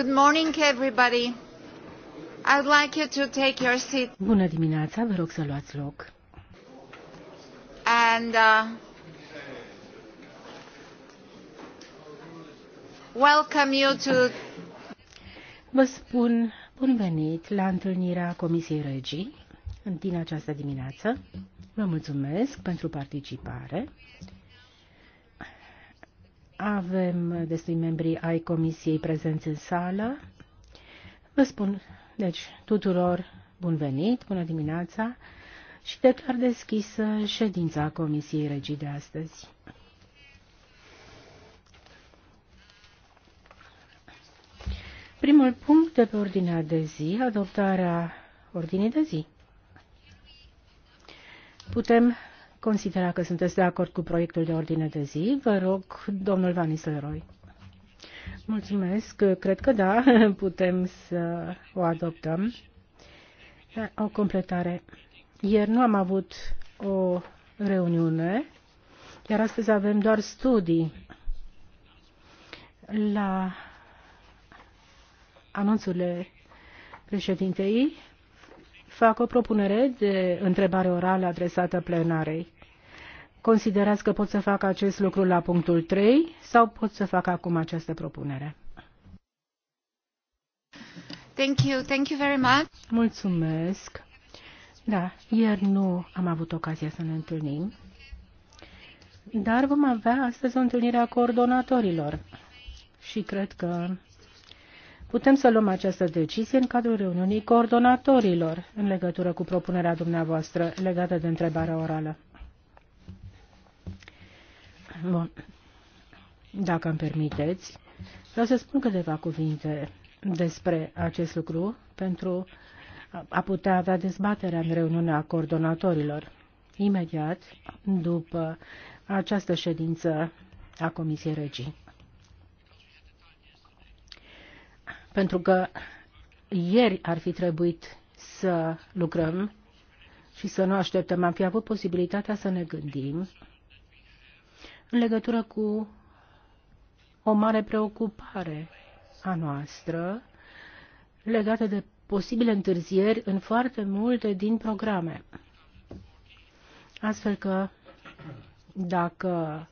Good morning, everybody. I'd like you to take your seat. Bună dimineața, vă rog să luați loc. And uh, welcome you to Vă spun bun venit la întâlnirea Comisiei Regii din această dimineață. Vă mulțumesc pentru participare. Avem destui membri ai comisiei prezenți în sală. Vă spun, deci, tuturor bun venit, bună dimineața și declar deschisă ședința Comisiei Regii de astăzi. Primul punct de pe ordinea de zi, adoptarea ordinii de zi. Putem considera că sunteți de acord cu proiectul de ordine de zi. Vă rog, domnul Van Nistelrooy. Mulțumesc. Cred că da, putem să o adoptăm. Da, o completare. Ieri nu am avut o reuniune, iar astăzi avem doar studii. La anunțurile președintei fac o propunere de întrebare orală adresată plenarei. Considerați că pot să fac acest lucru la punctul 3 sau pot să fac acum această propunere? Thank you. Thank you very much. Mulțumesc. Da, ieri nu am avut ocazia să ne întâlnim, dar vom avea astăzi o întâlnire a coordonatorilor și cred că Putem să luăm această decizie în cadrul reuniunii coordonatorilor în legătură cu propunerea dumneavoastră legată de întrebarea orală. Bun. Dacă îmi permiteți, vreau să spun câteva cuvinte despre acest lucru pentru a putea avea dezbaterea în reuniunea coordonatorilor. Imediat după această ședință a Comisiei Regii. pentru că ieri ar fi trebuit să lucrăm și să nu așteptăm. Am fi avut posibilitatea să ne gândim în legătură cu o mare preocupare a noastră legată de posibile întârzieri în foarte multe din programe. Astfel că dacă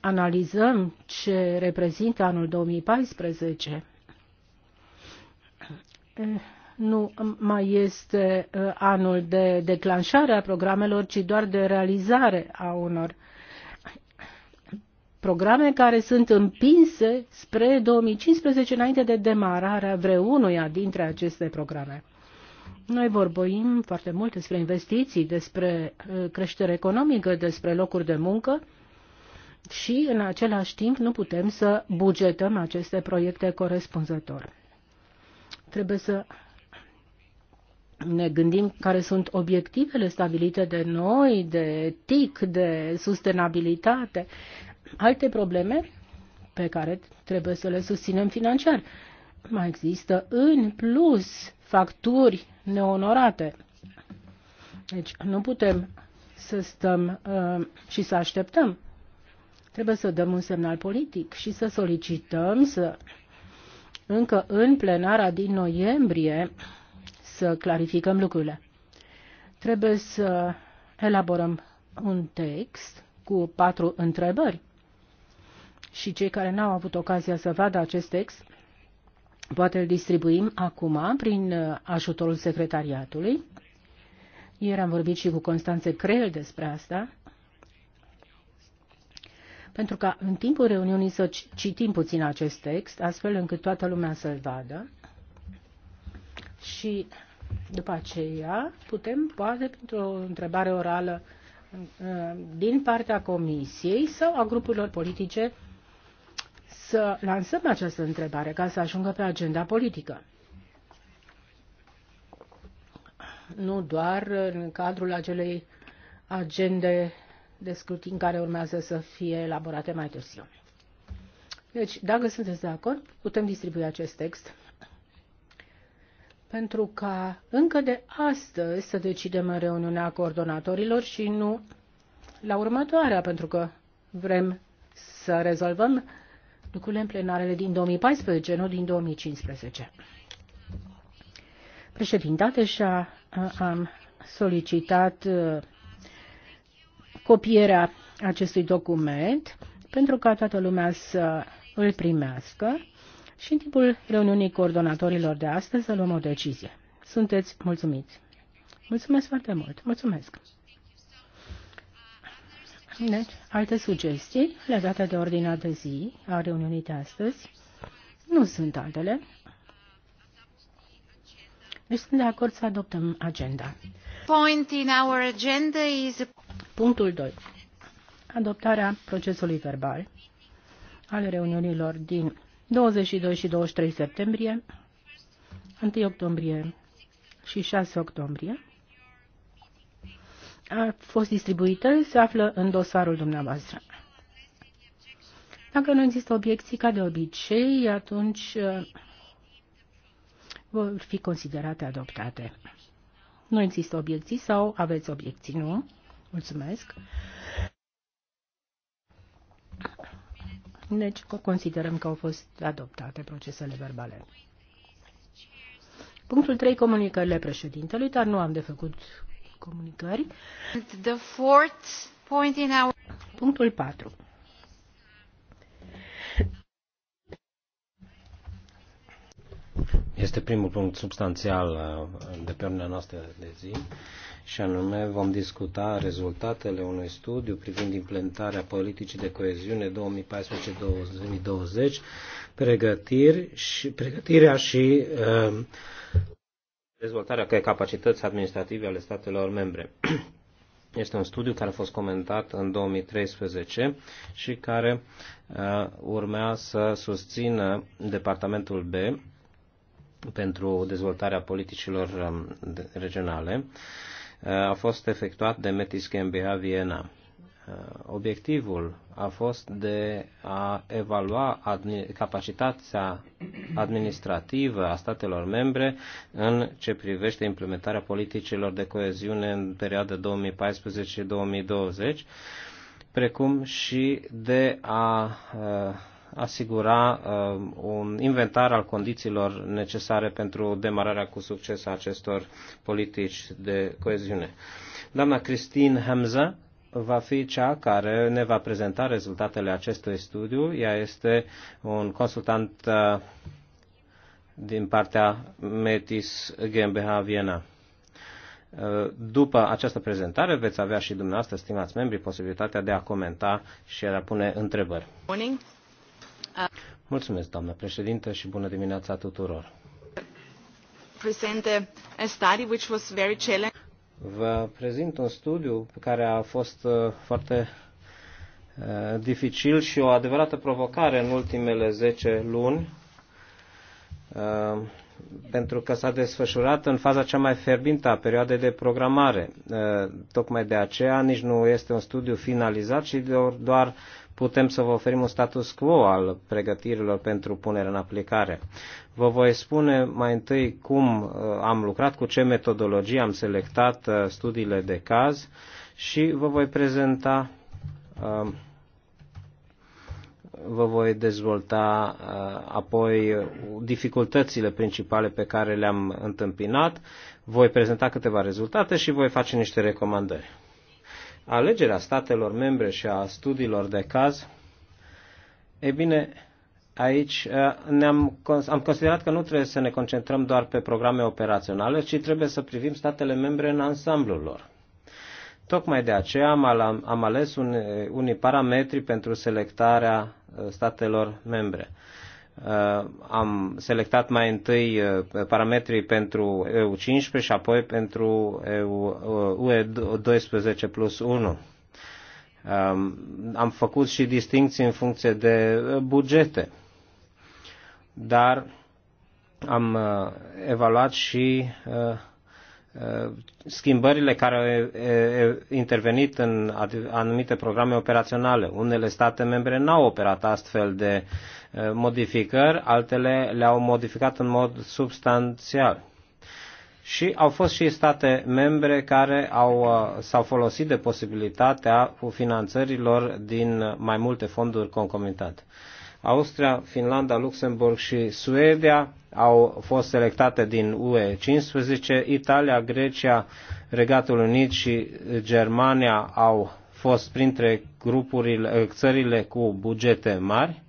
analizăm ce reprezintă anul 2014, nu mai este uh, anul de declanșare a programelor, ci doar de realizare a unor programe care sunt împinse spre 2015 înainte de demararea vreunuia dintre aceste programe. Noi vorbim foarte mult despre investiții, despre uh, creștere economică, despre locuri de muncă și în același timp nu putem să bugetăm aceste proiecte corespunzător trebuie să ne gândim care sunt obiectivele stabilite de noi, de TIC, de sustenabilitate, alte probleme pe care trebuie să le susținem financiar. Mai există în plus facturi neonorate. Deci nu putem să stăm uh, și să așteptăm. Trebuie să dăm un semnal politic și să solicităm să încă în plenara din noiembrie să clarificăm lucrurile. Trebuie să elaborăm un text cu patru întrebări și cei care n-au avut ocazia să vadă acest text poate îl distribuim acum prin ajutorul secretariatului. Ieri am vorbit și cu Constanțe Creel despre asta pentru că în timpul reuniunii să citim puțin acest text, astfel încât toată lumea să-l vadă. Și după aceea putem, poate, pentru o întrebare orală din partea Comisiei sau a grupurilor politice, să lansăm această întrebare ca să ajungă pe agenda politică. Nu doar în cadrul acelei agende de scrutin care urmează să fie elaborate mai târziu. Deci, dacă sunteți de acord, putem distribui acest text pentru ca încă de astăzi să decidem în reuniunea coordonatorilor și nu la următoarea, pentru că vrem să rezolvăm lucrurile în plenarele din 2014, nu din 2015. Președinta și am solicitat uh, copierea acestui document pentru ca toată lumea să îl primească și în timpul reuniunii coordonatorilor de astăzi să luăm o decizie. Sunteți mulțumiți? Mulțumesc foarte mult. Mulțumesc. Deci, alte sugestii legate de ordinea de zi a reuniunii de astăzi? Nu sunt altele. Noi deci suntem de acord să adoptăm agenda. Point in our agenda is... Punctul 2. Adoptarea procesului verbal al reuniunilor din 22 și 23 septembrie, 1 octombrie și 6 octombrie a fost distribuită, se află în dosarul dumneavoastră. Dacă nu există obiecții, ca de obicei, atunci vor fi considerate adoptate. Nu există obiecții sau aveți obiecții? Nu? Mulțumesc. Deci considerăm că au fost adoptate procesele verbale. Punctul 3. Comunicările președintelui, dar nu am de făcut comunicări. The fourth point in our... Punctul 4. Este primul punct substanțial uh, de pe ordinea noastră de zi și anume vom discuta rezultatele unui studiu privind implementarea politicii de coeziune 2014-2020, pregătiri și, pregătirea și uh, dezvoltarea de capacități administrative ale statelor membre. Este un studiu care a fost comentat în 2013 și care uh, urmea să susțină Departamentul B pentru dezvoltarea politicilor um, regionale uh, a fost efectuat de Metis GmbH Viena. Uh, obiectivul a fost de a evalua capacitatea administrativă a statelor membre în ce privește implementarea politicilor de coeziune în perioada 2014-2020, precum și de a uh, asigura uh, un inventar al condițiilor necesare pentru demararea cu succes a acestor politici de coeziune. Doamna Christine Hamza va fi cea care ne va prezenta rezultatele acestui studiu. Ea este un consultant uh, din partea Metis GmbH Viena. Uh, după această prezentare veți avea și dumneavoastră, stimați membri, posibilitatea de a comenta și de a pune întrebări. Morning. Mulțumesc, doamnă președintă, și bună dimineața tuturor. Present a study which was very challenging. Vă prezint un studiu care a fost uh, foarte uh, dificil și o adevărată provocare în ultimele 10 luni, uh, pentru că s-a desfășurat în faza cea mai ferbintă a perioadei de programare. Tocmai de aceea nici nu este un studiu finalizat, ci doar putem să vă oferim un status quo al pregătirilor pentru punere în aplicare. Vă voi spune mai întâi cum uh, am lucrat, cu ce metodologie am selectat uh, studiile de caz și vă voi prezenta uh, vă voi dezvolta apoi dificultățile principale pe care le-am întâmpinat, voi prezenta câteva rezultate și voi face niște recomandări alegerea statelor membre și a studiilor de caz, e bine, aici eh, ne-am, am considerat că nu trebuie să ne concentrăm doar pe programe operaționale, ci trebuie să privim statele membre în ansamblul lor. Tocmai de aceea am, am ales un, unii parametri pentru selectarea eh, statelor membre. Uh, am selectat mai întâi uh, parametrii pentru EU15 și apoi pentru UE12 uh, plus 1. Um, am făcut și distinții în funcție de bugete, dar am evaluat și schimbările care au intervenit în anumite programe operaționale. Unele state membre n-au operat astfel de uh, Eh, modificări, altele le-au modificat în mod substanțial. Și au fost și state membre care au, eh, s-au folosit de posibilitatea finanțărilor din mai multe fonduri concomitante. Austria, Finlanda, Luxemburg și Suedia au fost selectate din UE 15, Italia, Grecia, Regatul Unit și Germania au fost printre grupurile, țările cu bugete mari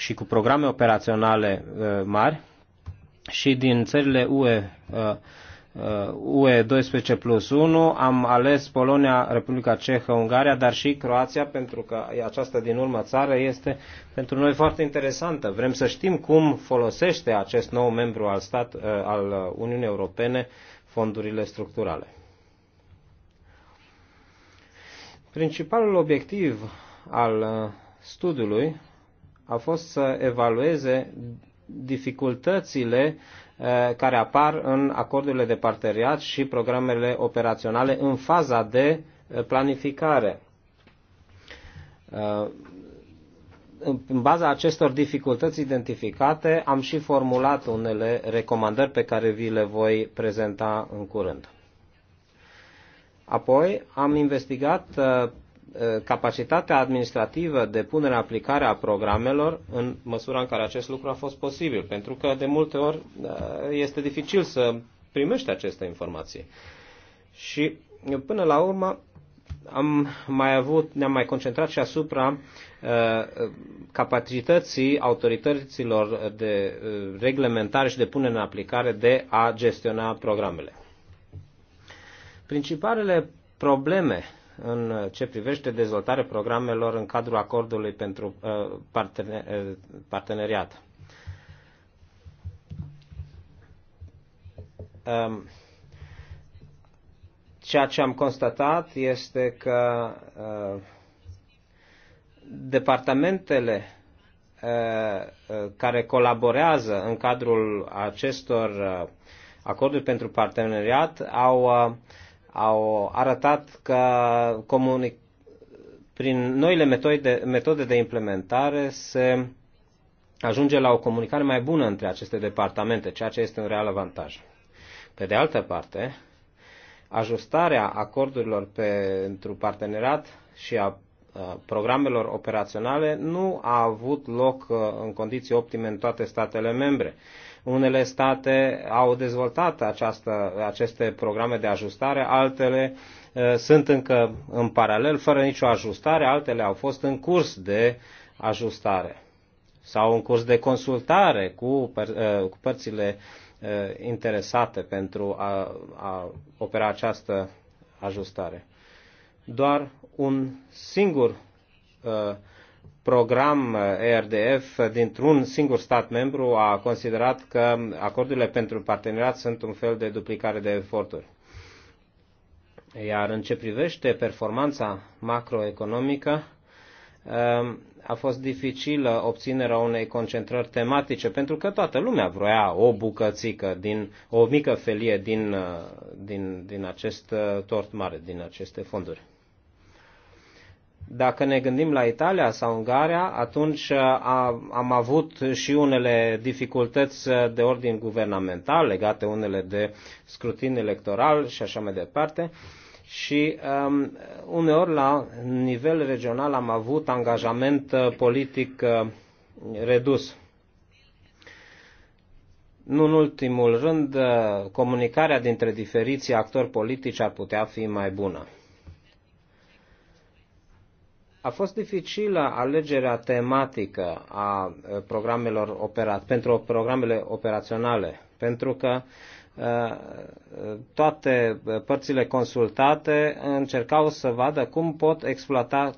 și cu programe operaționale uh, mari și din țările UE, uh, uh, UE 12 plus 1 am ales Polonia, Republica Cehă, Ungaria, dar și Croația pentru că această din urmă țară este pentru noi foarte interesantă. Vrem să știm cum folosește acest nou membru al, stat, al Uniunii Europene fondurile structurale. Principalul obiectiv al studiului a fost să evalueze dificultățile eh, care apar în acordurile de parteneriat și programele operaționale în faza de eh, planificare. Eh, în baza acestor dificultăți identificate, am și formulat unele recomandări pe care vi le voi prezenta în curând. Apoi am investigat Eh, capacitatea administrativă de punere în aplicare a programelor în măsura în care acest lucru a fost posibil, pentru că de multe ori eh, este dificil să primești aceste informații. Și până la urmă am mai avut, ne-am mai concentrat și asupra eh, capacității autorităților de reglementare și de punere în aplicare de a gestiona programele. Principalele probleme în ce privește dezvoltarea programelor în cadrul acordului pentru uh, uh, parteneriat. Um, ceea ce am constatat este că uh, departamentele care colaborează în cadrul acestor acorduri pentru parteneriat au au arătat că comunic- prin noile metode, metode de implementare se ajunge la o comunicare mai bună între aceste departamente, ceea ce este un real avantaj. Pe de altă parte, ajustarea acordurilor pentru parteneriat și a programelor operaționale nu a avut loc în condiții optime în toate statele membre unele state au dezvoltat această, aceste programe de ajustare, altele uh, sunt încă în paralel, fără nicio ajustare, altele au fost în curs de ajustare sau în curs de consultare cu, uh, cu părțile uh, interesate pentru a, a opera această ajustare. Doar un singur uh, program uh, ERDF dintr-un singur stat membru a considerat că acordurile pentru parteneriat sunt un fel de duplicare de eforturi. Iar în ce privește performanța macroeconomică, um, a fost dificilă obținerea unei concentrări tematice, pentru că toată lumea vroia o bucățică, din, o mică felie din, uh, din, din acest uh, tort mare, din aceste fonduri. Dacă ne gândim la Italia sau Ungaria, atunci uh, am avut și unele dificultăți uh, de ordin guvernamental, legate unele de scrutin electoral și așa mai departe. Și um, uneori la nivel regional am avut angajament uh, politic uh, redus. Nu în ultimul rând, comunicarea dintre diferiții actori politici ar putea fi mai bună. A fost dificilă alegerea tematică a programelor opera- pentru programele operaționale, pentru că toate părțile consultate încercau să vadă cum pot exploata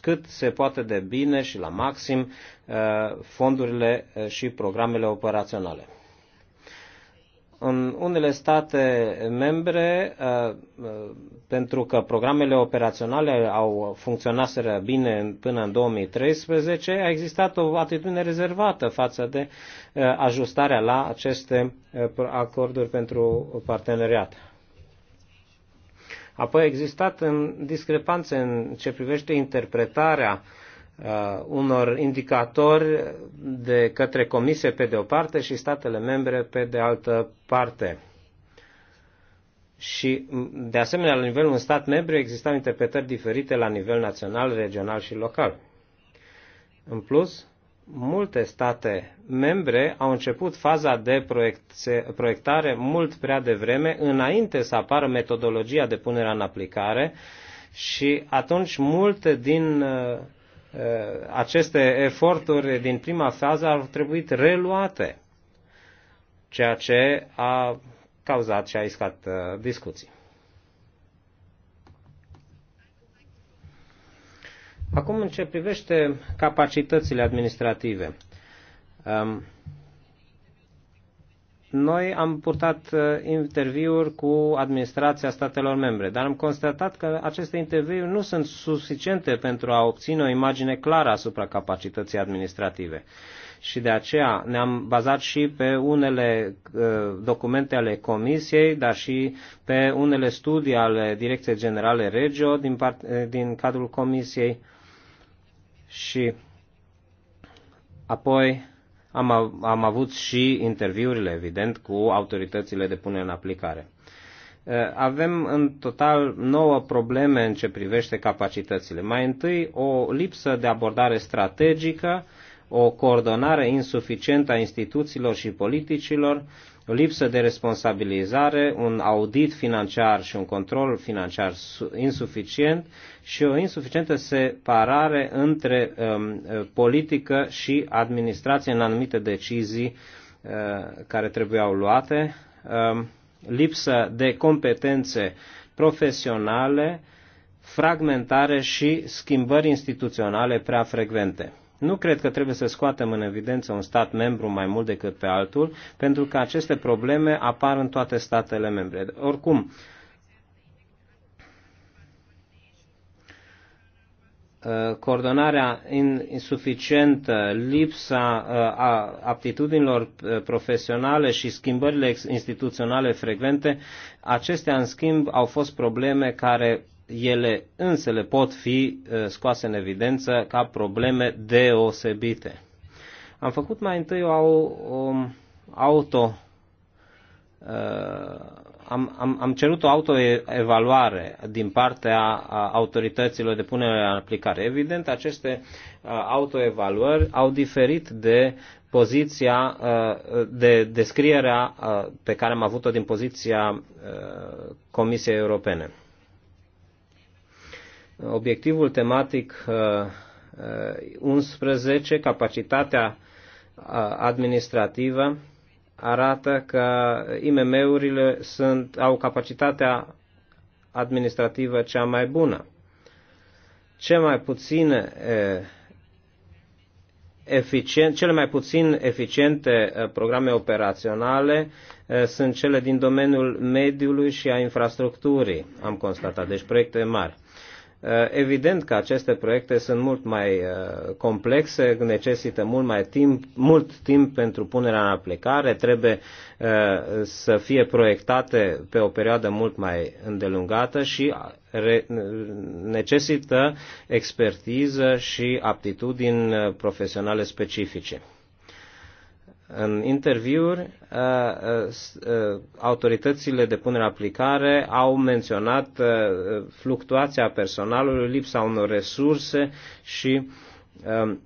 cât se poate de bine și la maxim fondurile și programele operaționale în unele state membre, uh, uh, pentru că programele operaționale au funcționat bine până în 2013, a existat o atitudine rezervată față de uh, ajustarea la aceste acorduri pentru parteneriat. Apoi a existat în discrepanțe în ce privește interpretarea uh, uh, unor indicatori de către Comisie pe de o parte și statele membre pe de altă parte. Și, de asemenea, la nivelul un stat membru existau interpretări diferite la nivel național, regional și local. În plus, multe state membre au început faza de proiectare mult prea devreme, înainte să apară metodologia de punere în aplicare și atunci multe din uh, Eh, aceste eforturi din prima fază au trebuit reluate, ceea ce a cauzat și a iscat eh, discuții. Acum, în ce privește capacitățile administrative, ehm, noi am purtat uh, interviuri cu administrația statelor membre, dar am constatat că aceste interviuri nu sunt suficiente pentru a obține o imagine clară asupra capacității administrative. Și de aceea ne-am bazat și pe unele uh, documente ale Comisiei, dar și pe unele studii ale Direcției Generale Regio din, part, uh, din cadrul Comisiei. Și apoi am, am avut și interviurile, evident, cu autoritățile de punere în aplicare. Uh, avem în total nouă probleme în ce privește capacitățile. Mai întâi, o lipsă de abordare strategică, o coordonare insuficientă a instituțiilor și politicilor, o lipsă de responsabilizare, un audit financiar și un control financiar insuficient și o insuficientă separare între um, politică și administrație în anumite decizii uh, care trebuiau luate, um, lipsă de competențe profesionale, fragmentare și schimbări instituționale prea frecvente. Nu cred că trebuie să scoatem în evidență un stat membru mai mult decât pe altul, pentru că aceste probleme apar în toate statele membre. Oricum, uh, coordonarea insuficientă, lipsa uh, a aptitudinilor uh, profesionale și schimbările instituționale frecvente, acestea în schimb au fost probleme care ele însele pot fi scoase în evidență ca probleme deosebite. Am făcut mai întâi o, o auto. Am, am, am cerut o autoevaluare din partea autorităților de punere în aplicare. Evident, aceste autoevaluări au diferit de poziția, de descrierea pe care am avut-o din poziția Comisiei Europene obiectivul tematic 11, uh, uh, capacitatea uh, administrativă, arată că IMM-urile sunt, au capacitatea administrativă cea mai bună. Ce mai puține eficient, cele mai puțin eficiente programe operaționale sunt cele din domeniul mediului și a infrastructurii, am constatat, deci proiecte mari. Uh, evident că aceste proiecte sunt mult mai uh, complexe, necesită mult mai timp, mult timp pentru punerea în aplicare, trebuie uh, să fie proiectate pe o perioadă mult mai îndelungată și necesită expertiză și aptitudini profesionale specifice. În interviuri, uh, uh, uh, autoritățile de punere aplicare au menționat fluctuația personalului, lipsa unor resurse și um,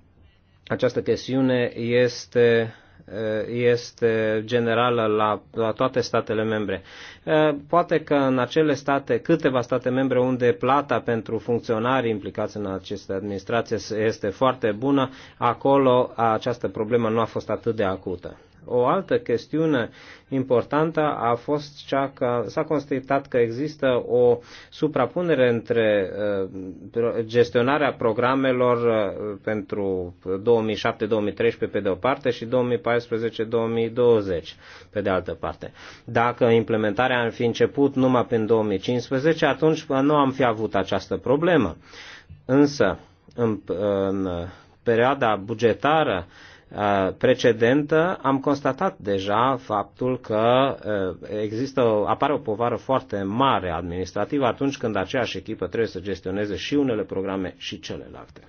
această chestiune este Eh, este generală la, la toate statele membre. Eh, poate că în acele state, câteva state membre unde plata pentru funcționari implicați în aceste administrații este foarte bună, acolo această problemă nu a fost atât de acută. O altă chestiune importantă a fost cea că s-a constatat că există o suprapunere între uh, gestionarea programelor uh, pentru 2007-2013 pe de o parte și 2014-2020 pe de altă parte. Dacă implementarea ar fi început numai prin 2015, atunci nu am fi avut această problemă. Însă, în, în perioada bugetară Uh, precedentă, am constatat deja faptul că uh, există, apare o povară foarte mare administrativă atunci când aceeași echipă trebuie să gestioneze și unele programe și celelalte.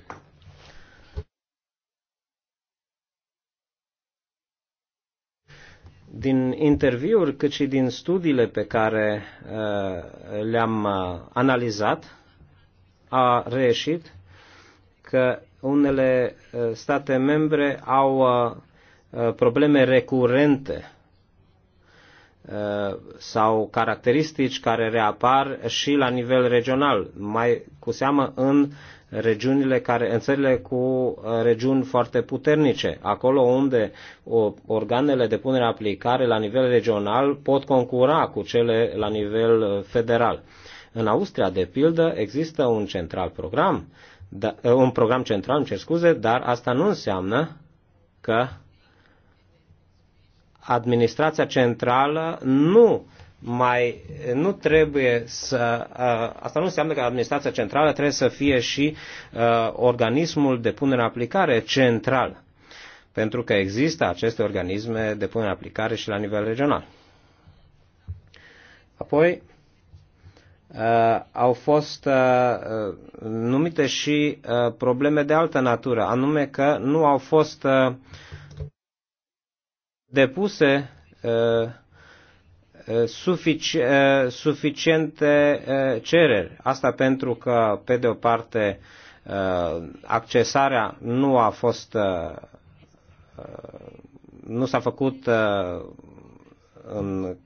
din interviuri cât și din studiile pe care uh, le-am analizat, a reieșit că unele uh, state membre au uh, uh, probleme recurente sau caracteristici care reapar și la nivel regional, mai cu seamă în regiunile care, în țările cu regiuni foarte puternice, acolo unde organele de punere aplicare la nivel regional pot concura cu cele la nivel federal. În Austria, de pildă, există un central program da, un program central, îmi cer scuze, dar asta nu înseamnă că administrația centrală nu mai nu trebuie să uh, asta nu înseamnă că administrația centrală trebuie să fie și uh, organismul de punere în aplicare central pentru că există aceste organisme de punere în aplicare și la nivel regional. Apoi Uh, au fost uh, uh, numite și probleme de altă natură, anume că nu au fost depuse sufici, suficiente cereri. Asta pentru că, pe de o parte, accesarea nu a fost nu s-a făcut în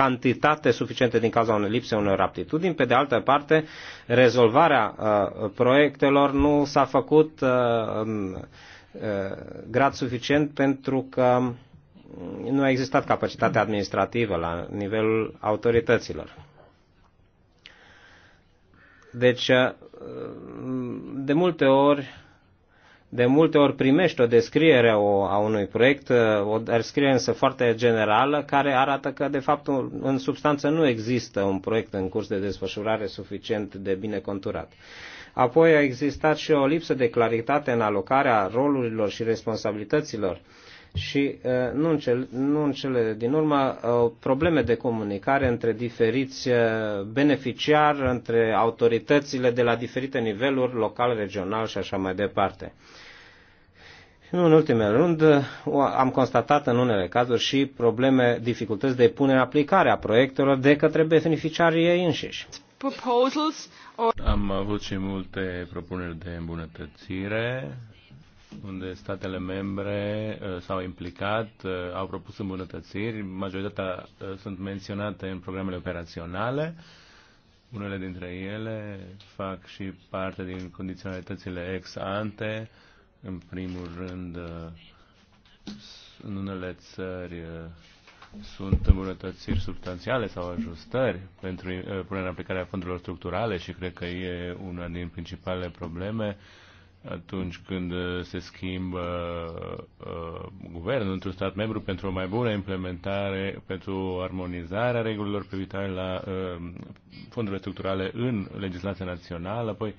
cantitate suficiente din cauza unei lipse unor aptitudini. Pe de altă parte, rezolvarea uh, proiectelor nu s-a făcut uh, um, uh, grad suficient pentru că mm, nu a existat capacitatea administrativă la nivelul autorităților. Deci, de multe ori, de multe ori primești o descriere a unui proiect, o descriere însă foarte generală, care arată că, de fapt, în substanță nu există un proiect în curs de desfășurare suficient de bine conturat. Apoi a existat și o lipsă de claritate în alocarea rolurilor și responsabilităților și uh, nu în, cele, nu în cele din urmă uh, probleme de comunicare între diferiți uh, beneficiari, între autoritățile de la diferite niveluri, local, regional și așa mai departe. Și nu în ultimul rând, am constatat în unele cazuri și probleme, dificultăți de punere în aplicare a proiectelor de către beneficiarii ei înșiși. Am avut și multe propuneri de îmbunătățire unde statele membre uh, s-au implicat, uh, au propus îmbunătățiri, majoritatea uh, sunt menționate în programele operaționale, unele dintre ele fac și parte din condiționalitățile ex ante, în primul rând, în unele țări uh, sunt îmbunătățiri substanțiale sau ajustări pentru uh, punerea în aplicare a fondurilor structurale și cred că e una din principalele probleme atunci când uh, se schimbă uh, guvernul într-un stat membru pentru o mai bună implementare, pentru armonizarea regulilor privitoare la uh, fondurile structurale în legislația națională, apoi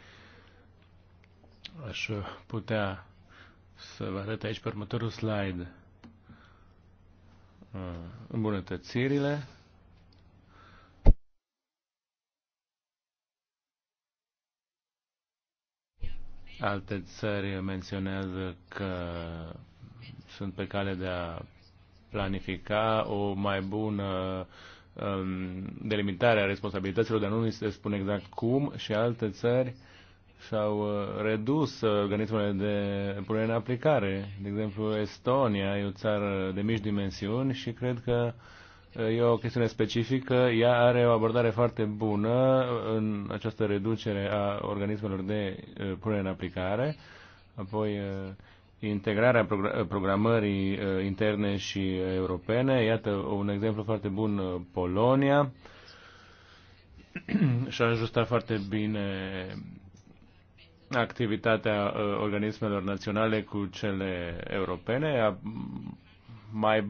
aș putea să vă arăt aici pe următorul slide uh, îmbunătățirile. Alte țări menționează că sunt pe cale de a planifica o mai bună um, delimitare a responsabilităților, dar nu ni se spune exact cum și alte țări și-au uh, redus uh, organismele de punere în aplicare. De exemplu, Estonia e o țară de mici dimensiuni și cred că uh, e o chestiune specifică. Ea are o abordare foarte bună în această reducere a organismelor de punere în aplicare. Apoi, integrarea programării interne și europene. Iată un exemplu foarte bun, Polonia și-a ajustat foarte bine activitatea uh, organismelor naționale cu cele europene a, mai,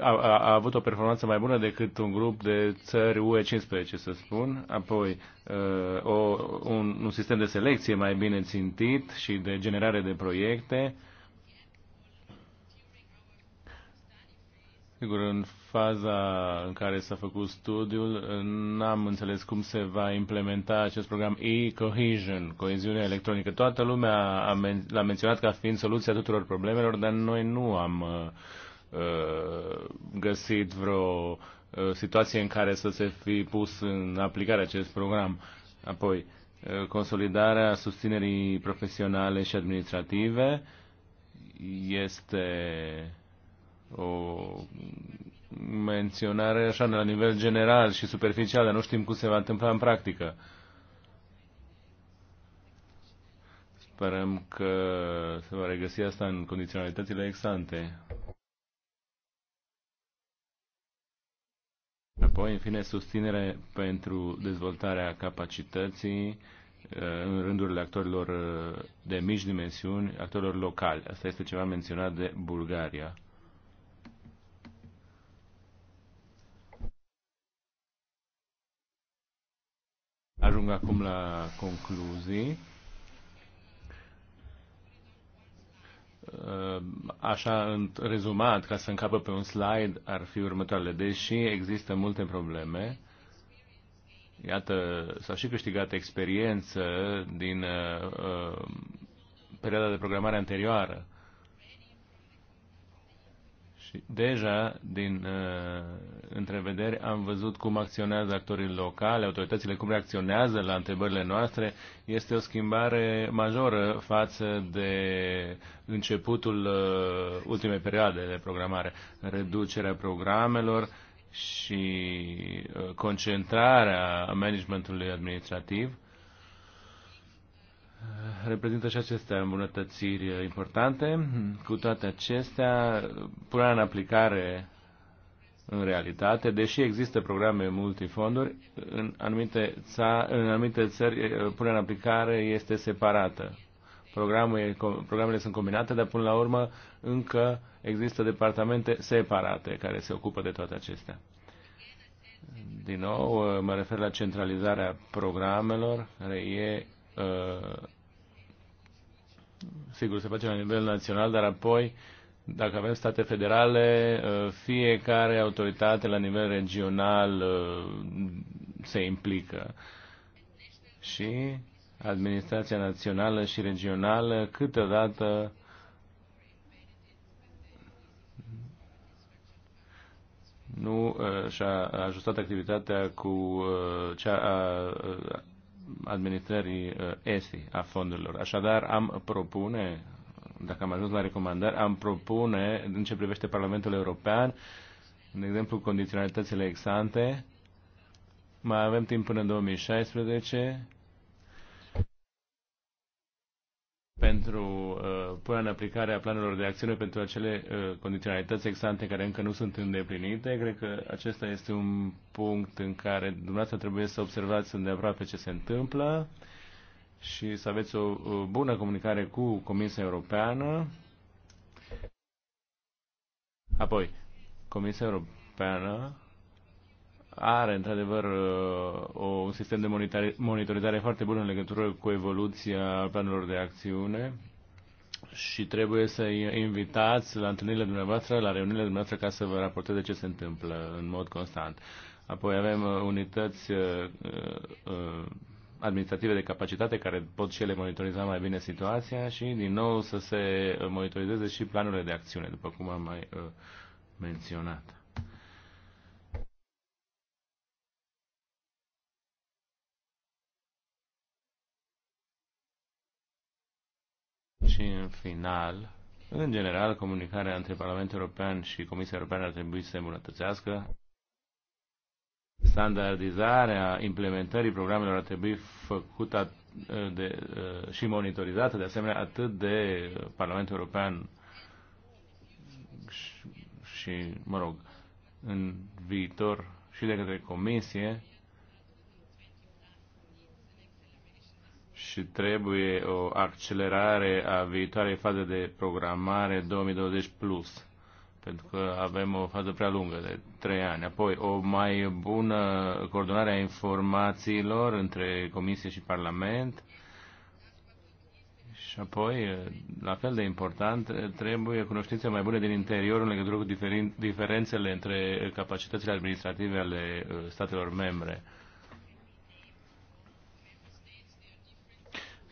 a, a avut o performanță mai bună decât un grup de țări UE 15, să spun, apoi uh, o, un, un sistem de selecție mai bine țintit și de generare de proiecte. Sigur, în faza în care s-a făcut studiul, n-am înțeles cum se va implementa acest program e-cohesion, coeziune electronică. Toată lumea a men- l-a menționat ca fiind soluția tuturor problemelor, dar noi nu am uh, uh găsit vreo uh, situație în care să se fi pus în aplicare acest program. Apoi, uh, consolidarea susținerii profesionale și administrative este o menționare așa la nivel general și superficial, dar nu știm cum se va întâmpla în practică. Sperăm că se va regăsi asta în condiționalitățile exante. Apoi, în fine, susținere pentru dezvoltarea capacității uh, în rândurile actorilor uh, de mici dimensiuni, actorilor locali. Asta este ceva menționat de Bulgaria. Ajung acum la concluzii. Uh, așa, în rezumat, ca să încapă pe un slide, ar fi următoarele. Deși există multe probleme, iată, s-a și câștigat experiență din uh, uh perioada de programare anterioară și deja din uh, întrevederi am văzut cum acționează actorii locale, autoritățile, cum reacționează la întrebările noastre. Este o schimbare majoră față de începutul uh, ultimei perioade de programare. Reducerea programelor și uh, concentrarea managementului administrativ uh, reprezintă și aceste îmbunătățiri importante. Cu toate acestea, punerea în aplicare în realitate, deși există programe multifonduri, în anumite, ța- în anumite țări punerea în aplicare este separată. Programele, programele sunt combinate, dar până la urmă încă există departamente separate care se ocupă de toate acestea. Din nou, mă refer la centralizarea programelor, care e Uh, sigur, se face la nivel național, dar apoi, dacă avem state federale, uh, fiecare autoritate la nivel regional uh, se implică. Și administrația națională și regională câteodată nu și-a ajustat activitatea cu cea a uh, administrării uh, ESI a fondurilor. Așadar, am propune, dacă am ajuns la recomandări, am propune, în ce privește Parlamentul European, de exemplu, condiționalitățile exante, mai avem timp până în 2016 pentru punerea în aplicare a planurilor de acțiune pentru acele uh, condiționalități exante care încă nu sunt îndeplinite. Cred că acesta este un punct în care dumneavoastră trebuie să observați îndeaproape ce se întâmplă și să aveți o bună comunicare cu Comisia Europeană. Apoi, Comisia Europeană are într-adevăr uh, un sistem de monitorizare foarte bun în legătură cu evoluția planurilor de acțiune și trebuie să invitați la întâlnirile dumneavoastră, la reuniunile dumneavoastră ca să vă raporteze ce se întâmplă în mod constant. Apoi avem uh, unități uh, uh, administrative de capacitate care pot și ele monitoriza mai bine situația și din nou să se monitorizeze și planurile de acțiune, după cum am mai menționat. Și în final, în general, comunicarea între Parlamentul European și Comisia Europeană ar trebui să se îmbunătățească. Standardizarea implementării programelor ar trebui făcută de, uh, și monitorizată, de asemenea, atât de Parlamentul European și, și mă rog, în viitor și de către Comisie și trebuie o accelerare a viitoarei faze de programare 2020 plus pentru că avem o fază prea lungă de trei ani. Apoi, o mai bună coordonare a informațiilor între Comisie și Parlament. Și apoi, la fel de important, trebuie cunoștințe mai bune din interior în legătură cu diferențele între capacitățile administrative ale uh, statelor membre.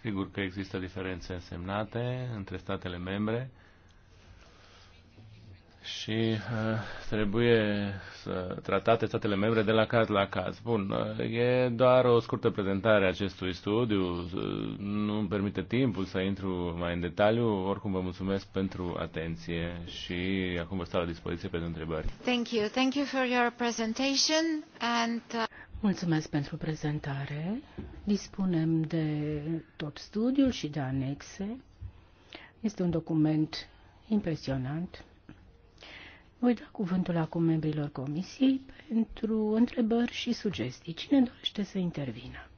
Sigur că există diferențe însemnate între statele membre și uh, trebuie să tratate statele membre de la caz la caz. Bun, uh, e doar o scurtă prezentare a acestui studiu, uh, nu îmi permite timpul să intru mai în detaliu, oricum vă mulțumesc pentru atenție și acum vă stau la dispoziție pentru întrebări. Thank you. Thank you for your presentation and uh, Mulțumesc pentru prezentare. Dispunem de tot studiul și de anexe. Este un document impresionant. Voi da cuvântul acum membrilor comisiei pentru întrebări și sugestii. Cine dorește să intervină?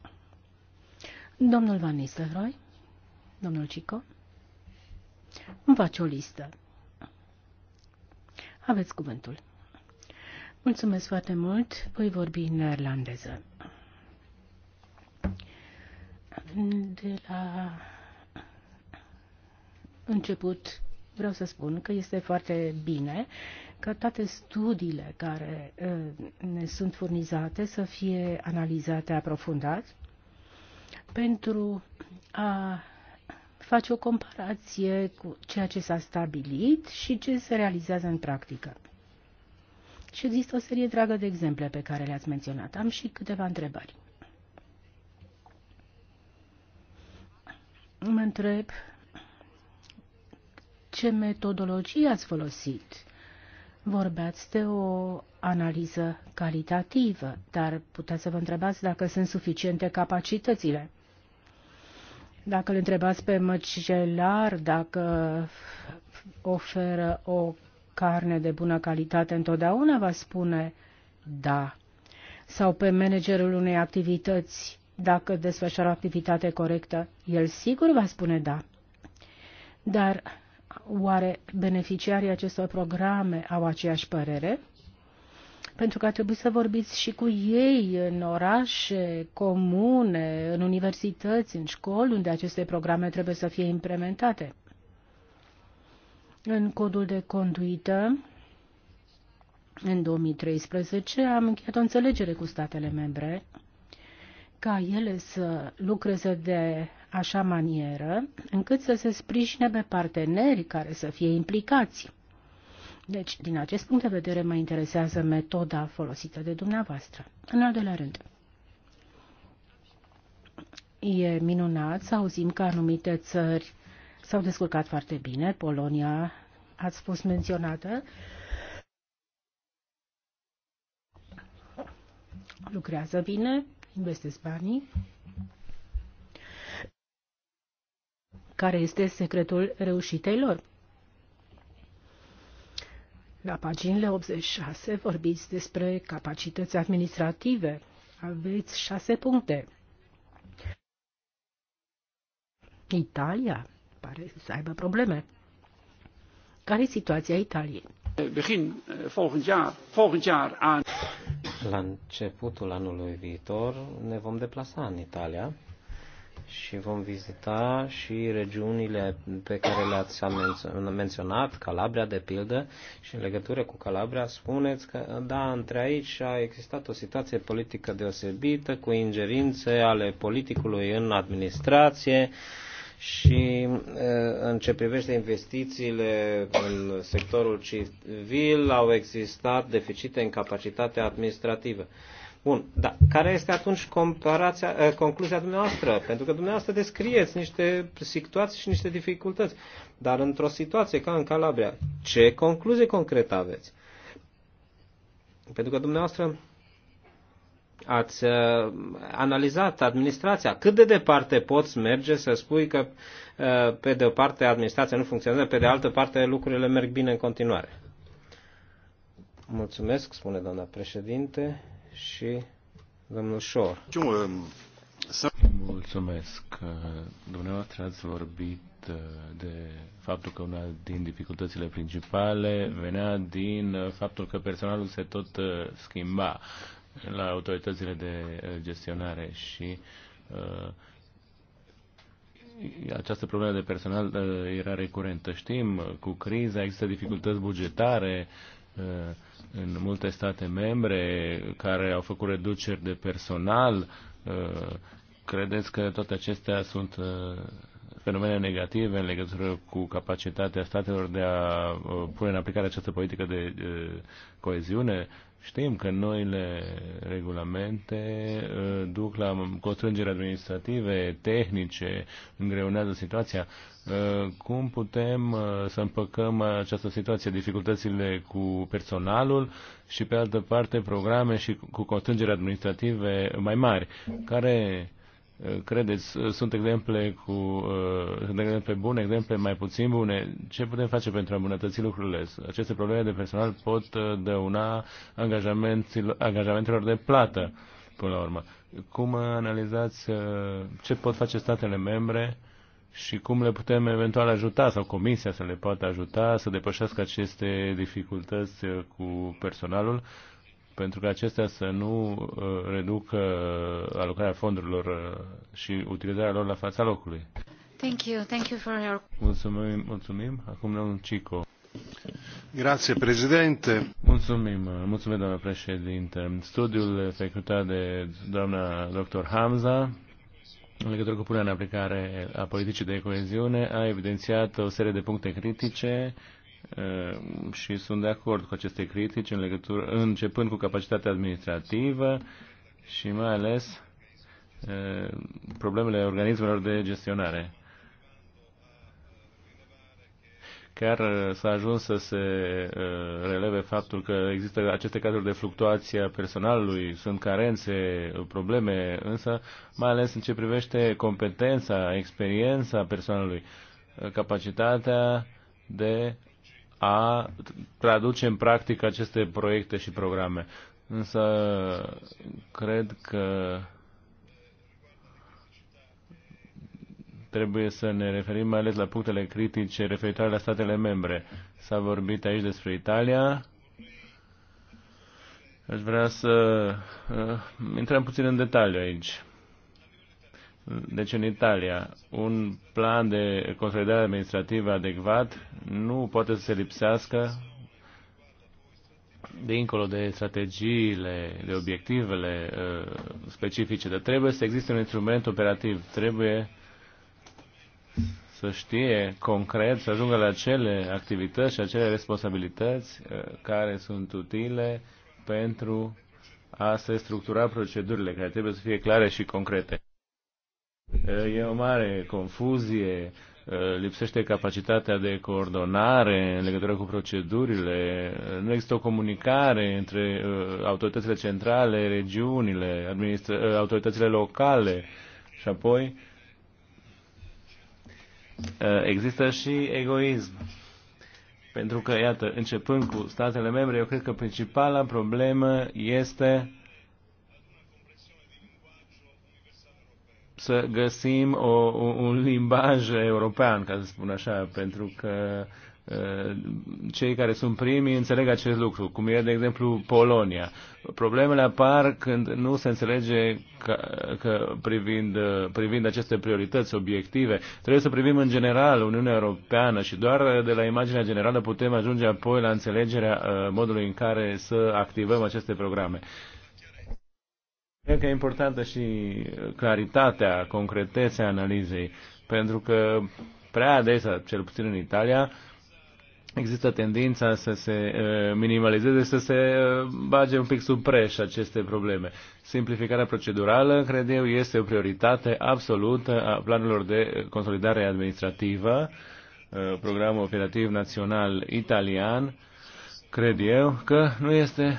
Domnul Van Nistelrooy? Domnul Cico? Îmi face o listă. Aveți cuvântul. Mulțumesc foarte mult. Voi vorbi în neerlandeză. De la început vreau să spun că este foarte bine că toate studiile care uh, ne sunt furnizate să fie analizate aprofundat pentru a face o comparație cu ceea ce s-a stabilit și ce se realizează în practică. Și există o serie dragă de exemple pe care le-ați menționat. Am și câteva întrebări. Mă întreb ce metodologie ați folosit. Vorbeați de o analiză calitativă, dar puteți să vă întrebați dacă sunt suficiente capacitățile. Dacă îl întrebați pe măcelar dacă oferă o carne de bună calitate întotdeauna va spune da. Sau pe managerul unei activități, dacă desfășoară o activitate corectă, el sigur va spune da. Dar oare beneficiarii acestor programe au aceeași părere? pentru că a trebuit să vorbiți și cu ei în orașe, comune, în universități, în școli, unde aceste programe trebuie să fie implementate. În codul de conduită, în 2013, am încheiat o înțelegere cu statele membre ca ele să lucreze de așa manieră încât să se sprijine pe parteneri care să fie implicați. Deci, din acest punct de vedere, mă interesează metoda folosită de dumneavoastră. În al doilea rând, e minunat să auzim că anumite țări s-au descurcat foarte bine. Polonia, ați fost menționată, lucrează bine, investesc banii. Care este secretul reușitei lor? La paginile 86 vorbiți despre capacități administrative. Aveți șase puncte. Italia pare să aibă probleme. Care e situația Italiei? Eh, La începutul anului viitor ne vom deplasa în Italia și vom vizita și regiunile pe care le-ați menționat, Calabria de pildă, și în legătură cu Calabria spuneți că, da, între aici a existat o situație politică deosebită cu ingerințe ale politicului în administrație, și în ce privește investițiile în sectorul civil au existat deficite în capacitatea administrativă. Bun, dar care este atunci comparația, concluzia dumneavoastră? Pentru că dumneavoastră descrieți niște situații și niște dificultăți. Dar într-o situație ca în Calabria, ce concluzie concretă aveți? Pentru că dumneavoastră ați uh, analizat administrația. Cât de departe poți merge să spui că uh, pe de o parte administrația nu funcționează, pe de altă parte lucrurile merg bine în continuare? Mulțumesc, spune doamna președinte și domnul Șor. Mulțumesc. Dumneavoastră ați vorbit uh, de faptul că una din dificultățile principale venea din faptul că personalul se tot schimba la autoritățile de eh, gestionare și eh, această problemă de personal eh, era recurentă. Știm, cu criza există dificultăți bugetare în multe state membre care au făcut reduceri de personal. credeți că toate acestea sunt fenomene negative în legătură cu capacitatea statelor de a pune în aplicare această politică de coeziune? Știm că noile regulamente uh, duc la constrângeri administrative, tehnice, îngreunează situația. Uh, cum putem uh, să împăcăm această situație, dificultățile cu personalul și, pe altă parte, programe și cu constrângeri administrative mai mari, care credeți, sunt exemple cu sunt exemple bune, exemple mai puțin bune. Ce putem face pentru a îmbunătăți lucrurile? Aceste probleme de personal pot dăuna angajamentelor de plată, până la urmă. Cum analizați ce pot face statele membre și cum le putem eventual ajuta sau comisia să le poată ajuta să depășească aceste dificultăți cu personalul? pentru că acestea să nu uh, reducă uh, alocarea fondurilor uh, și utilizarea lor la fața locului. Thank you. Thank you for your... Mulțumim, mulțumim. Acum domnul Cico. Grazie, președinte. Mulțumim, mulțumim, doamna președinte. Studiul efectuat de doamna dr. Hamza în legătură cu punerea în aplicare a politicii de coeziune a evidențiat o serie de puncte critice și sunt de acord cu aceste critici în legătură, începând cu capacitatea administrativă și mai ales problemele organismelor de gestionare. Chiar s-a ajuns să se releve faptul că există aceste cazuri de fluctuație a personalului, sunt carențe, probleme, însă mai ales în ce privește competența, experiența personalului, capacitatea de a traduce în practică aceste proiecte și programe. Însă cred că trebuie să ne referim mai ales la punctele critice referitoare la statele membre. S-a vorbit aici despre Italia. Aș vrea să uh, intrăm puțin în detaliu aici. Deci în Italia, un plan de consolidare administrativă adecvat nu poate să se lipsească dincolo de strategiile, de obiectivele uh, specifice, dar trebuie să existe un instrument operativ, trebuie să știe concret, să ajungă la acele activități și acele responsabilități uh, care sunt utile pentru a se structura procedurile, care trebuie să fie clare și concrete. E o mare confuzie, lipsește capacitatea de coordonare în legătură cu procedurile, nu există o comunicare între autoritățile centrale, regiunile, autoritățile locale și apoi există și egoism. Pentru că, iată, începând cu statele membre, eu cred că principala problemă este să găsim o, un limbaj european, ca să spun așa, pentru că cei care sunt primii înțeleg acest lucru, cum e, de exemplu, Polonia. Problemele apar când nu se înțelege că, că privind, privind aceste priorități obiective. Trebuie să privim în general Uniunea Europeană și doar de la imaginea generală putem ajunge apoi la înțelegerea modului în care să activăm aceste programe. Cred că e importantă și uh, claritatea, concretețea analizei, pentru că prea adesea, cel puțin în Italia, există tendința să se uh, minimalizeze, să se uh, bage un pic sub preș aceste probleme. Simplificarea procedurală, cred eu, este o prioritate absolută a planurilor de consolidare administrativă, programul operativ național italian, cred eu, că nu este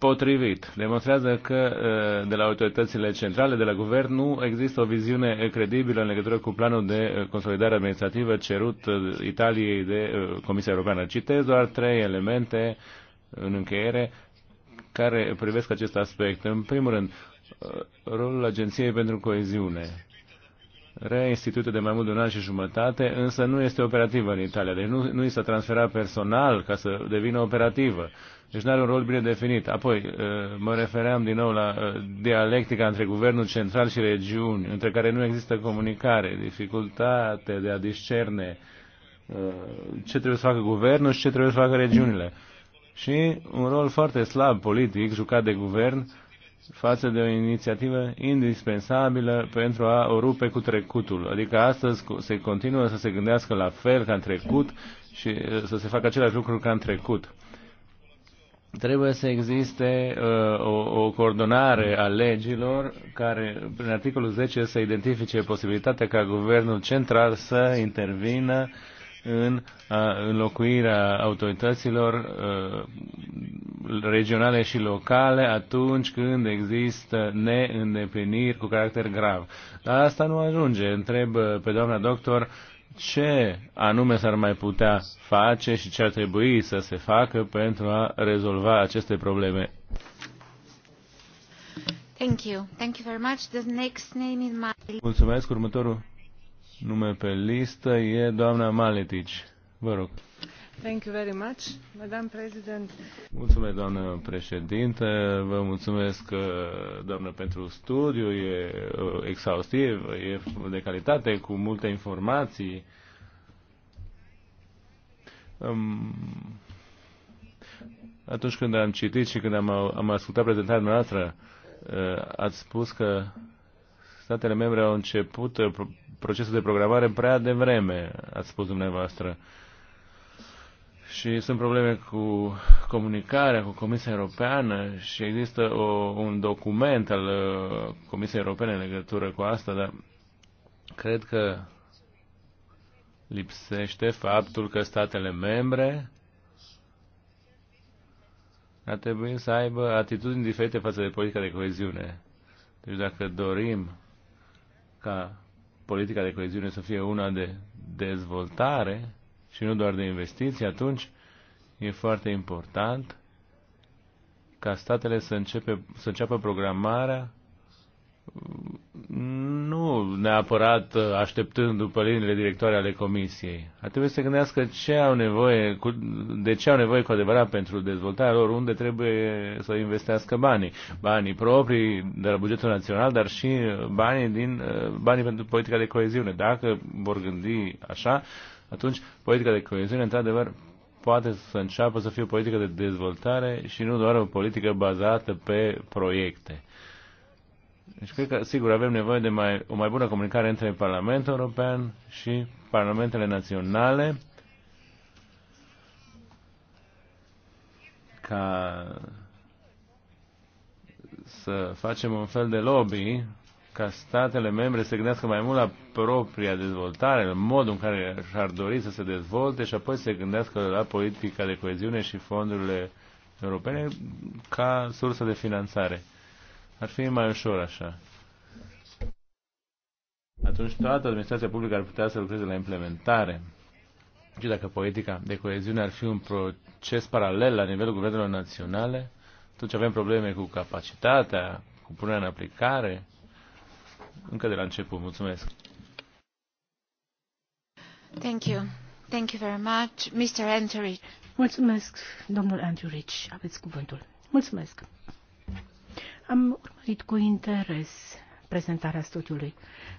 potrivit. Demonstrează că uh, de la autoritățile centrale, de la guvern, nu există o viziune credibilă în legătură cu planul de uh, consolidare administrativă cerut uh, Italiei de Comisia Europeană. Citez doar trei elemente în încheiere care privesc acest aspect. În primul rând, rolul Agenției pentru Coeziune reinstituită de mai mult de un an și jumătate, însă nu este operativă în Italia. Deci nu, nu i s-a transferat personal ca să devină operativă. Deci nu are un rol bine definit. Apoi, uh, mă refeream din nou la uh, dialectica între guvernul central și regiuni, între care nu există comunicare, dificultate de a discerne uh, ce trebuie să facă guvernul și ce trebuie să facă regiunile. Și un rol foarte slab politic jucat de guvern față de o inițiativă indispensabilă pentru a o rupe cu trecutul. Adică astăzi se continuă să se gândească la fel ca în trecut și să se facă același lucru ca în trecut trebuie să existe uh, o, o coordonare a legilor care, prin articolul 10, să identifice posibilitatea ca guvernul central să intervină în uh, înlocuirea autorităților uh, regionale și locale atunci când există neîndepliniri cu caracter grav. Dar asta nu ajunge. Întreb uh, pe doamna doctor ce anume s-ar mai putea face și ce ar trebui să se facă pentru a rezolva aceste probleme. Thank you. Thank you very much. The next name is Mulțumesc. Următorul nume pe listă e doamna Maletici. Vă rog. Mulțumesc, doamnă președinte. Vă mulțumesc, uh, doamnă, pentru studiu. E uh, exhaustiv, e de calitate, cu multe informații. Um, atunci când am citit și când am, am ascultat prezentarea noastră, uh, ați spus că statele membre au început procesul de programare prea devreme, ați spus dumneavoastră și sunt probleme cu comunicarea cu Comisia Europeană și există o, un document al uh, Comisiei Europene în legătură cu asta, dar cred că lipsește faptul că statele membre ar trebui să aibă atitudini diferite față de politica de coeziune. Deci dacă dorim ca politica de coeziune să fie una de dezvoltare, și nu doar de investiții, atunci e foarte important ca statele să, începe, să înceapă programarea nu neapărat uh, așteptând după liniile directoare ale comisiei. Ar trebui să gândească ce au nevoie, de ce au nevoie cu adevărat pentru dezvoltarea lor, unde trebuie să investească banii. Banii proprii de la bugetul național, dar și banii, din, uh, banii pentru politica de coeziune. Dacă vor gândi așa, atunci politica de coeziune, într-adevăr, poate să înceapă să fie o politică de dezvoltare și nu doar o politică bazată pe proiecte. Deci cred că, sigur, avem nevoie de mai, o mai bună comunicare între Parlamentul European și Parlamentele Naționale ca să facem un fel de lobby ca statele membre să se gândească mai mult la propria dezvoltare, în modul în care și-ar dori să se dezvolte și apoi să se gândească la politica de coeziune și fondurile europene ca sursă de finanțare. Ar fi mai ușor așa. Atunci toată administrația publică ar putea să lucreze la implementare. Și dacă politica de coeziune ar fi un proces paralel la nivelul guvernelor naționale, atunci avem probleme cu capacitatea, cu punerea în aplicare, încă de la început. Mulțumesc. Thank you. Thank you very much. Mr. Anturich. Mulțumesc, domnul Anturich. Aveți cuvântul. Mulțumesc. Am urmărit cu interes prezentarea studiului.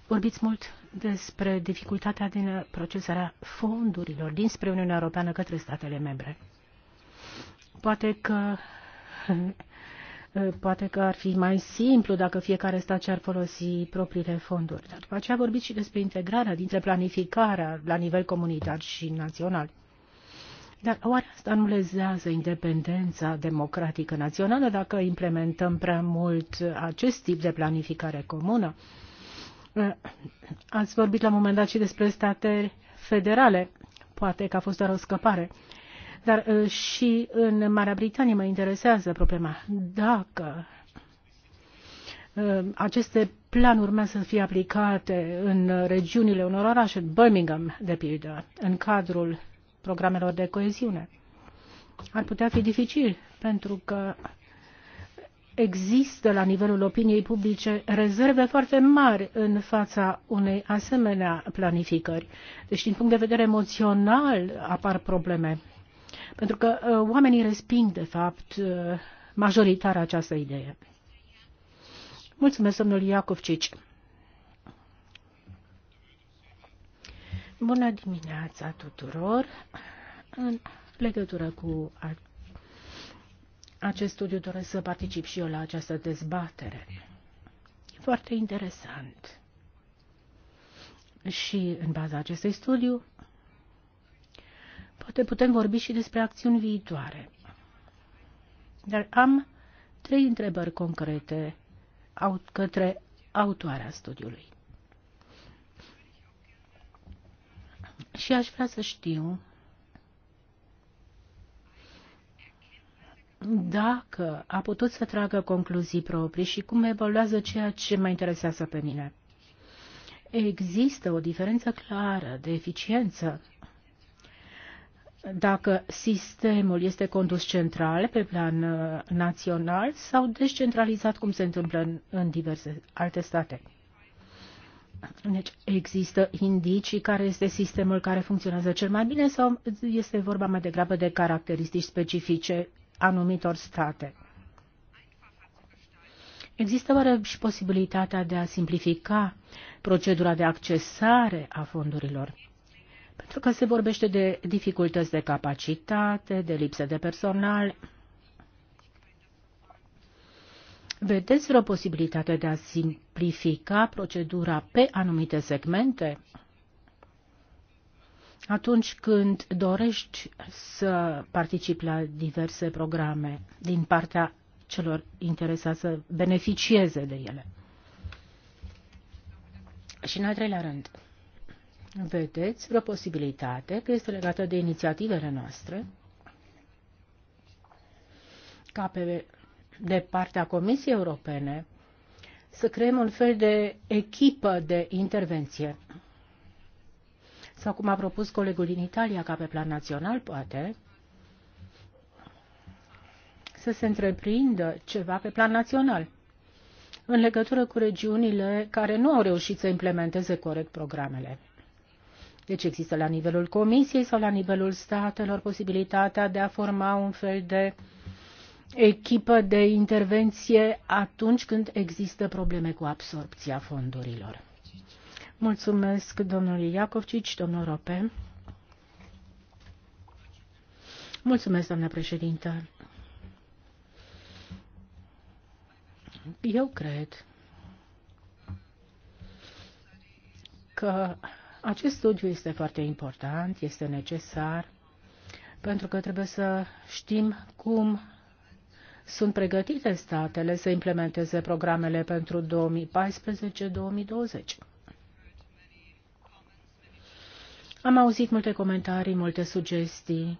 Vorbiți mult despre dificultatea din procesarea fondurilor dinspre Uniunea Europeană către statele membre. Poate că Eh, poate că ar fi mai simplu dacă fiecare stat și-ar folosi propriile fonduri. Dar după aceea a vorbit și despre integrarea dintre planificarea la nivel comunitar și național. Dar oare asta nu lezează independența democratică națională dacă implementăm prea mult acest tip de planificare comună? Eh, ați vorbit la un moment dat și despre state federale. Poate că a fost doar o scăpare. Dar uh, și în Marea Britanie mă interesează problema. Dacă uh, aceste planuri urmează să fie aplicate în regiunile unor orașe, Birmingham, de pildă, în cadrul programelor de coeziune. Ar putea fi dificil, pentru că există la nivelul opiniei publice rezerve foarte mari în fața unei asemenea planificări. Deci, din punct de vedere emoțional, apar probleme. Pentru că uh, oamenii resping, de fapt, uh, majoritar această idee. Mulțumesc, domnul Iacovcici. Bună dimineața tuturor! În legătură cu acest studiu doresc să particip și eu la această dezbatere. E foarte interesant. Și în baza acestui studiu Poate putem vorbi și despre acțiuni viitoare. Dar am trei întrebări concrete către autoarea studiului. Și aș vrea să știu dacă a putut să tragă concluzii proprii și cum evoluează ceea ce mă interesează pe mine. Există o diferență clară de eficiență dacă sistemul este condus central pe plan uh, național sau descentralizat, cum se întâmplă în, în diverse alte state. Deci există indicii care este sistemul care funcționează cel mai bine sau este vorba mai degrabă de caracteristici specifice anumitor state. Există oare și posibilitatea de a simplifica procedura de accesare a fondurilor? Pentru că se vorbește de dificultăți de capacitate, de lipsă de personal. Vedeți vreo posibilitate de a simplifica procedura pe anumite segmente? atunci când dorești să participi la diverse programe din partea celor interesați să beneficieze de ele. Și în al treilea rând, vedeți vreo posibilitate, că este legată de inițiativele noastre, ca pe, de partea Comisiei Europene să creăm un fel de echipă de intervenție. Sau cum a propus colegul din Italia, ca pe plan național, poate, să se întreprindă ceva pe plan național în legătură cu regiunile care nu au reușit să implementeze corect programele. Deci există la nivelul Comisiei sau la nivelul statelor posibilitatea de a forma un fel de echipă de intervenție atunci când există probleme cu absorpția fondurilor. Mulțumesc domnului Iacovcici, domnul Rope. Mulțumesc, doamna președintă. Eu cred că acest studiu este foarte important, este necesar, pentru că trebuie să știm cum sunt pregătite statele să implementeze programele pentru 2014-2020. Am auzit multe comentarii, multe sugestii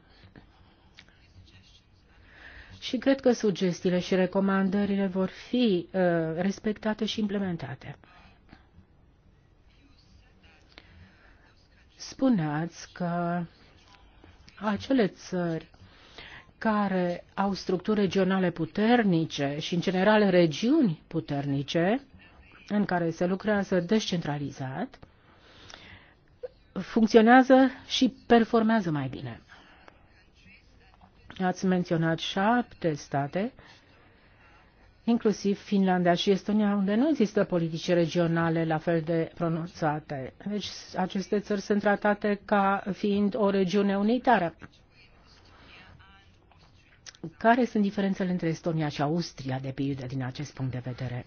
și cred că sugestiile și recomandările vor fi uh, respectate și implementate. spuneați că acele țări care au structuri regionale puternice și, în general, regiuni puternice, în care se lucrează descentralizat, funcționează și performează mai bine. Ați menționat șapte state inclusiv Finlanda și Estonia, unde nu există politici regionale la fel de pronunțate. Deci aceste țări sunt tratate ca fiind o regiune unitară. Care sunt diferențele între Estonia și Austria, de pildă, din acest punct de vedere?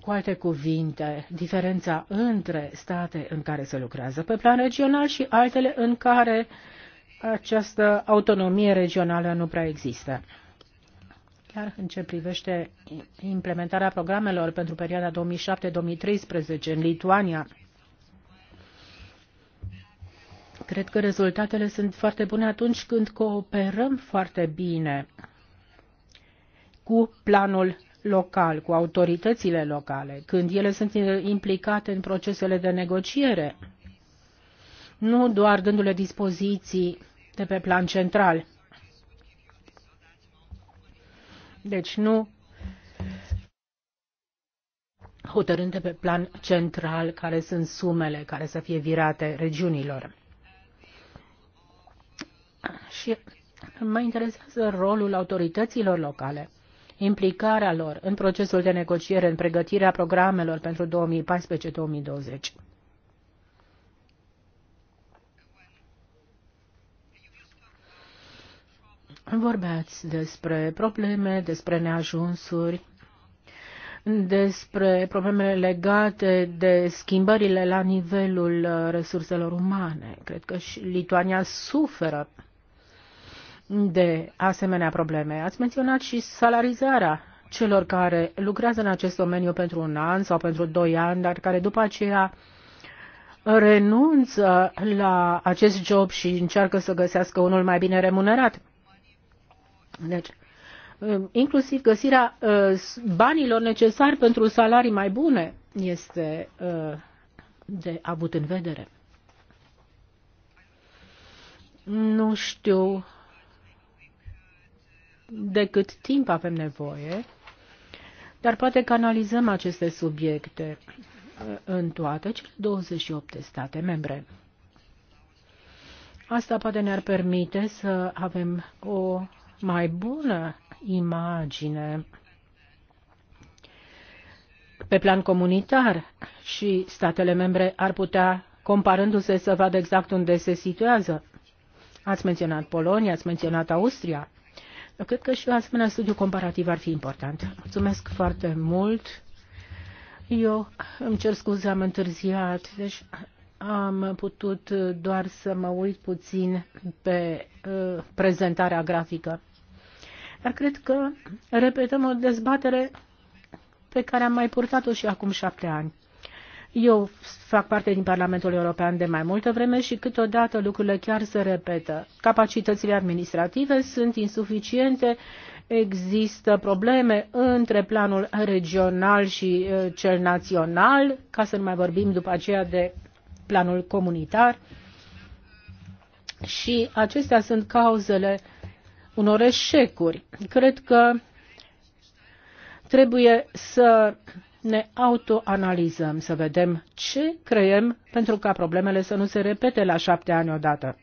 Cu alte cuvinte, diferența între state în care se lucrează pe plan regional și altele în care această autonomie regională nu prea există iar în ce privește implementarea programelor pentru perioada 2007-2013 în Lituania, cred că rezultatele sunt foarte bune atunci când cooperăm foarte bine cu planul local, cu autoritățile locale, când ele sunt implicate în procesele de negociere, nu doar dându-le dispoziții de pe plan central. Deci nu hotărânte pe plan central care sunt sumele care să fie virate regiunilor. Și mă interesează rolul autorităților locale, implicarea lor în procesul de negociere, în pregătirea programelor pentru 2014-2020. Vorbeați despre probleme, despre neajunsuri, despre probleme legate de schimbările la nivelul uh, resurselor umane. Cred că și Lituania suferă de asemenea probleme. Ați menționat și salarizarea celor care lucrează în acest domeniu pentru un an sau pentru doi ani, dar care după aceea renunță la acest job și încearcă să găsească unul mai bine remunerat. Deci, um, inclusiv găsirea uh, banilor necesari pentru salarii mai bune este uh, de avut în vedere. Nu știu de cât timp avem nevoie, dar poate canalizăm aceste subiecte uh, în toate cele 28 de state membre. Asta poate ne-ar permite să avem o mai bună imagine pe plan comunitar și statele membre ar putea, comparându-se, să vadă exact unde se situează. Ați menționat Polonia, ați menționat Austria. Eu cred că și o asemenea studiu comparativ ar fi important. Mulțumesc foarte mult. Eu îmi cer scuze, am întârziat, deci am putut doar să mă uit puțin pe uh, prezentarea grafică. Dar cred că repetăm o dezbatere pe care am mai purtat-o și acum șapte ani. Eu fac parte din Parlamentul European de mai multă vreme și câteodată lucrurile chiar se repetă. Capacitățile administrative sunt insuficiente, există probleme între planul regional și uh, cel național, ca să nu mai vorbim după aceea de planul comunitar. Și acestea sunt cauzele uh, unor eșecuri. Cred că trebuie să ne autoanalizăm, să vedem ce creăm pentru ca problemele să nu se repete la șapte ani odată.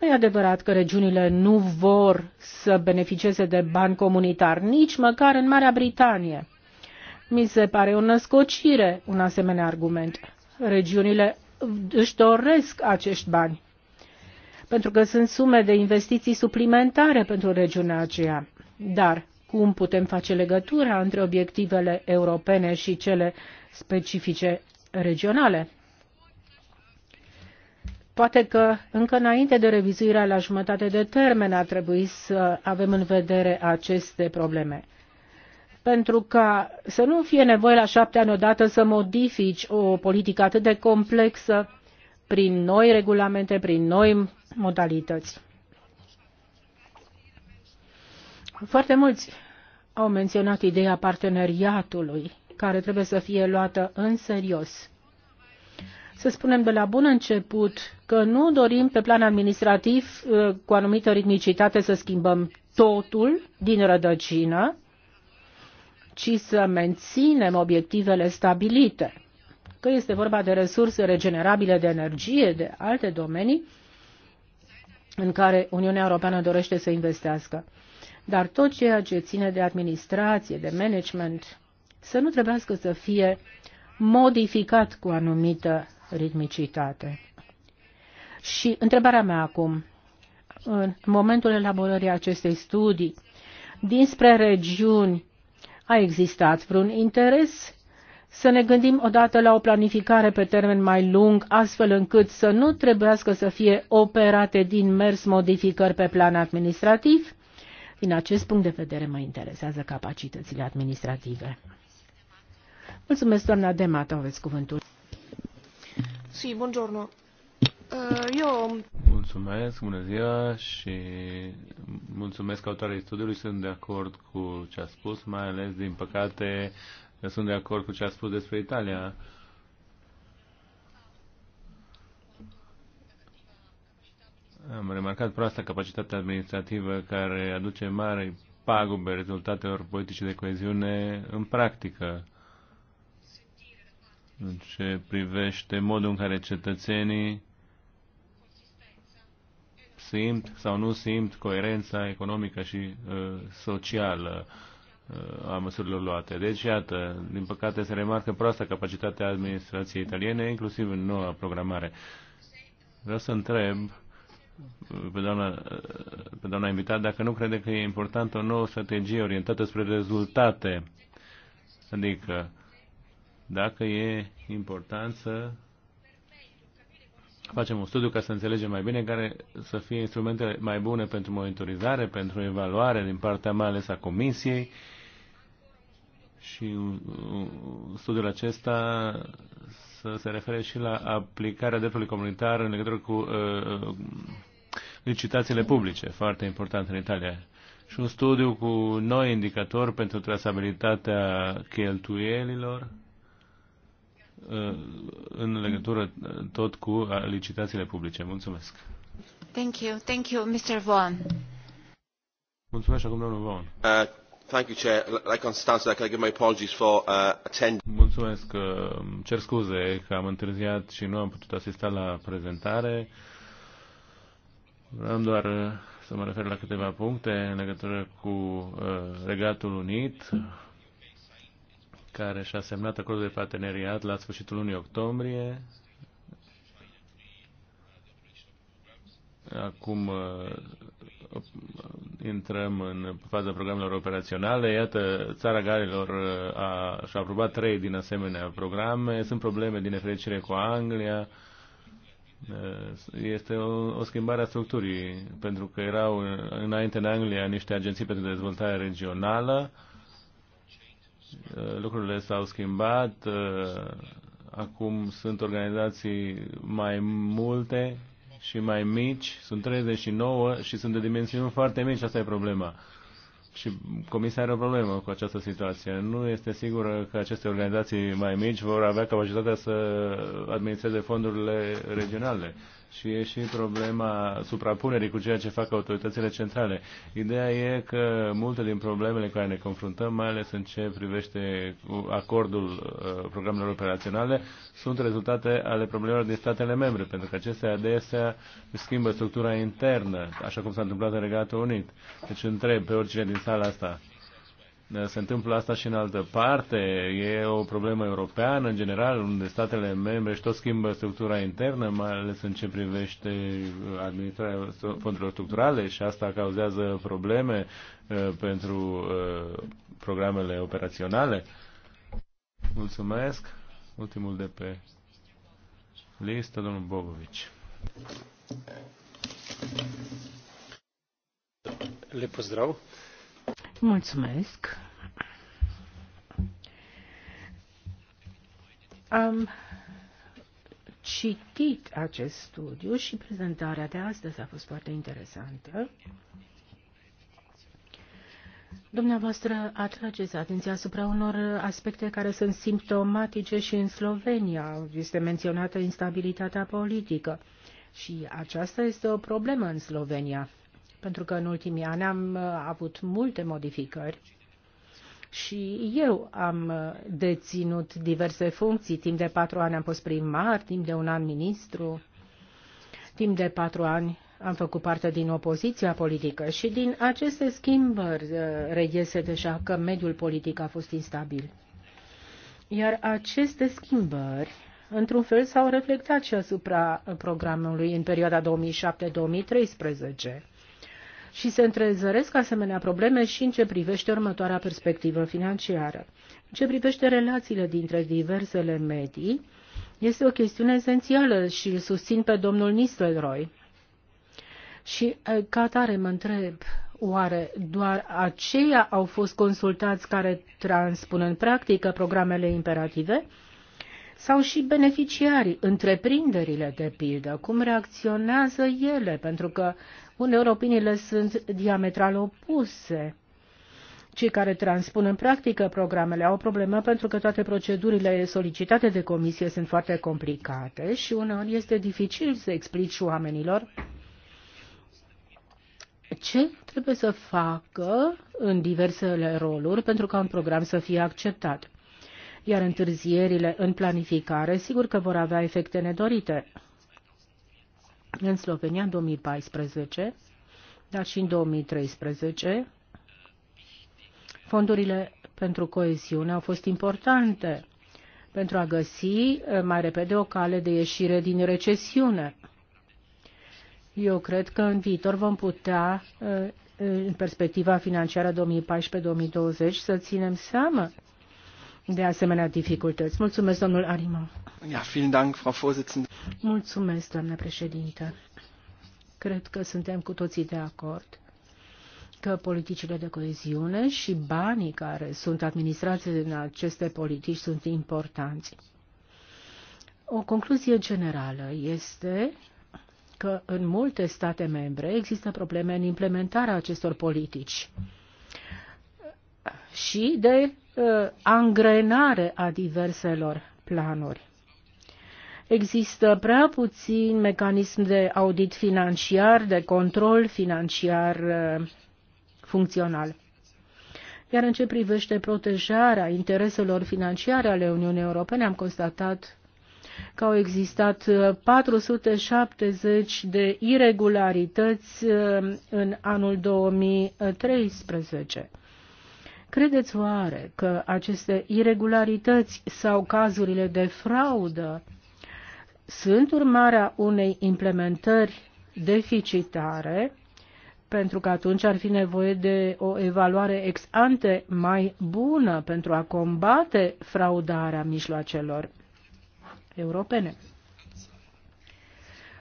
Nu e adevărat că regiunile nu vor să beneficieze de bani comunitari, nici măcar în Marea Britanie. Mi se pare o născocire un asemenea argument. Regiunile își doresc acești bani pentru că sunt sume de investiții suplimentare pentru regiunea aceea. Dar cum putem face legătura între obiectivele europene și cele specifice regionale? Poate că încă înainte de revizuirea la jumătate de termen ar trebui să avem în vedere aceste probleme. Pentru ca să nu fie nevoie la șapte ani odată să modifici o politică atât de complexă prin noi regulamente, prin noi modalități. Foarte mulți au menționat ideea parteneriatului, care trebuie să fie luată în serios. Să spunem de la bun început că nu dorim pe plan administrativ uh, cu anumită ritmicitate să schimbăm totul din rădăcină, ci să menținem obiectivele stabilite. Că este vorba de resurse regenerabile de energie, de alte domenii, în care Uniunea Europeană dorește să investească. Dar tot ceea ce ține de administrație, de management, să nu trebuiască să fie modificat cu anumită ritmicitate. Și întrebarea mea acum, în momentul elaborării acestei studii, dinspre regiuni, a existat vreun interes să ne gândim odată la o planificare pe termen mai lung, astfel încât să nu trebuiască să fie operate din mers modificări pe plan administrativ. Din acest punct de vedere mă interesează capacitățile administrative. Mulțumesc, doamna Demato, aveți cuvântul. Si, buongiorno. Eu... Eh, mulțumesc, bună ziua și mulțumesc autoarei studiului. Sunt de acord cu ce a spus, mai ales, din păcate, eu sunt de acord cu ce a spus despre Italia. Am remarcat proasta capacitatea administrativă care aduce mari pagube rezultatelor politice de coeziune în practică. În ce privește modul în care cetățenii simt sau nu simt coerența economică și uh, socială. Uh, Uh, a măsurilor luate. Deci, iată, din păcate se remarcă proasta capacitatea administrației italiene, inclusiv în noua programare. Vreau să întreb uh, pe doamna, uh, pe doamna invitat dacă nu crede că e importantă o nouă strategie orientată spre rezultate. Adică, dacă e important să facem un studiu ca să înțelegem mai bine care să fie instrumentele mai bune pentru monitorizare, pentru evaluare din partea mai ales a Comisiei și studiul acesta să se refere și la aplicarea dreptului comunitar în legătură cu uh, uh, licitațiile publice, foarte important în Italia. Și un studiu cu noi indicatori pentru trasabilitatea cheltuielilor în legătură tot cu licitațiile publice. Mulțumesc. Thank you. Thank you, Mr. Vaughan. Mulțumesc acum domnul Vaughan. Uh, thank you, Chair. Like on Stansdak, I give my apologies for uh, attending. Mulțumesc. Uh, cer scuze că am întârziat și nu am putut asista la prezentare. Vreau doar uh, să mă refer la câteva puncte în legătură cu uh, Regatul Unit care și-a semnat acordul de parteneriat la sfârșitul lunii octombrie. Acum uh, intrăm în faza programelor operaționale. Iată, țara Galilor uh, a, și-a aprobat trei din asemenea programe. Sunt probleme din nefericire cu Anglia. Uh, este o, o schimbare a structurii, pentru că erau înainte în Anglia niște agenții pentru dezvoltare regională lucrurile s-au schimbat, uh, acum sunt organizații mai multe și mai mici, sunt 39 și sunt de dimensiuni foarte mici, asta e problema. Și Comisia are o problemă cu această situație. Nu este sigur că aceste organizații mai mici vor avea capacitatea să administreze fondurile regionale și e și problema suprapunerii cu ceea ce fac autoritățile centrale. Ideea e că multe din problemele cu care ne confruntăm, mai ales în ce privește acordul uh, programelor operaționale, sunt rezultate ale problemelor din statele membre, pentru că acestea adesea schimbă structura internă, așa cum s-a întâmplat în Regatul Unit. Deci întreb pe oricine din sala asta, se întâmplă asta și în altă parte. E o problemă europeană, în general, unde statele membre și tot schimbă structura internă, mai ales în ce privește administrarea fondurilor structurale și asta cauzează probleme uh, pentru uh, programele operaționale. Mulțumesc. Ultimul de pe listă, domnul Bogovici. Le pozdrav. Mulțumesc. Am citit acest studiu și prezentarea de astăzi a fost foarte interesantă. Dumneavoastră atrageți atenția asupra unor aspecte care sunt simptomatice și în Slovenia. Este menționată instabilitatea politică și aceasta este o problemă în Slovenia pentru că în ultimii ani am uh, avut multe modificări și eu am uh, deținut diverse funcții. Timp de patru ani am fost primar, timp de un an ministru, timp de patru ani am făcut parte din opoziția politică și din aceste schimbări uh, reiese deja că mediul politic a fost instabil. Iar aceste schimbări, într-un fel, s-au reflectat și asupra programului în perioada 2007-2013 și se întrezăresc asemenea probleme și în ce privește următoarea perspectivă financiară. În ce privește relațiile dintre diversele medii, este o chestiune esențială și îl susțin pe domnul Nistelrooy. Și eh, ca tare mă întreb, oare doar aceia au fost consultați care transpun în practică programele imperative? Sau și beneficiarii, întreprinderile de pildă, cum reacționează ele? Pentru că Uneori opiniile sunt diametral opuse. Cei care transpun în practică programele au o problemă pentru că toate procedurile solicitate de comisie sunt foarte complicate și uneori este dificil să explici oamenilor ce trebuie să facă în diversele roluri pentru ca un program să fie acceptat. Iar întârzierile în planificare sigur că vor avea efecte nedorite în Slovenia în 2014, dar și în 2013. Fondurile pentru coeziune au fost importante pentru a găsi eh, mai repede o cale de ieșire din recesiune. Eu cred că în viitor vom putea, eh, eh, în perspectiva financiară 2014-2020, să ținem seama de asemenea dificultăți. Mulțumesc, domnul Arima. Ja, vielen Dank, Frau Vorsitzende. Mulțumesc, doamnă președinte. Cred că suntem cu toții de acord că politicile de coeziune și banii care sunt administrați din aceste politici sunt importanți. O concluzie generală este că în multe state membre există probleme în implementarea acestor politici și de uh, angrenare a diverselor planuri. Există prea puțin mecanism de audit financiar, de control financiar uh, funcțional. Iar în ce privește protejarea intereselor financiare ale Uniunii Europene, am constatat că au existat 470 uh, de irregularități uh, în anul 2013. Credeți oare că aceste irregularități sau cazurile de fraudă sunt urmarea unei implementări deficitare, pentru că atunci ar fi nevoie de o evaluare ex ante mai bună pentru a combate fraudarea mijloacelor europene.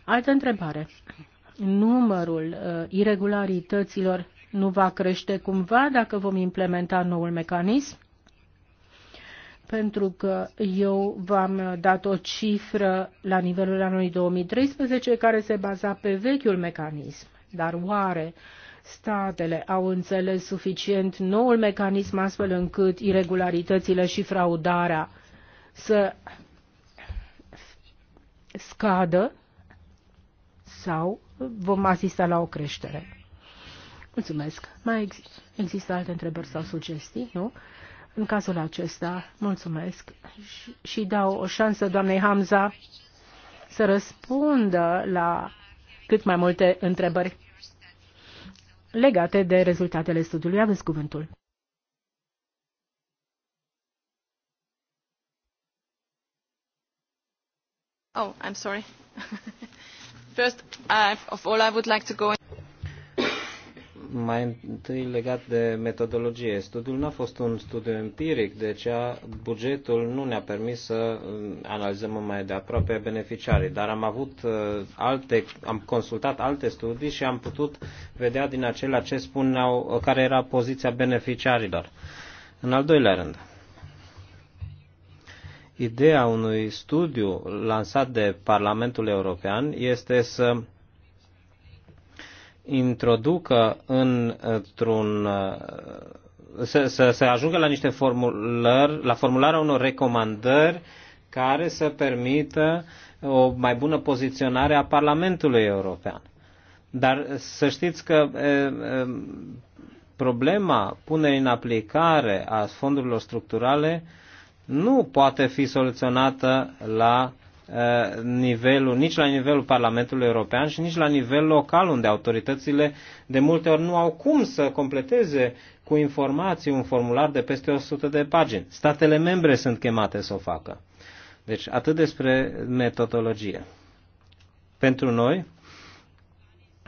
Altă întrebare. Numărul uh, irregularităților nu va crește cumva dacă vom implementa noul mecanism? pentru că eu v-am dat o cifră la nivelul anului 2013 care se baza pe vechiul mecanism. Dar oare statele au înțeles suficient noul mecanism astfel încât irregularitățile și fraudarea să scadă sau vom asista la o creștere? Mulțumesc. Mai există, există alte întrebări sau sugestii, nu? În cazul acesta, mulțumesc și, dau o șansă doamnei Hamza să răspundă la cât mai multe întrebări legate de rezultatele studiului. Aveți cuvântul. Oh, I'm sorry. First, uh, of all, I would like to go mai întâi legat de metodologie. Studiul nu a fost un studiu empiric, deci a, bugetul nu ne-a permis să um, analizăm mai de aproape beneficiarii, dar am avut uh, alte, am consultat alte studii și am putut vedea din acelea ce spuneau, uh, care era poziția beneficiarilor. În al doilea rând, ideea unui studiu lansat de Parlamentul European este să introducă într-un uh, să, să, să ajungă la niște formulări, la formularea unor recomandări care să permită o mai bună poziționare a Parlamentului European. Dar să știți că e, e, problema punerii în aplicare a fondurilor structurale nu poate fi soluționată la Uh, nivelul, nici la nivelul Parlamentului European și nici la nivel local, unde autoritățile de multe ori nu au cum să completeze cu informații un formular de peste 100 de pagini. Statele membre sunt chemate să o facă. Deci, atât despre metodologie. Pentru noi,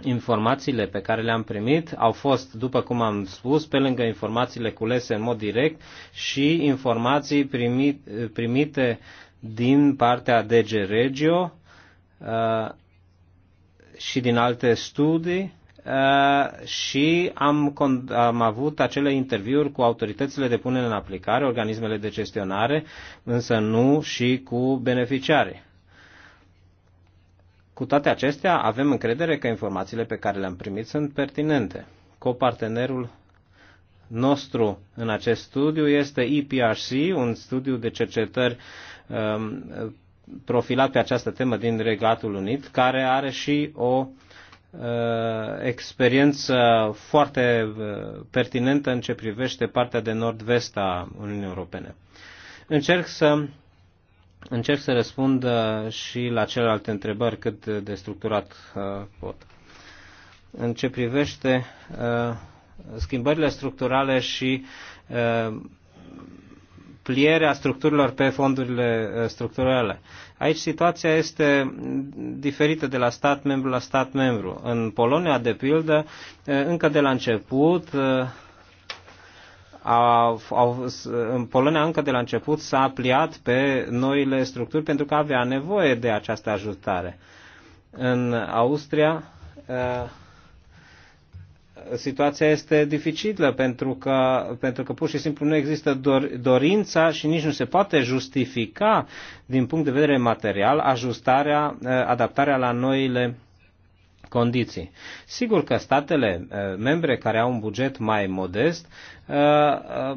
informațiile pe care le-am primit au fost, după cum am spus, pe lângă informațiile culese în mod direct și informații primit, primite din partea DG Regio uh, și din alte studii uh, și am, am avut acele interviuri cu autoritățile de punere în aplicare, organismele de gestionare, însă nu și cu beneficiarii. Cu toate acestea, avem încredere că informațiile pe care le-am primit sunt pertinente. Copartenerul nostru în acest studiu este EPRC, un studiu de cercetări uh, Um, profilat pe această temă din Regatul Unit, care are și o uh, experiență foarte uh, pertinentă în ce privește partea de nord-vest a Uniunii Europene. Încerc să, încerc să răspund uh, și la celelalte întrebări cât de structurat pot. În ce privește schimbările structurale și plierea structurilor pe fondurile eh, structurale. Aici situația este diferită de la stat membru la stat membru. În Polonia, de pildă, eh, încă de la început, a, eh, a, în Polonia încă de la început s-a pliat pe noile structuri pentru că avea nevoie de această ajutare. În Austria, situația este dificilă pentru că, pentru că pur și simplu nu există dor, dorința și nici nu se poate justifica din punct de vedere material ajustarea, eh, adaptarea la noile condiții. Sigur că statele eh, membre care au un buget mai modest eh,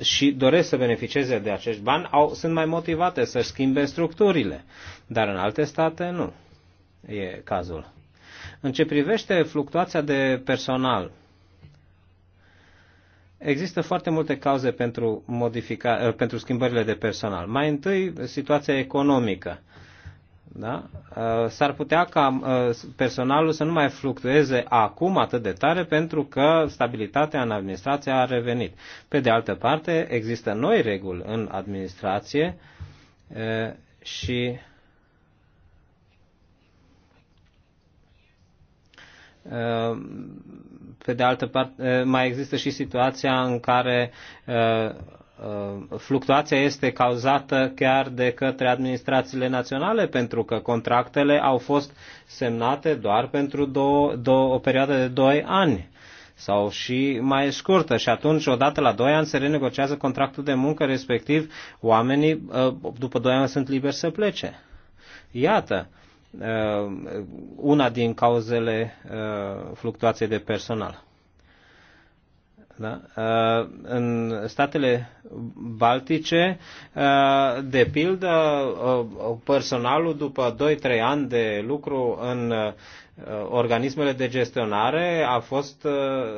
și doresc să beneficieze de acești bani au, sunt mai motivate să schimbe structurile, dar în alte state nu e cazul. În ce privește fluctuația de personal, Există foarte multe cauze pentru, modifica, eh, pentru schimbările de personal. Mai întâi, situația economică. Da? Eh, s-ar putea ca eh, personalul să nu mai fluctueze acum atât de tare pentru că stabilitatea în administrație a revenit. Pe de altă parte, există noi reguli în administrație și Uh, pe de altă parte, uh, mai există și situația în care uh, fluctuația este cauzată chiar de către administrațiile naționale, pentru că contractele au fost semnate doar pentru două, două, o perioadă de 2 ani sau și mai scurtă și atunci odată la 2 ani se renegociază contractul de muncă respectiv oamenii după 2 ani sunt liberi să plece. Iată, uh, Uh, una din cauzele uh, fluctuației de personal. Da? Uh, în statele baltice, de pildă, personalul după 2-3 ani de lucru în organismele de gestionare a fost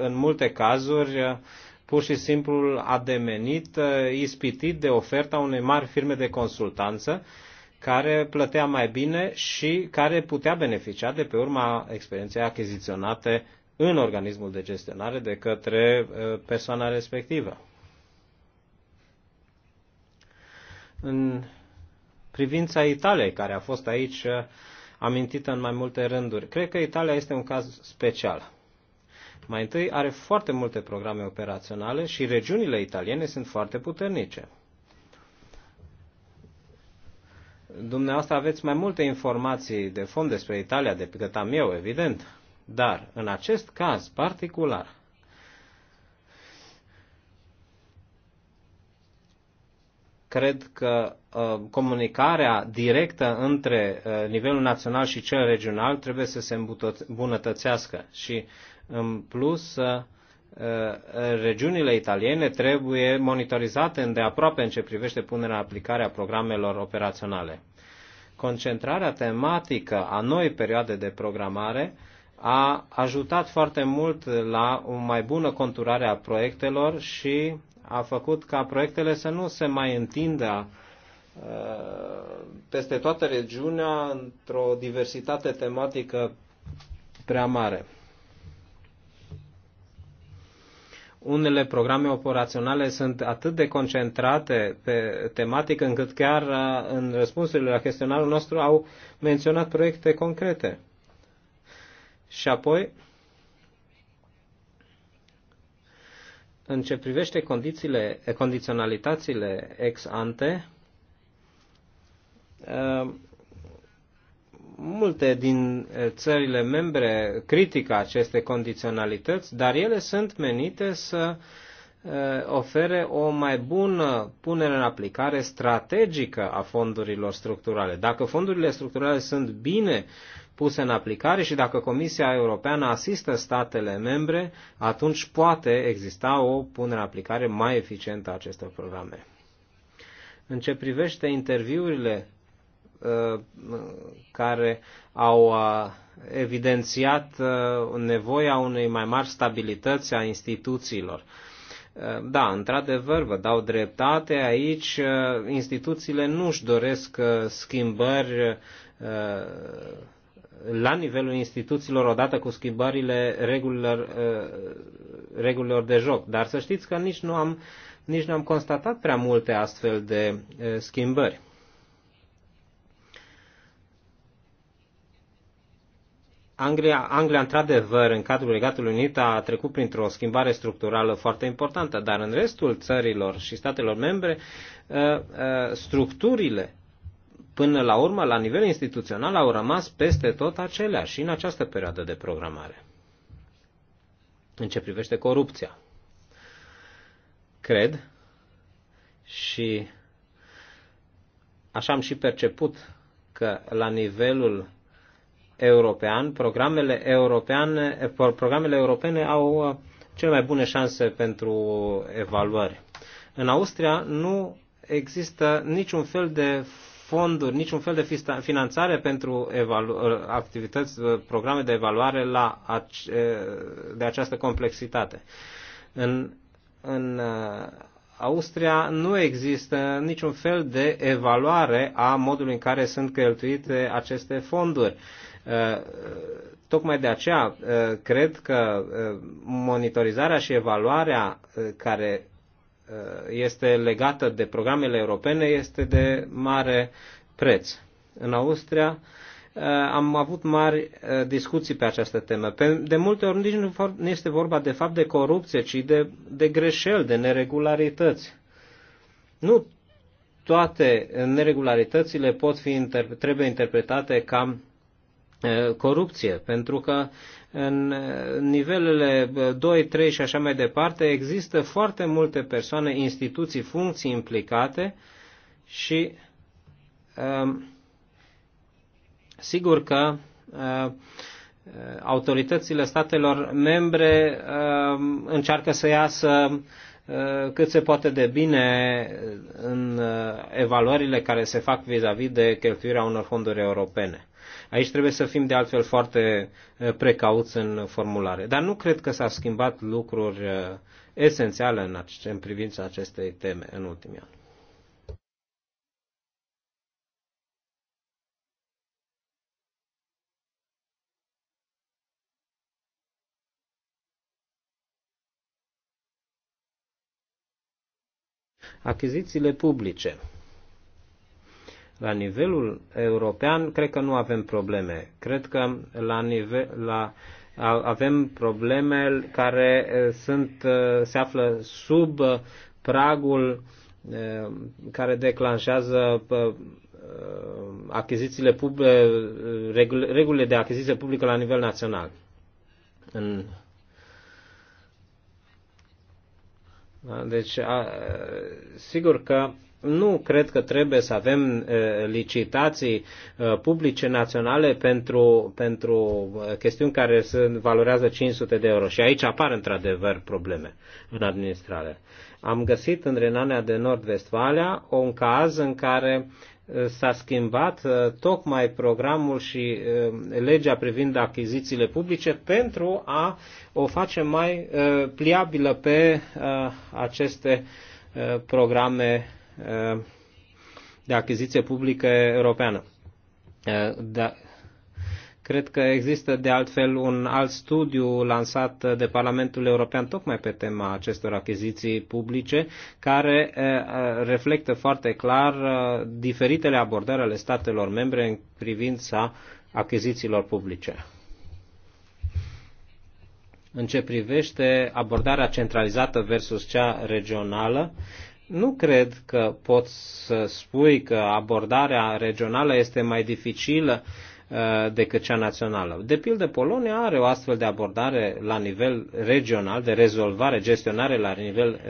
în multe cazuri pur și simplu ademenit, ispitit de oferta unei mari firme de consultanță care plătea mai bine și care putea beneficia de pe urma experienței achiziționate în organismul de gestionare de către uh, persoana respectivă. În privința Italiei, care a fost aici uh, amintită în mai multe rânduri, cred că Italia este un caz special. Mai întâi, are foarte multe programe operaționale și regiunile italiene sunt foarte puternice. Dumneavoastră aveți mai multe informații de fond despre Italia decât am eu, evident, dar în acest caz particular, cred că uh, comunicarea directă între uh, nivelul național și cel regional trebuie să se îmbunătățească și, în plus, uh, Uh, uh, regiunile italiene trebuie monitorizate îndeaproape în ce privește punerea în aplicare a programelor operaționale. Concentrarea tematică a noi perioade de programare a ajutat foarte mult la o mai bună conturare a proiectelor și a făcut ca proiectele să nu se mai întindă uh, peste toată regiunea într-o diversitate tematică prea mare. unele programe operaționale sunt atât de concentrate pe tematică, încât chiar uh, în răspunsurile la chestionarul nostru au menționat proiecte concrete. Și apoi, în ce privește condițiile, condiționalitățile ex ante, uh, multe din eh, țările membre critică aceste condiționalități, dar ele sunt menite să eh, ofere o mai bună punere în aplicare strategică a fondurilor structurale. Dacă fondurile structurale sunt bine puse în aplicare și dacă Comisia Europeană asistă statele membre, atunci poate exista o punere în aplicare mai eficientă a acestor programe. În ce privește interviurile Uh, care au uh, evidențiat uh, nevoia unei mai mari stabilități a instituțiilor. Da, într-adevăr, vă dau dreptate, aici instituțiile nu își doresc schimbări la nivelul instituțiilor odată cu schimbările regulilor, regulilor de joc. Dar să știți că nici nu am, nici nu am constatat prea multe astfel de schimbări. Anglia, Anglia într-adevăr, în cadrul Regatului Unit, a trecut printr-o schimbare structurală foarte importantă, dar în restul țărilor și statelor membre, uh, uh, structurile, până la urmă, la nivel instituțional, au rămas peste tot aceleași și în această perioadă de programare. În ce privește corupția, cred și așa am și perceput că la nivelul european, programele, europene, programele europene au uh, cele mai bune șanse pentru evaluări. În Austria nu există niciun fel de fonduri, niciun fel de finanțare pentru uh, activități, uh, programe de evaluare la de această complexitate. În, în Austria nu există niciun fel de evaluare a modului în care sunt cheltuite aceste fonduri. Uh, tocmai de aceea uh, cred că uh, monitorizarea și evaluarea care este legată de programele europene este de mare preț. În Austria Eh, am avut mari eh, discuții pe această temă. De multe ori nici nu este vorba de fapt de corupție, ci de, de greșeli, de neregularități. Nu toate neregularitățile pot fi, trebuie interpretate ca eh, corupție, pentru că în nivelele 2, 3 și așa mai departe există foarte multe persoane, instituții, funcții implicate și Uh, Sigur că uh, autoritățile statelor membre uh, încearcă să iasă uh, cât se poate de bine în evaluările care se fac vis-a-vis -vis de cheltuirea unor fonduri europene. Aici trebuie să fim de altfel foarte precauți în formulare. Dar nu cred că s-a schimbat lucruri esențiale în, în privința acestei teme în ultimii ani. achizițiile publice. La nivelul european, cred că nu avem probleme. Cred că la nivel, la, avem probleme care sunt, se află sub pragul care declanșează achizițiile publice, regulile de achiziție publică la nivel național. În Da? Deci, a, sigur că nu cred că trebuie să avem licitații publice naționale pentru, pentru chestiuni care se valorează 500 de euro. Și aici apar într-adevăr probleme în administrare. Am găsit în Renania de Nord-Vestfalia un caz în care s-a schimbat uh, tocmai programul și uh, legea privind achizițiile publice pentru a o face mai uh, pliabilă pe aceste programe de achiziție publică europeană. Da, Cred că există de altfel un alt studiu lansat de Parlamentul European tocmai pe tema acestor achiziții publice, care eh, eh, reflectă foarte clar eh, diferitele abordări ale statelor membre în privința achizițiilor publice. În ce privește abordarea centralizată versus cea regională, nu cred că pot să spui că abordarea regională este mai dificilă uh, Uh, decât cea națională. De pildă, Polonia are o astfel de abordare la nivel regional, de rezolvare, gestionare la nivel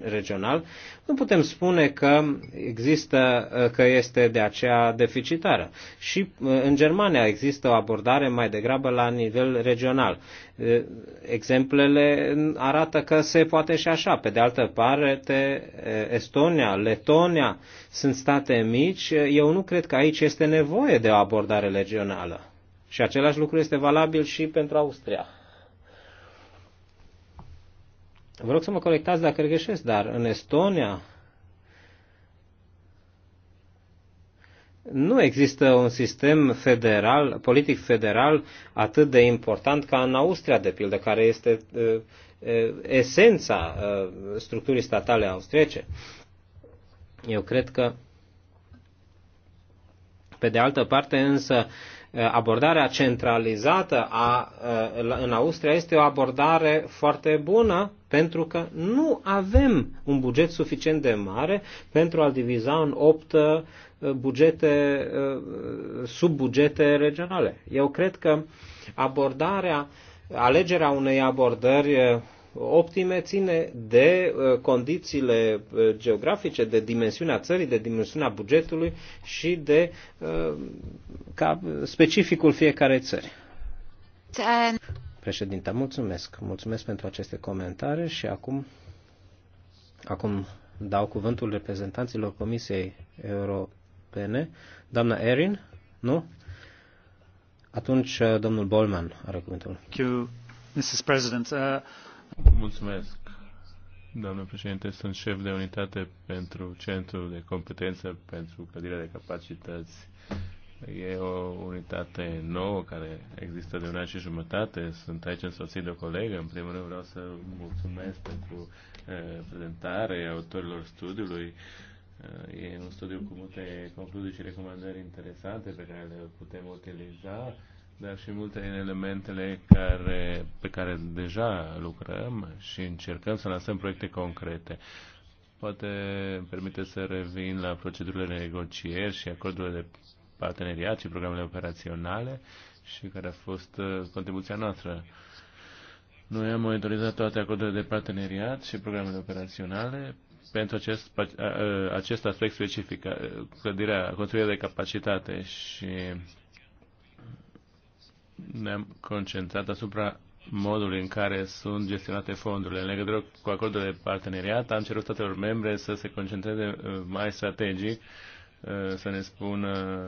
regional, nu putem spune că există, că este de aceea deficitară. Și în Germania există o abordare mai degrabă la nivel regional. Exemplele arată că se poate și așa. Pe de altă parte, Estonia, Letonia sunt state mici. Eu nu cred că aici este nevoie de o abordare regională. Și același lucru este valabil și pentru Austria. Vă rog să mă corectați dacă greșesc, dar în Estonia nu există un sistem federal, politic federal atât de important ca în Austria, de pildă, care este uh, uh, esența uh, structurii statale austriece. Eu cred că, pe de altă parte, însă, abordarea centralizată a, în Austria este o abordare foarte bună pentru că nu avem un buget suficient de mare pentru a diviza în opt uh, bugete, uh, subbugete regionale. Eu cred că abordarea, alegerea unei abordări uh, optime ține de uh, condițiile uh, geografice, de dimensiunea țării, de dimensiunea bugetului și de uh, ca specificul fiecarei țări. Președinte, mulțumesc. Mulțumesc pentru aceste comentarii și acum, acum dau cuvântul reprezentanților Comisiei Europene. Doamna Erin, nu? Atunci, domnul Bolman are cuvântul. Thank you, Mrs. President. Uh, Mulțumesc, doamnă președinte. Sunt șef de unitate pentru Centrul de Competență pentru Clădirea de Capacități. E o unitate nouă care există de un an și jumătate. Sunt aici însoțit de o colegă. În primul rând vreau să mulțumesc pentru eh, prezentare autorilor studiului. Eh, e un studiu cu multe concluzii și recomandări interesante pe care le putem utiliza dar și multe din elementele care, pe care deja lucrăm și încercăm să lansăm proiecte concrete. Poate permite să revin la procedurile de negocieri și acordurile de parteneriat și programele operaționale și care a fost uh, contribuția noastră. Noi am monitorizat toate acordurile de parteneriat și programele operaționale pentru acest, acest aspect specific, clădirea, construirea de capacitate și ne-am concentrat asupra modului în care sunt gestionate fondurile. În legătură cu acordul de parteneriat, am cerut statelor membre să se concentreze uh, mai strategic, uh, să ne spună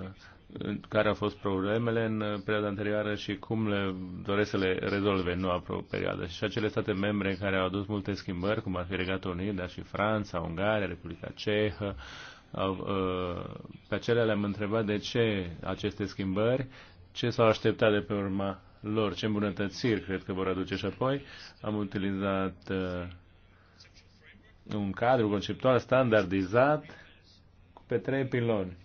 uh, care au fost problemele în perioada anterioară și cum le doresc să le rezolve în noua perioadă. Și acele state membre care au adus multe schimbări, cum ar fi Regatul Unit, dar și Franța, Ungaria, Republica Cehă, au, pe acelea le-am întrebat de ce aceste schimbări ce s-au așteptat de pe urma lor, ce îmbunătățiri cred că vor aduce și apoi am utilizat uh, un cadru conceptual standardizat pe trei piloni.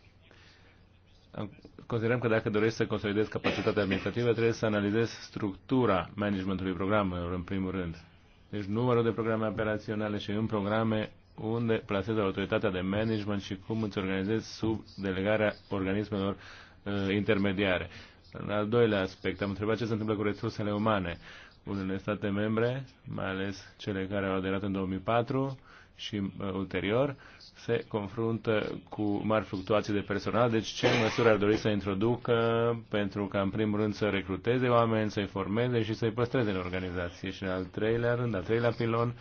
Considerăm că dacă dorești să consolidezi capacitatea administrativă, trebuie să analizezi structura managementului programelor, în primul rând. Deci numărul de programe operaționale și în programe unde plasezi autoritatea de management și cum îți organizezi sub delegarea organismelor uh, intermediare. În al doilea aspect, am întrebat ce se întâmplă cu resursele umane. Unele state membre, mai ales cele care au aderat în 2004 și uh, ulterior, se confruntă cu mari fluctuații de personal. Deci ce măsuri ar dori să introducă pentru ca în primul rând să recruteze oameni, să-i formeze și să-i păstreze în organizație? Și în al treilea rând, al treilea pilon,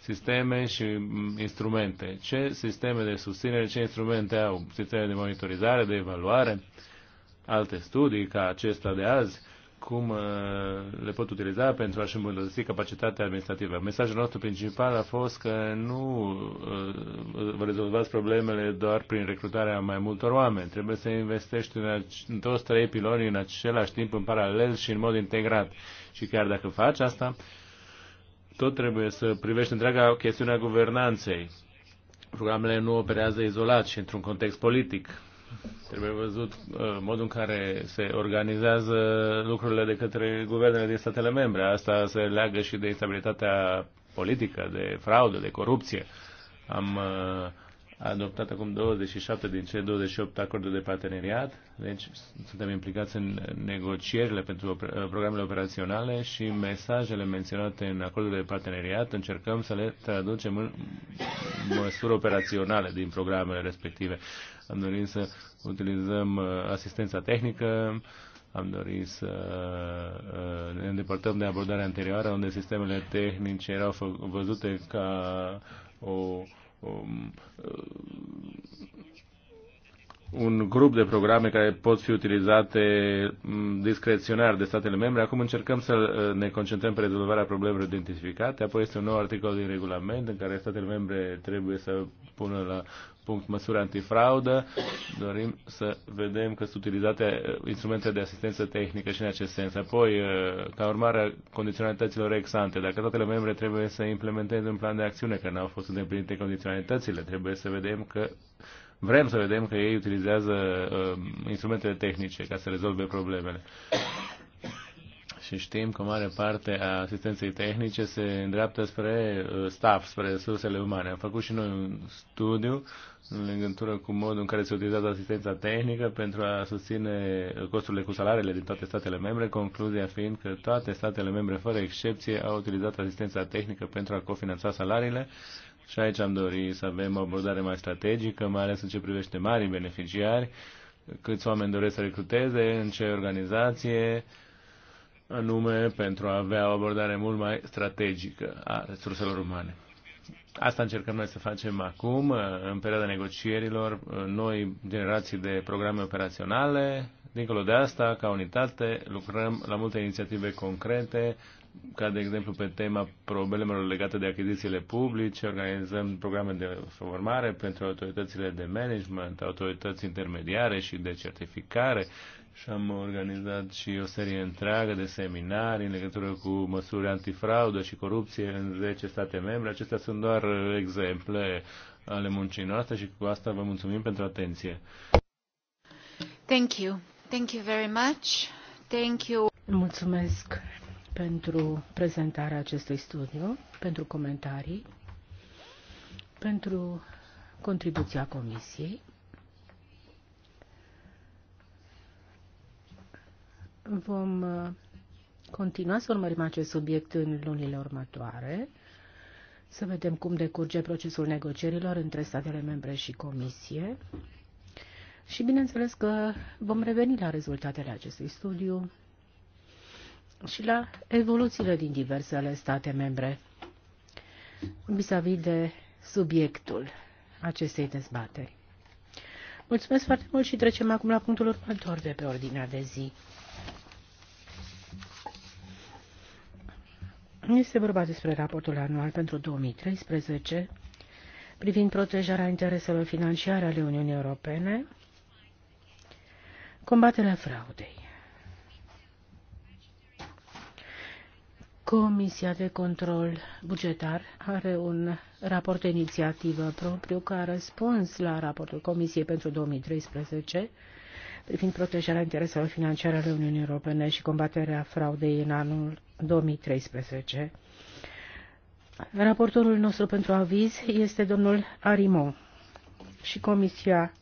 sisteme și mm, instrumente. Ce sisteme de susținere, ce instrumente au? Sisteme de monitorizare, de evaluare? Uh, alte studii ca acesta de azi, cum uh, le pot utiliza pentru a-și îmbunătăți capacitatea administrativă. Mesajul nostru principal a fost că nu uh, vă rezolvați problemele doar prin recrutarea mai multor oameni. Trebuie să investești în, în toți trei piloni în același timp, în paralel și în mod integrat. Și chiar dacă faci asta, tot trebuie să privești întreaga chestiunea guvernanței. Programele nu operează izolat și într-un context politic Trebuie văzut uh, modul în care se organizează lucrurile de către guvernele din statele membre. Asta se leagă și de instabilitatea politică, de fraudă, de corupție. Am uh, adoptat acum 27 din cele 28 acorduri de parteneriat, deci suntem implicați în negocierile pentru uh, programele operaționale și mesajele menționate în acordurile de parteneriat încercăm să le traducem în măsuri operaționale din programele respective am dorit să utilizăm uh, asistența tehnică, am dorit să uh, ne îndepărtăm de abordarea anterioară, unde sistemele tehnice erau văzute ca o, o, um, uh, un grup de programe care pot fi utilizate mm, discreționar de statele membre. Acum încercăm să ne concentrăm pe rezolvarea problemelor identificate. Apoi este un nou articol din regulament în care statele membre trebuie să pună la punct, măsuri antifraudă. Dorim să vedem că sunt utilizate uh, instrumente de asistență tehnică și în acest sens. Apoi, uh, ca urmare a condiționalităților ex ante, dacă toate membre trebuie să implementeze un plan de acțiune, că n-au fost îndeplinite condiționalitățile, trebuie să vedem că vrem să vedem că ei utilizează uh, instrumentele tehnice ca să rezolve problemele și știm că mare parte a asistenței tehnice se îndreaptă spre uh, staff, spre resursele umane. Am făcut și noi un studiu în legătură cu modul în care se utilizează asistența tehnică pentru a susține costurile cu salariile din toate statele membre, concluzia fiind că toate statele membre, fără excepție, au utilizat asistența tehnică pentru a cofinanța salariile și aici am dorit să avem o abordare mai strategică, mai ales în ce privește marii beneficiari, câți oameni doresc să recruteze, în ce organizație, anume pentru a avea o abordare mult mai strategică a resurselor umane. Asta încercăm noi să facem acum, în perioada negocierilor, noi generații de programe operaționale. Dincolo de asta, ca unitate, lucrăm la multe inițiative concrete ca de exemplu pe tema problemelor legate de achizițiile publice, organizăm programe de formare pentru autoritățile de management, autorități intermediare și de certificare și am organizat și o serie întreagă de seminarii în legătură cu măsuri antifraudă și corupție în 10 state membre. Acestea sunt doar exemple ale muncii noastre și cu asta vă mulțumim pentru atenție. Thank you. Thank you very much. Thank you. Mulțumesc pentru prezentarea acestui studiu, pentru comentarii, pentru contribuția Comisiei. Vom uh, continua să urmărim acest subiect în lunile următoare, să vedem cum decurge procesul negocierilor între statele membre și Comisie și bineînțeles că vom reveni la rezultatele acestui studiu și la evoluțiile din diversele state membre vis-a-vis -vis de subiectul acestei dezbateri. Mulțumesc foarte mult și trecem acum la punctul următor de pe ordinea de zi. Este vorba despre raportul anual pentru 2013 privind protejarea intereselor financiare ale Uniunii Europene, combaterea fraudei. Comisia de control bugetar are un raport de inițiativă propriu a răspuns la raportul Comisiei pentru 2013 privind protejarea intereselor financiare ale Uniunii Europene și combaterea fraudei în anul 2013. Raportorul nostru pentru aviz este domnul Arimo și Comisia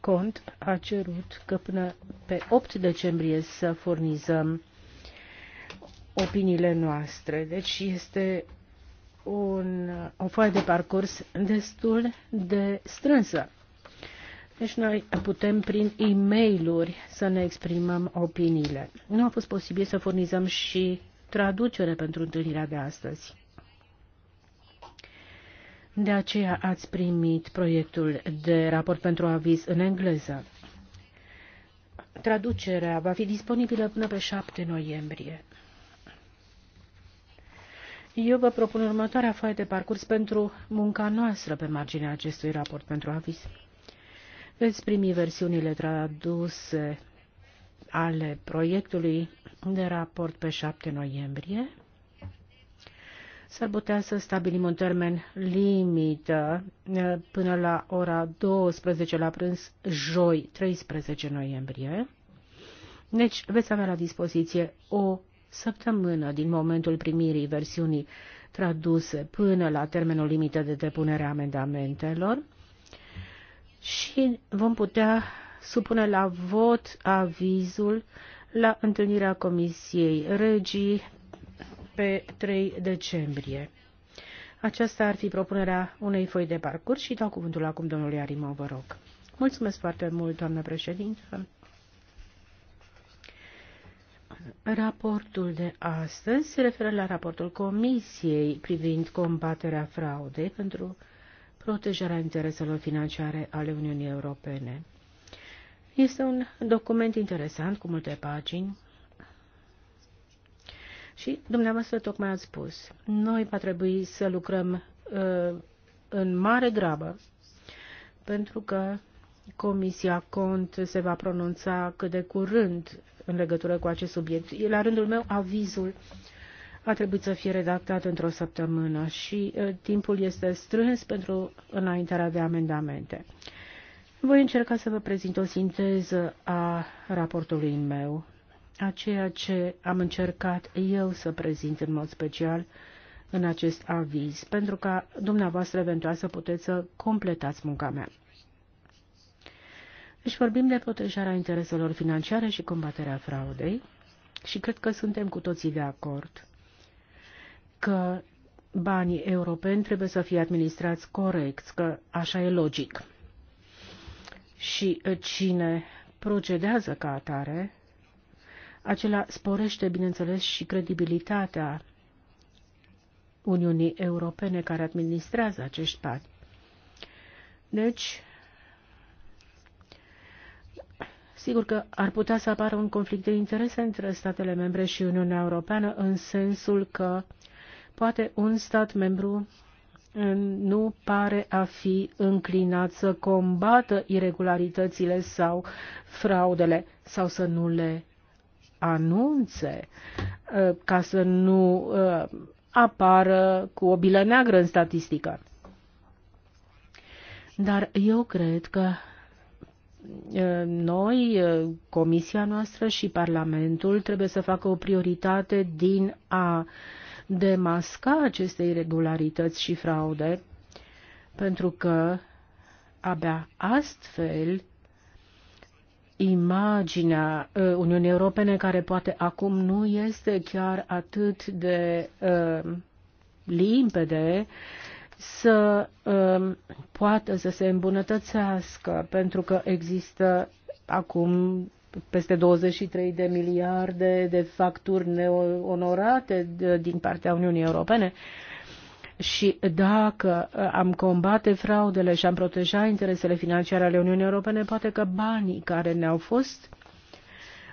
Cont a cerut că până pe 8 decembrie să furnizăm opiniile noastre. Deci este un, o foaie de parcurs destul de strânsă. Deci noi putem prin e mail să ne exprimăm opiniile. Nu a fost posibil să furnizăm și traducere pentru întâlnirea de astăzi. De aceea ați primit proiectul de raport pentru aviz în engleză. Traducerea va fi disponibilă până pe 7 noiembrie. Eu vă propun următoarea foaie de parcurs pentru munca noastră pe marginea acestui raport pentru aviz. Veți primi versiunile traduse ale proiectului de raport pe 7 noiembrie. S-ar putea să stabilim un termen limită eh, până la ora 12 la prânz, joi 13 noiembrie. Deci veți avea la dispoziție o săptămână din momentul primirii versiunii traduse până la termenul limită de depunere a amendamentelor și vom putea supune la vot avizul la întâlnirea Comisiei Regii pe 3 decembrie. Aceasta ar fi propunerea unei foi de parcurs și dau cuvântul acum domnului Arimov, vă rog. Mulțumesc foarte mult, doamnă președintă. Raportul de astăzi se referă la raportul Comisiei privind combaterea fraudei pentru protejarea intereselor financiare ale Uniunii Europene. Este un document interesant cu multe pagini și dumneavoastră tocmai ați spus, noi va trebui să lucrăm uh, în mare grabă pentru că Comisia Cont se va pronunța cât de curând în legătură cu acest subiect. La rândul meu, avizul a trebuit să fie redactat într-o săptămână și timpul este strâns pentru înaintarea de amendamente. Voi încerca să vă prezint o sinteză a raportului meu, a ceea ce am încercat eu să prezint în mod special în acest aviz, pentru ca dumneavoastră eventual să puteți să completați munca mea. Deci vorbim de protejarea intereselor financiare și combaterea fraudei și cred că suntem cu toții de acord că banii europeni trebuie să fie administrați corect, că așa e logic. Și cine procedează ca atare, acela sporește, bineînțeles, și credibilitatea Uniunii Europene care administrează acești bani. Deci, Sigur că ar putea să apară un conflict de interese între statele membre și Uniunea Europeană în sensul că poate un stat membru nu pare a fi înclinat să combată irregularitățile sau fraudele sau să nu le anunțe uh, ca să nu uh, apară cu o bilă neagră în statistică. Dar eu cred că noi, Comisia noastră și Parlamentul trebuie să facă o prioritate din a demasca aceste irregularități și fraude, pentru că abia astfel imaginea Uniunii Europene, care poate acum nu este chiar atât de uh, limpede, uh, să um, poată să se îmbunătățească, pentru că există acum peste 23 de miliarde de facturi neonorate din partea Uniunii Europene. Și dacă uh, am combate fraudele și am proteja interesele financiare ale Uniunii Europene, poate că banii care ne-au fost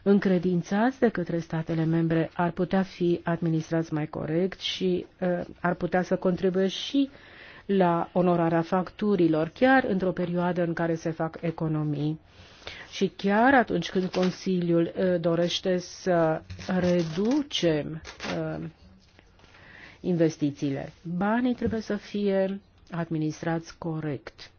încredințați de către statele membre ar putea fi administrați mai corect și uh, ar putea să contribuie și la onorarea facturilor, chiar într-o perioadă în care se fac economii. Și chiar atunci când Consiliul uh, dorește să reducem uh, investițiile, banii trebuie să fie administrați corect.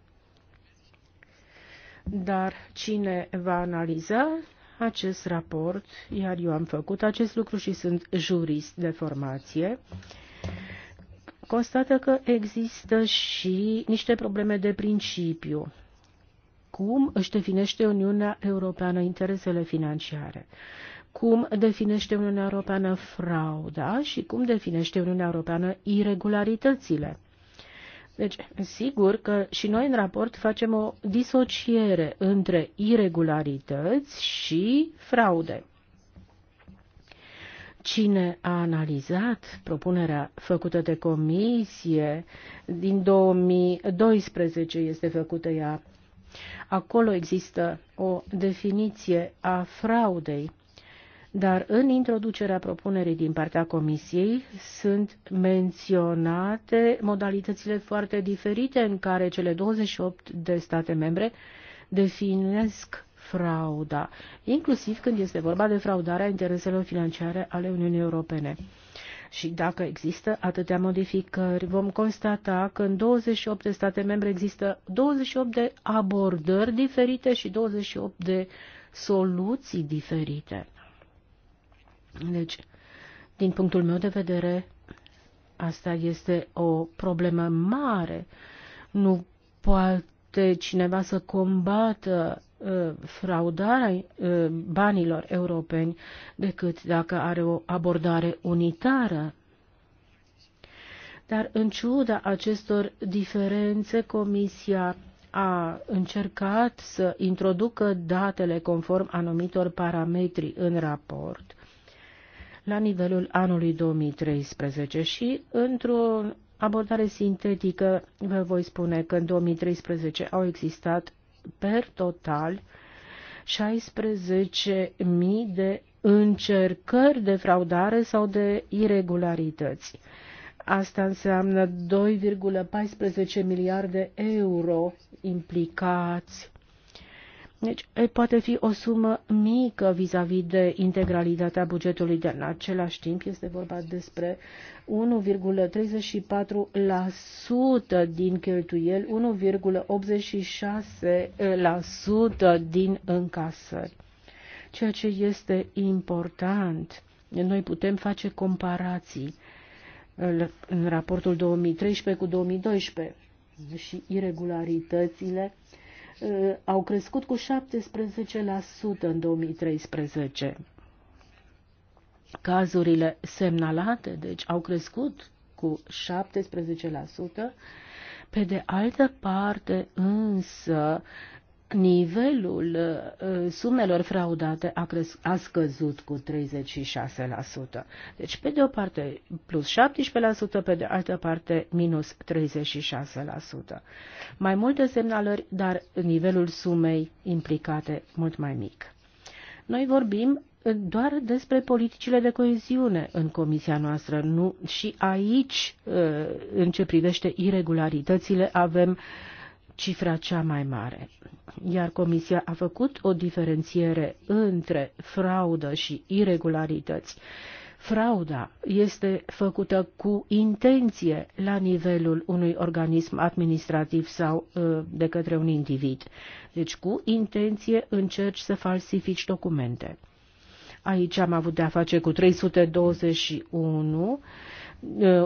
Dar cine va analiza acest raport, iar eu am făcut acest lucru și sunt jurist de formație, constată că există și niște probleme de principiu. Cum își definește Uniunea Europeană interesele financiare? Cum definește Uniunea Europeană frauda și cum definește Uniunea Europeană irregularitățile? Deci, sigur că și noi în raport facem o disociere între irregularități și fraude cine a analizat propunerea făcută de comisie din 2012 este făcută ea. Acolo există o definiție a fraudei, dar în introducerea propunerii din partea comisiei sunt menționate modalitățile foarte diferite în care cele 28 de state membre definesc frauda, inclusiv când este vorba de fraudarea intereselor financiare ale Uniunii Europene. Și dacă există atâtea modificări, vom constata că în 28 de state membre există 28 de abordări diferite și 28 de soluții diferite. Deci, din punctul meu de vedere, asta este o problemă mare. Nu poate cineva să combată Uh, fraudarea uh, banilor europeni decât dacă are o abordare unitară. Dar în ciuda acestor diferențe, Comisia a încercat să introducă datele conform anumitor parametri în raport la nivelul anului 2013 și într-o abordare sintetică vă voi spune că în 2013 au existat per total 16.000 de încercări de fraudare sau de irregularități. Asta înseamnă 2,14 miliarde euro implicați deci poate fi o sumă mică vis-a-vis -vis de integralitatea bugetului, dar în același timp este vorba despre 1,34% din cheltuieli, 1,86% din încasări. Ceea ce este important, noi putem face comparații în raportul 2013 cu 2012 și irregularitățile Uh, au crescut cu 17% în 2013. Cazurile semnalate, deci, au crescut cu 17%. Pe de altă parte, însă, nivelul uh, sumelor fraudate a, cresc, a scăzut cu 36%. Deci, pe de o parte plus 17%, pe de altă parte minus 36%. Mai multe semnalări, dar nivelul sumei implicate mult mai mic. Noi vorbim uh, doar despre politicile de coeziune în comisia noastră. Nu, și aici, uh, în ce privește irregularitățile, avem uh, cifra cea mai mare. Iar Comisia a făcut o diferențiere între fraudă și irregularități. Frauda este făcută cu intenție la nivelul unui organism administrativ sau ă, de către un individ. Deci cu intenție încerci să falsifici documente. Aici am avut de-a face cu 321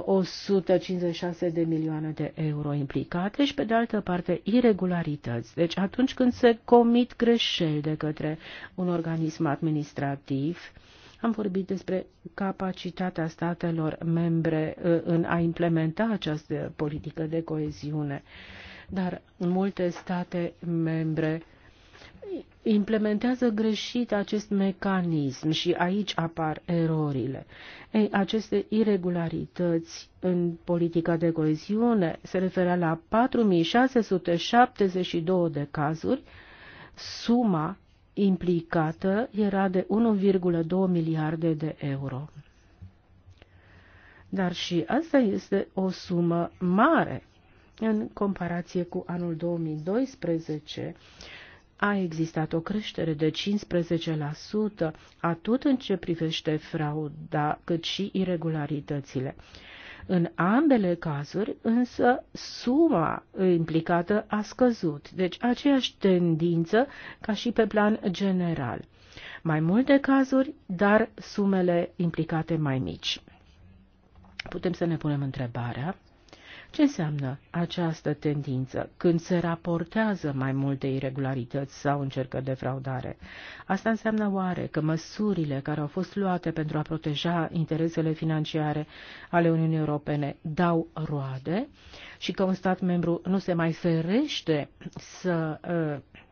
156 de milioane de euro implicate și, pe de altă parte, irregularități. Deci atunci când se comit greșeli de către un organism administrativ, am vorbit despre capacitatea statelor membre uh, în a implementa această politică de coeziune. Dar multe state membre implementează greșit acest mecanism și aici apar erorile. Ei, aceste irregularități în politica de coeziune se referă la 4672 de cazuri. Suma implicată era de 1,2 miliarde de euro. Dar și asta este o sumă mare în comparație cu anul 2012, a existat o creștere de 15% atât în ce privește frauda, cât și irregularitățile. În ambele cazuri, însă, suma implicată a scăzut, deci aceeași tendință ca și pe plan general. Mai multe cazuri, dar sumele implicate mai mici. Putem să ne punem întrebarea ce înseamnă această tendință când se raportează mai multe irregularități sau încercări de fraudare? Asta înseamnă oare că măsurile care au fost luate pentru a proteja interesele financiare ale Uniunii Europene dau roade și că un stat membru nu se mai ferește să uh,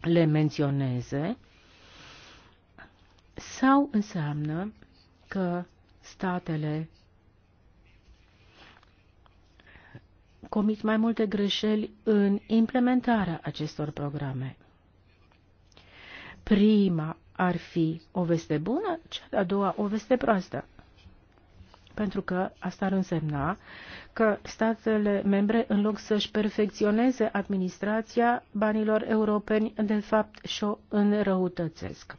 le menționeze? Sau înseamnă că statele comit mai multe greșeli în implementarea acestor programe. Prima ar fi o veste bună, cea de-a doua o veste proastă. Pentru că asta ar însemna că statele membre, în loc să-și perfecționeze administrația banilor europeni, de fapt și-o înrăutățesc.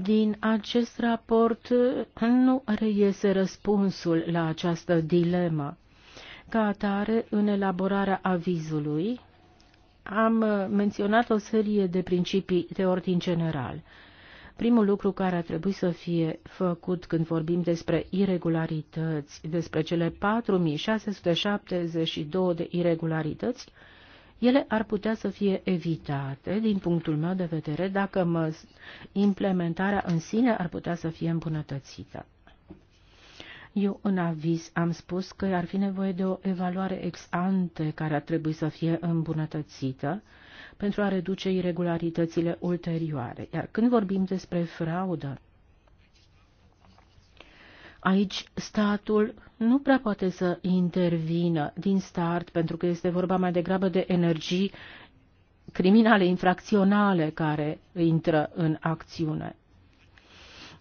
Din acest raport nu reiese răspunsul la această dilemă. Ca atare, în elaborarea avizului, am menționat o serie de principii de ordin general. Primul lucru care ar trebui să fie făcut când vorbim despre irregularități, despre cele 4672 de irregularități, ele ar putea să fie evitate, din punctul meu de vedere, dacă mă, implementarea în sine ar putea să fie îmbunătățită. Eu în aviz am spus că ar fi nevoie de o evaluare ex ante care ar trebui să fie îmbunătățită pentru a reduce irregularitățile ulterioare. Iar când vorbim despre fraudă, Aici statul nu prea poate să intervină din start, pentru că este vorba mai degrabă de energii criminale, infracționale care intră în acțiune.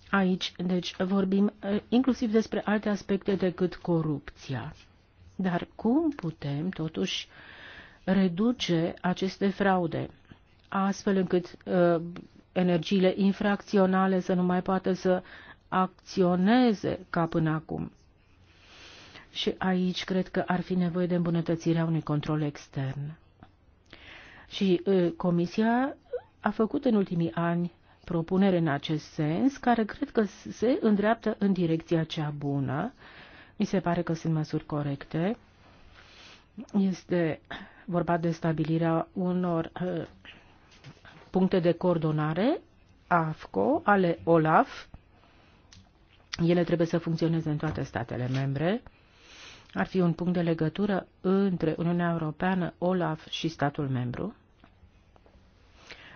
Aici, deci, vorbim eh, inclusiv despre alte aspecte decât corupția. Dar cum putem, totuși, reduce aceste fraude, astfel încât uh, energiile infracționale să nu mai poată să acționeze ca până acum. Și aici cred că ar fi nevoie de îmbunătățirea unui control extern. Și e, Comisia a făcut în ultimii ani propunere în acest sens, care cred că se îndreaptă în direcția cea bună. Mi se pare că sunt măsuri corecte. Este vorba de stabilirea unor uh, puncte de coordonare AFCO ale OLAF ele trebuie să funcționeze în toate statele membre. Ar fi un punct de legătură între Uniunea Europeană, OLAF și statul membru,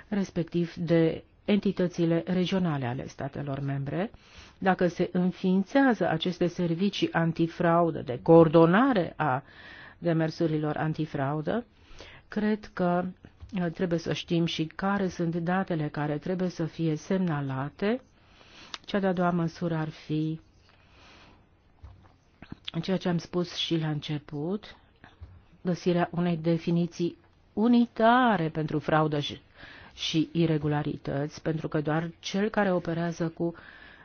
respectiv de entitățile regionale ale statelor membre. Dacă se înființează aceste servicii antifraudă, de coordonare a demersurilor antifraudă, cred că uh, trebuie să știm și care sunt datele care trebuie să fie semnalate cea de-a doua măsură ar fi ceea ce am spus și la început, găsirea unei definiții unitare pentru fraudă și, și irregularități, pentru că doar cel care operează cu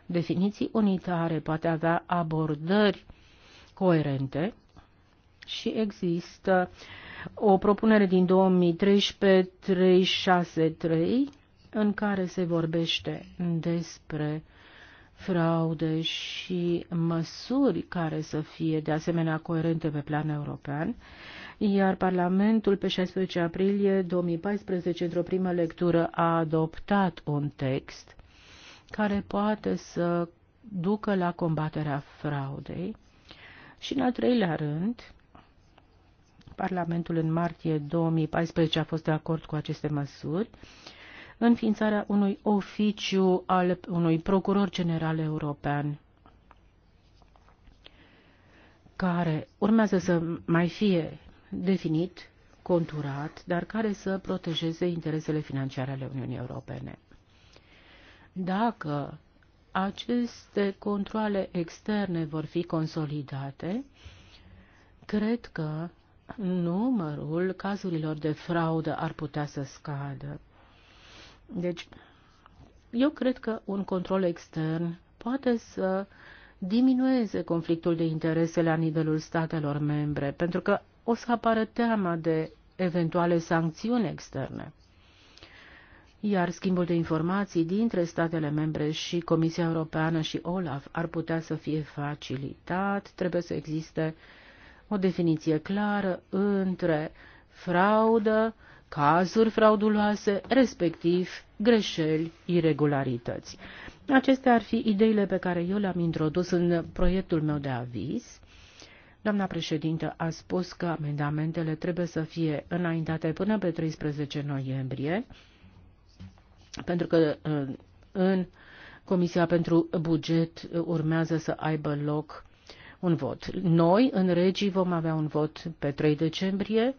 definiții unitare poate avea abordări coerente și există o propunere din 2013-363 în care se vorbește despre fraude și măsuri care să fie de asemenea coerente pe plan european, iar Parlamentul pe 16 aprilie 2014, într-o primă lectură, a adoptat un text care poate să ducă la combaterea fraudei. Și în al treilea rând, Parlamentul în martie 2014 a fost de acord cu aceste măsuri înființarea unui oficiu al unui procuror general european care urmează să mai fie definit, conturat, dar care să protejeze interesele financiare ale Uniunii Europene. Dacă aceste controle externe vor fi consolidate, cred că numărul cazurilor de fraudă ar putea să scadă. Deci, eu cred că un control extern poate să diminueze conflictul de interese la nivelul statelor membre, pentru că o să apară teama de eventuale sancțiuni externe. Iar schimbul de informații dintre statele membre și Comisia Europeană și OLAF ar putea să fie facilitat, trebuie să existe o definiție clară între fraudă cazuri frauduloase, respectiv greșeli, irregularități. Acestea ar fi ideile pe care eu le-am introdus în proiectul meu de aviz. Doamna președintă a spus că amendamentele trebuie să fie înaintate până pe 13 noiembrie, pentru că uh, în Comisia pentru Buget urmează să aibă loc un vot. Noi, în regii, vom avea un vot pe 3 decembrie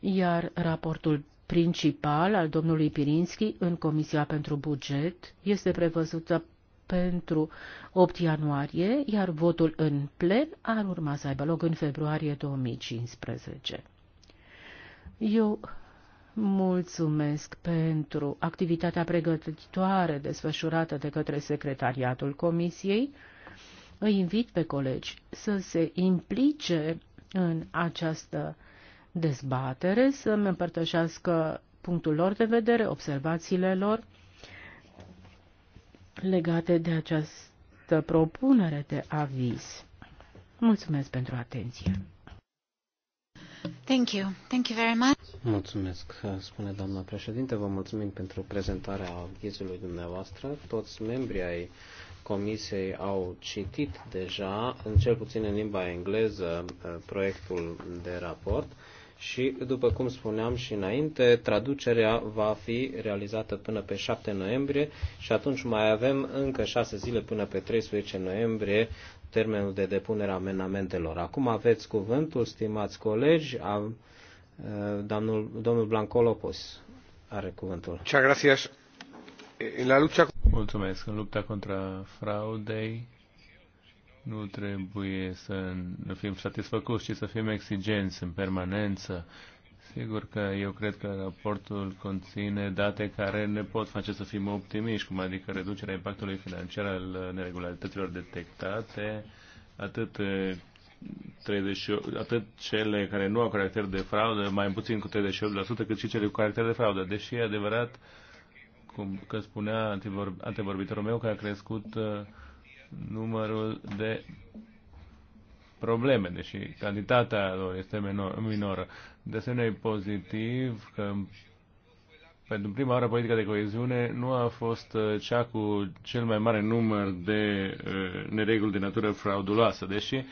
iar raportul principal al domnului Pirinski în Comisia pentru Buget este prevăzută pentru 8 ianuarie, iar votul în plen ar urma să aibă loc în februarie 2015. Eu mulțumesc pentru activitatea pregătitoare desfășurată de către Secretariatul Comisiei. Îi invit pe colegi să se implice în această dezbatere, să-mi împărtășească punctul lor de vedere, observațiile lor legate de această propunere de aviz. Mulțumesc pentru atenție. Thank you. Thank you very much. Mulțumesc, spune doamna președinte. Vă mulțumim pentru prezentarea avizului dumneavoastră. Toți membrii ai comisiei au citit deja, în cel puțin în limba engleză, proiectul de raport și, după cum spuneam și înainte, traducerea va fi realizată până pe 7 noiembrie și atunci mai avem încă 6 zile până pe 13 noiembrie termenul de depunere a amendamentelor. Acum aveți cuvântul, stimați colegi, a, domnul, domnul Blanco Lopos are cuvântul. Mulțumesc. gracias. În lupta contra fraudei nu trebuie să fim satisfăcuți, ci să fim exigenți în permanență. Sigur că eu cred că raportul conține date care ne pot face să fim optimiști, cum adică reducerea impactului financiar al neregularităților detectate, atât 38, atât cele care nu au caracter de fraudă, mai puțin cu 38%, cât și cele cu caracter de fraudă. Deși e adevărat, cum că spunea antevorbitorul meu, că a crescut numărul de probleme, deși cantitatea lor este minoră. De asemenea, e pozitiv că pentru prima oară politica de coeziune nu a fost uh, cea cu cel mai mare număr de uh, nereguli de natură frauduloasă, deși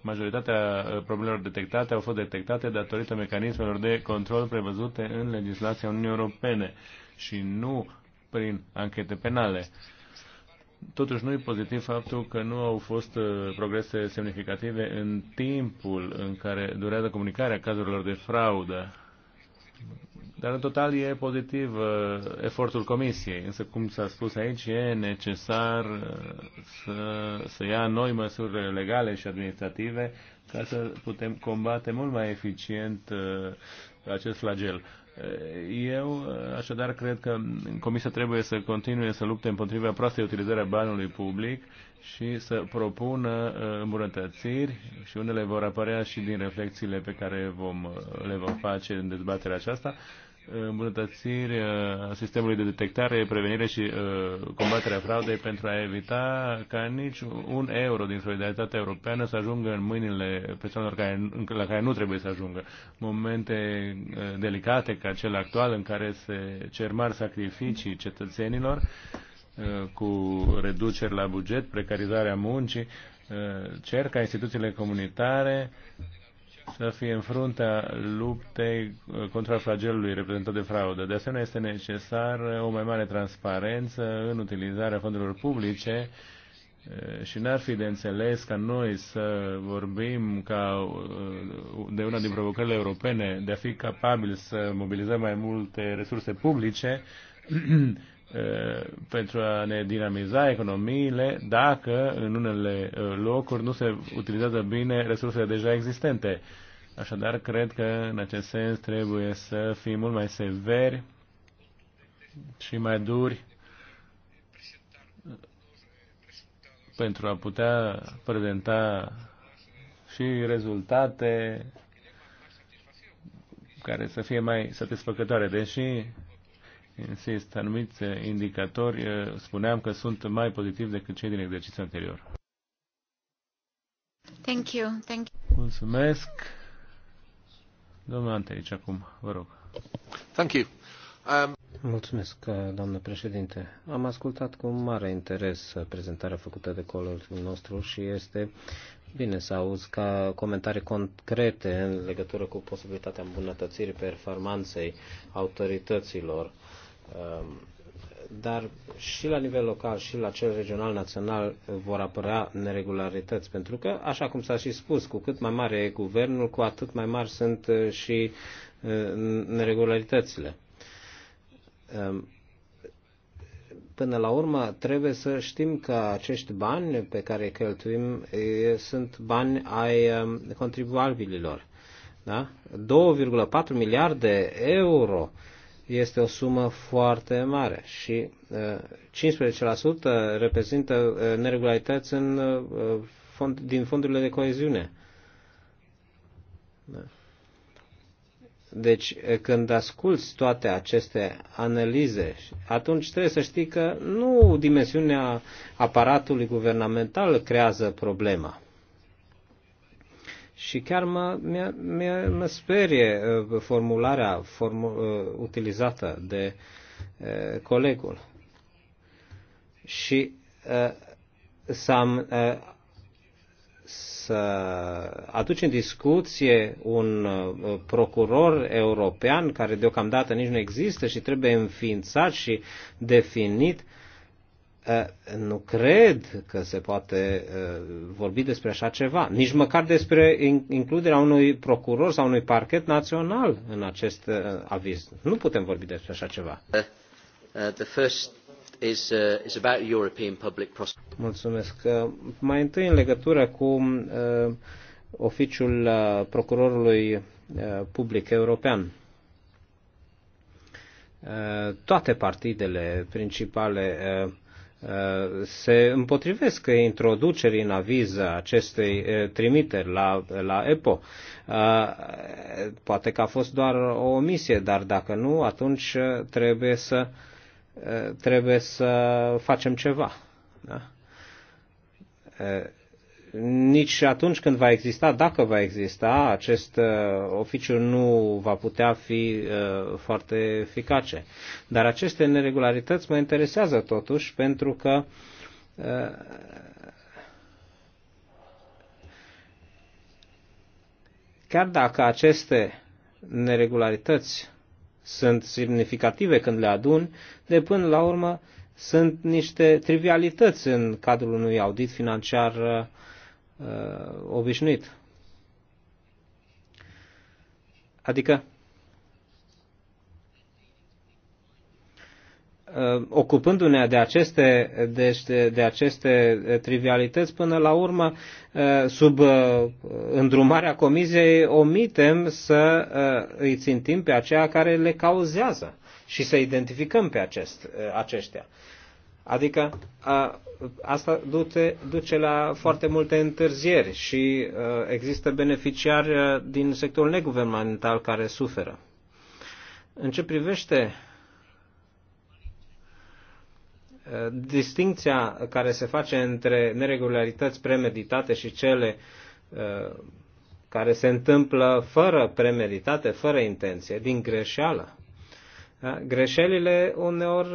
majoritatea uh, problemelor detectate au fost detectate datorită mecanismelor de control prevăzute în legislația Uniunii Europene și nu prin anchete penale. Totuși nu e pozitiv faptul că nu au fost uh, progrese semnificative în timpul în care durează comunicarea cazurilor de fraudă. Dar în total e pozitiv uh, efortul comisiei, însă cum s-a spus aici e necesar uh, să, să ia noi măsuri legale și administrative ca să putem combate mult mai eficient acest flagel. Eh, eu eh, așadar cred că Comisia trebuie să continue să lupte împotriva proastei utilizări a banului public și să propună eh, îmbunătățiri și unele vor apărea și din reflexiile pe care vom, le vom face în dezbaterea aceasta îmbunătățiri uh, sistemului de detectare, prevenire și uh, combaterea fraudei pentru a evita ca nici un euro din solidaritatea europeană să ajungă în mâinile persoanelor care, la care nu trebuie să ajungă. Momente uh, delicate ca cel actual în care se cer mari sacrificii cetățenilor cu reduceri la buget, precarizarea muncii, cer ca instituțiile comunitare să fie în fruntea luptei uh, contra flagelului reprezentat de fraudă. De asemenea, este necesar uh, o mai mare transparență în utilizarea fondurilor publice uh, și n-ar fi de înțeles ca noi să vorbim ca de una din provocările europene de a fi capabil să mobilizăm mai multe resurse publice pentru a ne dinamiza economiile dacă în unele locuri nu se utilizează bine resursele deja existente. Așadar, cred că în acest sens trebuie să fim mult mai severi și mai duri pentru a putea prezenta și rezultate care să fie mai satisfăcătoare, deși insist, anumiți indicatori eh, spuneam că sunt mai pozitivi decât cei din exercițiul anterior. Thank you. Thank you. Mulțumesc. Domnul Antelici, acum, vă rog. Thank you. Um... Mulțumesc, eh, doamnă președinte. Am ascultat cu mare interes eh, prezentarea făcută de colegul nostru și este bine să auzi ca comentarii concrete în legătură cu posibilitatea îmbunătățirii performanței autorităților Um, dar și la nivel local și la cel regional național vor apărea neregularități, pentru că, așa cum s-a și spus, cu cât mai mare e guvernul, cu atât mai mari sunt uh, și uh, neregularitățile um, până la urmă trebuie să știm că acești bani pe care îi cheltuim sunt bani ai um, contribuabililor. Da? 2,4 miliarde euro este o sumă foarte mare și 15% uh, reprezintă uh, neregularități în, uh, fond, din fondurile de coeziune. Da. Deci, când asculți toate aceste analize, atunci trebuie să știi că nu dimensiunea aparatului guvernamental creează problema. Și chiar mă, mă, mă sperie uh, formularea formu, uh, utilizată de uh, colegul. Și să, am, să aduce în discuție un procuror european care deocamdată nici nu există și trebuie înființat și definit uh, nu cred că se poate vorbi despre așa ceva, nici măcar despre includerea unui procuror sau unui parchet național în acest aviz. Nu putem vorbi despre așa ceva. Uh, uh, uh, Mulțumesc. Mai întâi în legătură cu oficiul procurorului public european toate partidele principale se împotrivesc introducerii în aviz acestei trimiteri la, la EPO. Poate că a fost doar o omisie, dar dacă nu, atunci trebuie să, trebuie să facem ceva. Da? nici atunci când va exista, dacă va exista, acest uh, oficiu nu va putea fi uh, foarte eficace. Dar aceste neregularități mă interesează totuși pentru că uh, chiar dacă aceste neregularități sunt semnificative când le adun, de până la urmă sunt niște trivialități în cadrul unui audit financiar uh, Uh, obișnuit. Adică uh, ocupându-ne de aceste, de, de aceste trivialități, până la urmă, uh, sub îndrumarea comisiei, omitem să îi țintim pe aceea care le cauzează și să identificăm pe acest, aceștia. Adică a, asta dute, duce la foarte multe întârzieri și a, există beneficiari din sectorul neguvernamental care suferă. În ce privește distinția care se face între neregularități premeditate și cele care se întâmplă fără premeditate, fără intenție, din greșeală. Greșelile uneori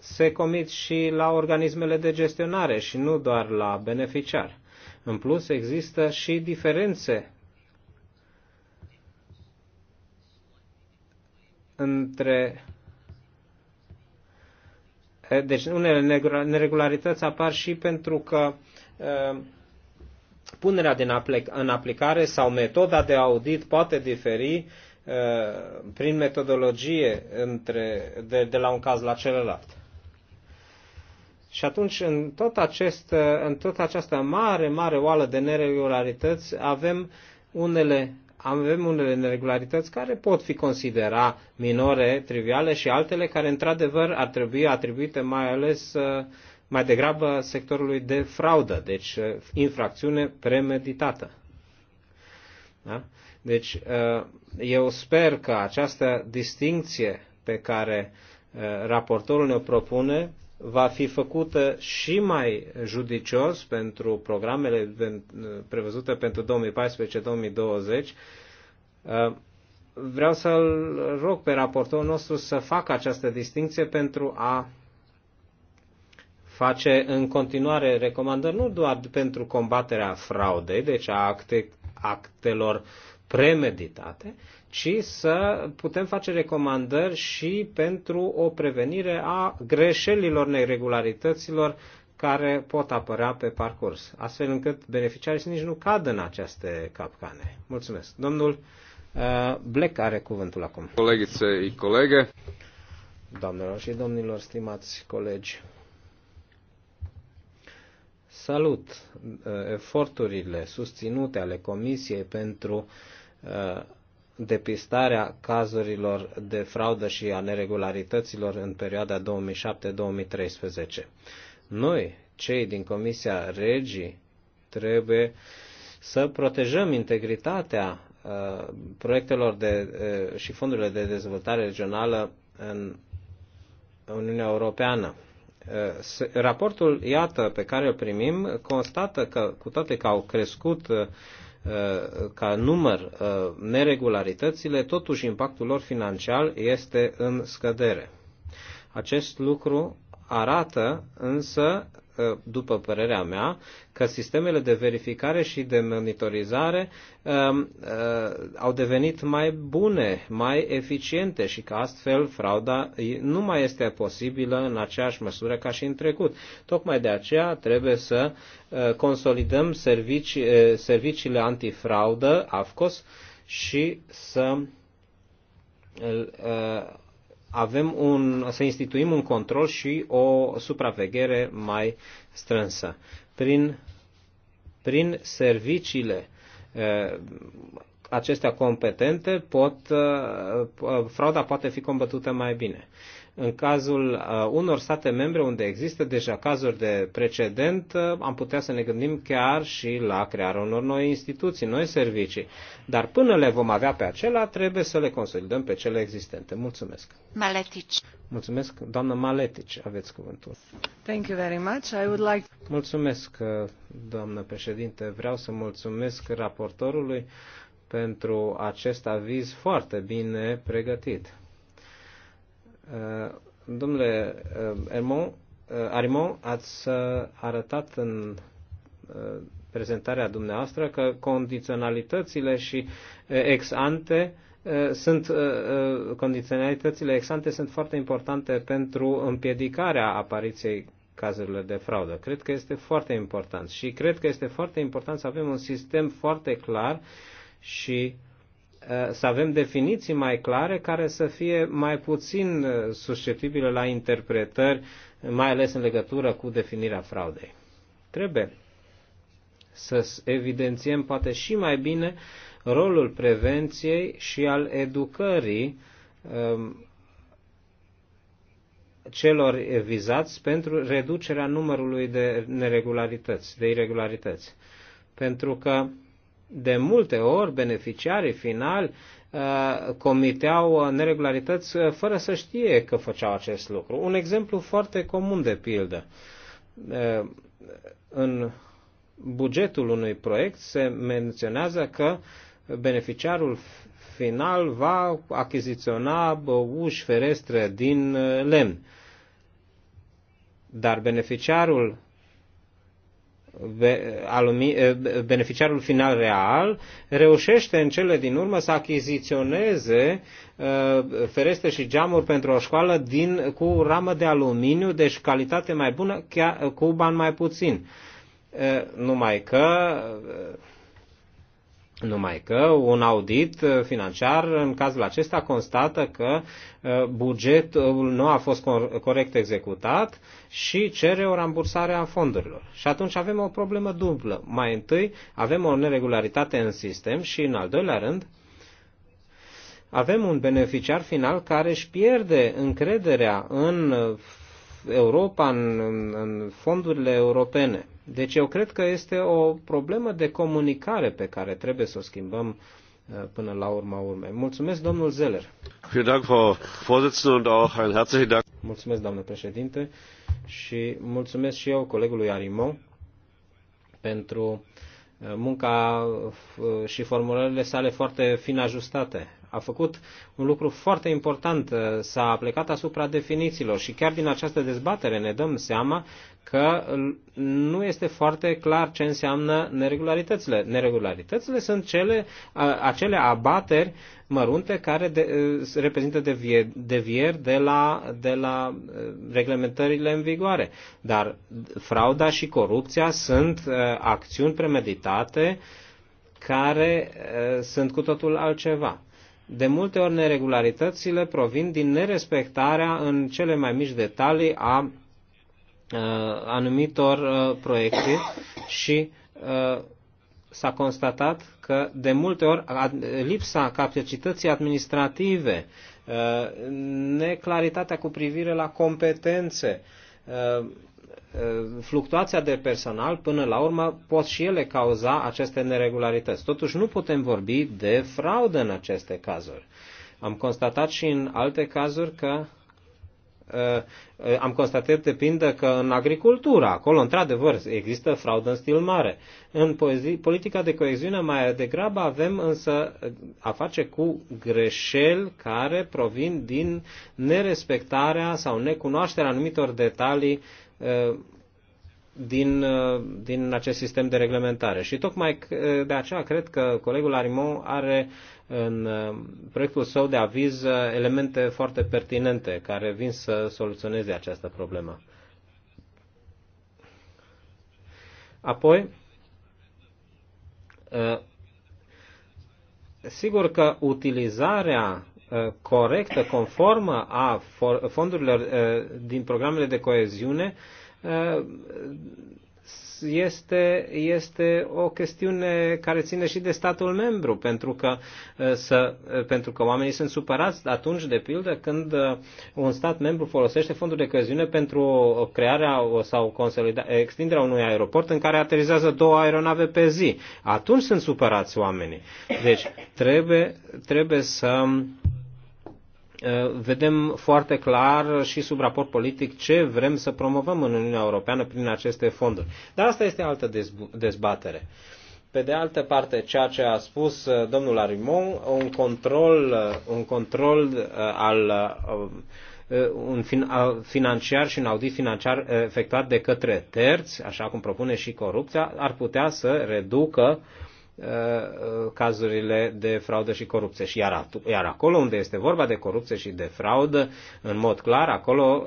se comit și la organismele de gestionare și nu doar la beneficiar. În plus, există și diferențe între. Deci, unele neregularități apar și pentru că punerea din aplic- în aplicare sau metoda de audit poate diferi prin metodologie între, de, de la un caz la celălalt. Și atunci, în, tot acest, în tot această mare, mare oală de neregularități, avem unele, avem unele neregularități care pot fi considera minore, triviale și altele care, într-adevăr, ar trebui atribuite mai ales uh, mai degrabă sectorului de fraudă, deci uh, infracțiune premeditată. Da? Deci, uh, eu sper că această distinție pe care raportorul ne propune va fi făcută și mai judicios pentru programele eh, prevăzute pentru 2014-2020. Eh, vreau să-l rog pe raportorul nostru să facă această distinție pentru a face în continuare recomandări nu doar pentru combaterea fraudei, deci a acte, actelor premeditate, ci să putem face recomandări și pentru o prevenire a greșelilor, neregularităților care pot apărea pe parcurs, astfel încât beneficiarii să nici nu cadă în aceste capcane. Mulțumesc. Domnul uh, Black are cuvântul acum. Colegițe și colege. Doamnelor și domnilor, stimați colegi, salut uh, eforturile susținute ale Comisiei pentru uh, depistarea cazurilor de fraudă și a neregularităților în perioada 2007-2013. Noi, cei din Comisia Regii, trebuie să protejăm integritatea uh, proiectelor de, uh, și fondurile de dezvoltare regională în Uniunea Europeană. Uh, raportul, iată, pe care îl primim, constată că, cu toate că au crescut uh, Uh, ca număr uh, neregularitățile, totuși impactul lor financiar este în scădere. Acest lucru arată însă după părerea mea, că sistemele de verificare și de monitorizare um, uh, au devenit mai bune, mai eficiente și că astfel frauda nu mai este posibilă în aceeași măsură ca și în trecut. Tocmai de aceea trebuie să uh, consolidăm servici, uh, serviciile antifraudă, AFCOS, și să avem un, să instituim un control și o supraveghere mai strânsă. Prin, prin serviciile acestea competente pot, frauda poate fi combătută mai bine în cazul uh, unor state membre unde există deja cazuri de precedent, uh, am putea să ne gândim chiar și la crearea unor noi instituții, noi servicii. Dar până le vom avea pe acelea, trebuie să le consolidăm pe cele existente. Mulțumesc. Maletici. Mulțumesc, doamnă Maletici, aveți cuvântul. Thank you very much. I would like... Mulțumesc, uh, doamnă președinte. Vreau să mulțumesc raportorului pentru acest aviz foarte bine pregătit. Uh, domnule uh, Ermon, uh, Arimon, ați arătat în prezentarea dumneavoastră că condiționalitățile și ex ante sunt condiționalitățile ex ante sunt foarte importante pentru împiedicarea apariției cazurilor de fraudă. Cred că este foarte important și cred că este foarte important să avem un sistem foarte clar și uh, Eh, să avem definiții mai clare care să fie mai puțin eh, susceptibile la interpretări, mai ales în legătură cu definirea fraudei. Trebuie să evidențiem poate și mai bine rolul prevenției și al educării ehm, celor vizați pentru reducerea numărului de neregularități, de irregularități. Pentru că de multe ori beneficiarii finali uh, comiteau uh, neregularități uh, fără să știe că făceau acest lucru. Un exemplu foarte comun de pildă. În bugetul unui proiect se menționează că beneficiarul final va achiziționa uși ferestre din lemn. Dar beneficiarul beneficiarul final real reușește în cele din urmă să achiziționeze fereste și geamuri pentru o școală din, cu ramă de aluminiu, deci calitate mai bună, chiar cu bani mai puțin. Numai că numai că un audit financiar în cazul acesta constată că uh, bugetul nu a fost corect executat și cere o rambursare a fondurilor. Și atunci avem o problemă dublă. Mai întâi avem o neregularitate în sistem și în al doilea rând avem un beneficiar final care își pierde încrederea în Europa, în, în fondurile europene. Deci eu cred că este o problemă de comunicare pe care trebuie să o schimbăm uh, până la urma urmei. Mulțumesc, domnul Zeller. Mulțumesc, doamnă președinte, și mulțumesc și eu colegului Arimo pentru uh, munca uh, și formulările sale foarte fin ajustate a făcut un lucru foarte important, uh, s-a plecat asupra definițiilor și chiar din această dezbatere ne dăm seama că nu este foarte clar ce înseamnă neregularitățile. Neregularitățile sunt cele, acele abateri mărunte care de, uh, reprezintă devier, devier de la, de la uh, reglementările în vigoare. Dar frauda și corupția sunt acțiuni premeditate care sunt cu totul altceva. De multe ori neregularitățile provin din nerespectarea în cele mai mici detalii a uh, anumitor uh, proiecte și uh, s-a constatat că de multe ori lipsa capacității administrative, neclaritatea cu privire la competențe, Uh, fluctuația de personal, până la urmă, pot și ele cauza aceste neregularități. Totuși, nu putem vorbi de fraudă în aceste cazuri. Am constatat și în alte cazuri că uh, am constatat, de pindă că în agricultură, acolo, într-adevăr, există fraudă în stil mare. În politica de coeziune, mai degrabă, avem însă a face cu greșeli care provin din nerespectarea sau necunoașterea anumitor detalii Uh, din, uh, din acest sistem de reglementare. Și tocmai uh, de aceea cred că colegul Arimon are în proiectul său de aviz elemente foarte pertinente care vin să soluționeze această problemă. Apoi, sigur că utilizarea Uh, corectă, conformă a fondurilor uh, din programele de coeziune uh, este, este o chestiune care ține și de statul membru, pentru că, să, pentru că oamenii sunt supărați atunci, de pildă, când un stat membru folosește fonduri de coeziune pentru crearea sau extinderea unui aeroport în care aterizează două aeronave pe zi. Atunci sunt supărați oamenii. Deci trebuie, trebuie să Uh, vedem foarte clar și sub raport politic ce vrem să promovăm în Uniunea Europeană prin aceste fonduri. Dar asta este altă dezbatere. Pe de altă parte, ceea ce a spus uh, domnul Arimon, un control, uh, un control al un financiar și un audit financiar efectuat de către terți, așa cum propune și corupția, ar putea să reducă uh, cazurile de fraudă și corupție. Și iar, iar acolo unde este vorba de corupție și de fraudă, în mod clar, acolo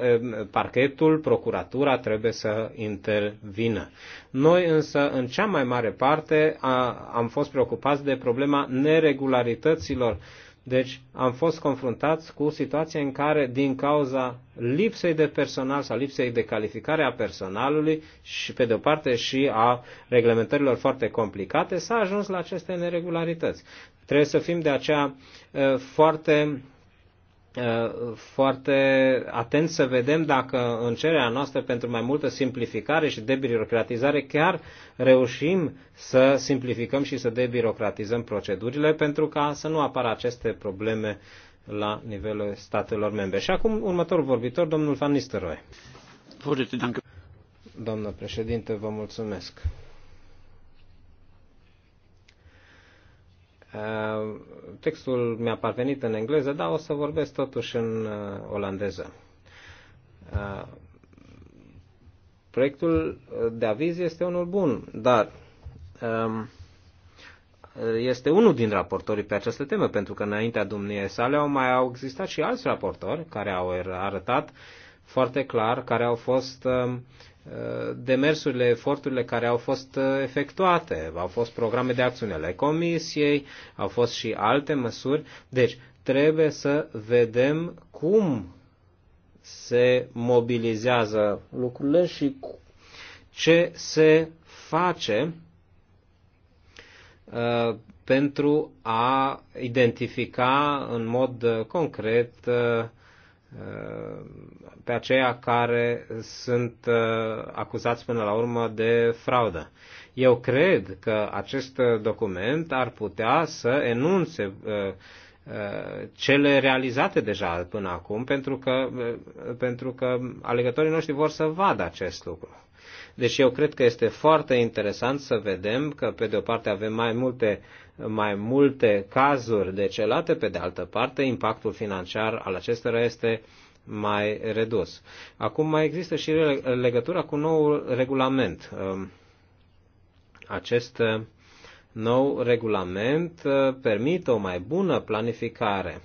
parchetul, procuratura trebuie să intervină. Noi însă, în cea mai mare parte, a, am fost preocupați de problema neregularităților deci am fost confruntați cu situația în care, din cauza lipsei de personal sau lipsei de calificare a personalului și, pe de-o parte, și a reglementărilor foarte complicate, s-a ajuns la aceste neregularități. Trebuie să fim de aceea eh, foarte Uh, foarte atent să vedem dacă în cererea noastră pentru mai multă simplificare și debirocratizare chiar reușim să simplificăm și să debirocratizăm procedurile pentru ca să nu apară aceste probleme la nivelul statelor membre. Și acum următorul vorbitor, domnul Van Nistelrooy. Domnul președinte, vă mulțumesc. Uh, textul mi-a parvenit în engleză, dar o să vorbesc totuși în uh, olandeză. Uh, proiectul de aviz este unul bun, dar um, este unul din raportorii pe această temă, pentru că înaintea domniei sale au mai au existat și alți raportori care au er- arătat foarte clar care au fost um, demersurile, eforturile care au fost uh, efectuate. Au fost programe de acțiune ale Comisiei, au fost și alte măsuri. Deci, trebuie să vedem cum se mobilizează lucrurile și ce se face uh, pentru a identifica în mod uh, concret uh, pe aceia care sunt uh, acuzați până la urmă de fraudă. Eu cred că acest document ar putea să enunțe uh, uh, cele realizate deja până acum, pentru că, pentru că alegătorii noștri vor să vadă acest lucru. Deci eu cred că este foarte interesant să vedem că, pe de o parte, avem mai multe uh, mai multe cazuri decelate, pe de altă parte, impactul financiar al acestora este mai redus. Acum mai există și legătura cu noul regulament. Um, acest uh, nou regulament uh, permite o mai bună planificare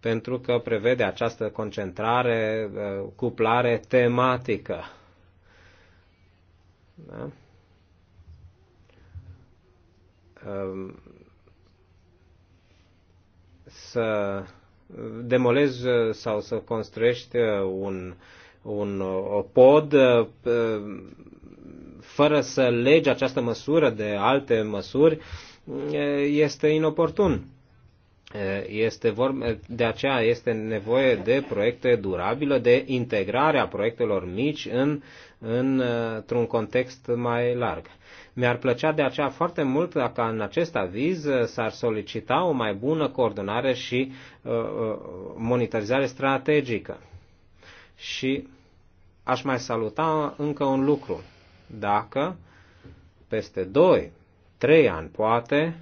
pentru că prevede această concentrare, uh, cuplare tematică. Da? Um, să demolezi uh, sau să construiești uh, un, un uh, o pod fără să legi această măsură de alte măsuri este inoportun. Este vorba, de aceea este nevoie de proiecte durabile, de integrarea proiectelor mici în într-un context mai larg. Mi-ar plăcea de aceea foarte mult dacă în acest aviz s-ar solicita o mai bună coordonare și uh, uh, monitorizare strategică. Și aș mai saluta încă un lucru. Dacă peste 2, 3 ani poate,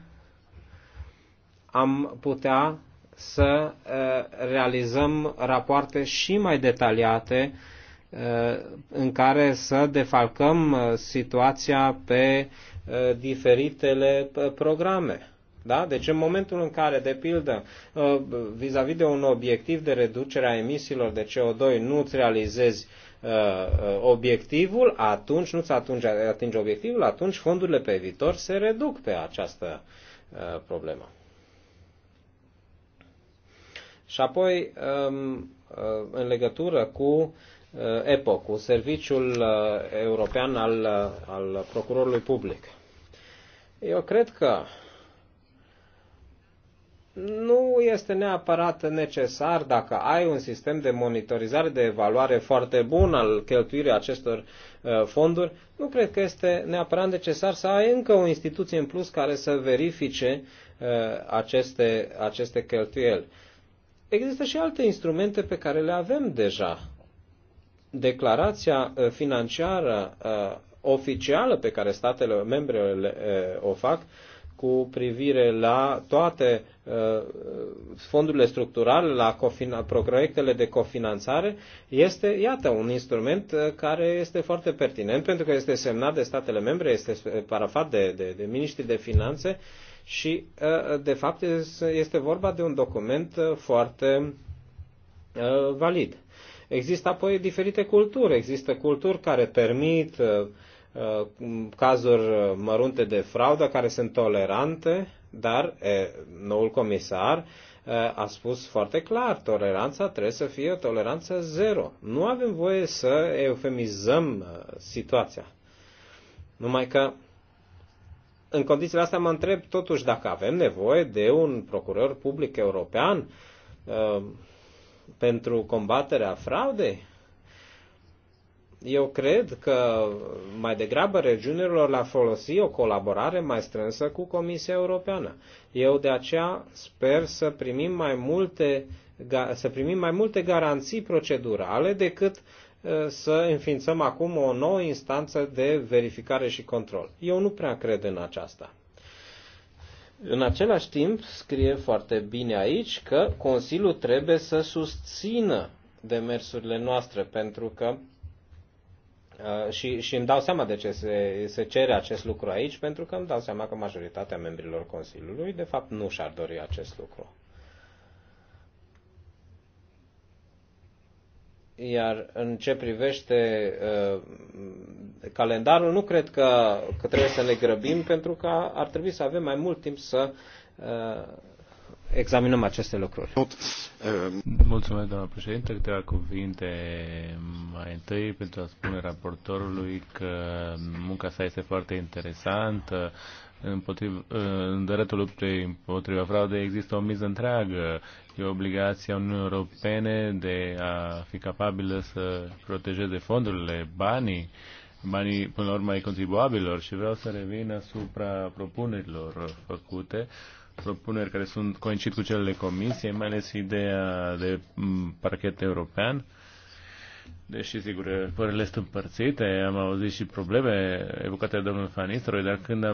am putea să uh, realizăm rapoarte și mai detaliate Uh, în care să defalcăm uh, situația pe uh, diferitele programe. Da? Deci în momentul în care, de pildă, vis-a-vis -vis de un obiectiv de reducere a emisiilor de CO2 nu-ți realizezi obiectivul, atunci nu-ți atunci atingi obiectivul, atunci fondurile pe viitor se reduc pe această problemă. Și apoi, um, în legătură cu Uh, EPO, cu Serviciul uh, European al, uh, al Procurorului Public. Eu cred că nu este neapărat necesar dacă ai un sistem de monitorizare, de evaluare foarte bun al cheltuirii acestor fonduri, nu cred că este neapărat necesar să ai încă o instituție în plus care să verifice aceste, aceste cheltuieli. Există și alte instrumente pe care le avem deja declarația uh, financiară uh, oficială pe care statele membre uh, o fac cu privire la toate fondurile structurale, la proiectele de cofinanțare, este, iată, un instrument care este foarte pertinent pentru că este semnat de statele membre, este parafat de, de, de miniștri de finanțe și, de fapt, este vorba de un document foarte valid. Există apoi diferite culturi. Există culturi care permit uh, uh, cazuri uh, mărunte de fraudă care sunt tolerante, dar noul comisar a spus foarte clar, toleranța trebuie să fie o toleranță zero. Nu avem voie să eufemizăm situația. Numai că în condițiile astea mă întreb totuși dacă avem nevoie de un procuror public european pentru combaterea fraudei? Eu cred că mai degrabă regiunilor la folosi o colaborare mai strânsă cu Comisia Europeană. Eu de aceea sper să primim mai multe, să primim mai multe garanții procedurale decât uh, să înființăm acum o nouă instanță de verificare și control. Eu nu prea cred în aceasta. În același timp, scrie foarte bine aici că Consiliul trebuie să susțină demersurile noastre, pentru că și, și îmi dau seama de ce se, se cere acest lucru aici, pentru că îmi dau seama că majoritatea membrilor Consiliului, de fapt, nu și-ar dori acest lucru. Iar în ce privește uh, calendarul, nu cred că, că trebuie să ne grăbim, pentru că ar trebui să avem mai mult timp să uh, examinăm aceste lucruri. Mulțumesc, doamna președinte. Câteva cuvinte mai întâi pentru a spune raportorului că munca sa este foarte interesantă împotriva, în dreptul luptei împotriva fraudei există o miză întreagă. E obligația Uniunii Europene de a fi capabilă să protejeze fondurile, banii, banii până la urmă ai contribuabilor și vreau să revin asupra propunerilor făcute propuneri care sunt coincid cu celele comisiei, mai ales ideea de parchet european Deși, sigur, părerile sunt împărțite, am auzit și probleme evocate de domnul Fanistroi, dar când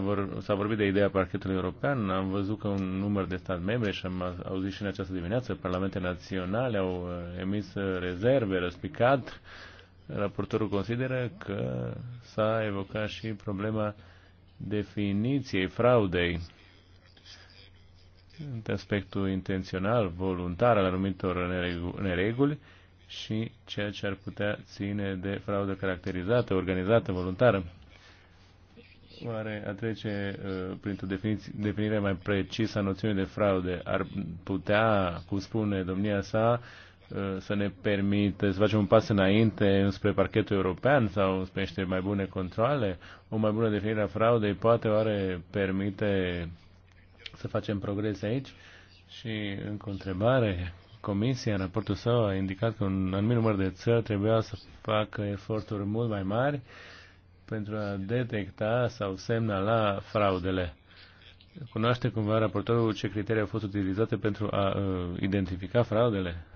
s-a vorbit de ideea parchetului european, am văzut că un număr de stat membre, și am auzit și în această dimineață, parlamente naționale au uh, emis rezerve, răspicat. Raportorul consideră că s-a evocat și problema definiției fraudei în aspectul intențional, voluntar al anumitor nereguli și ceea ce ar putea ține de fraudă caracterizată, organizată, voluntară. Oare a trece uh, printr-o definire mai precisă a noțiunii de fraude ar putea, cum spune domnia sa, uh, să ne permite să facem un pas înainte înspre parchetul european sau spre niște mai bune controle? O mai bună definire a fraudei poate oare permite să facem progrese aici? Și încă o întrebare Comisia, în raportul său, a indicat că un anumit număr de țări trebuia să facă eforturi mult mai mari pentru a detecta sau semnala fraudele. Cunoaște cumva raportorul ce criterii au fost utilizate pentru a uh, identifica fraudele?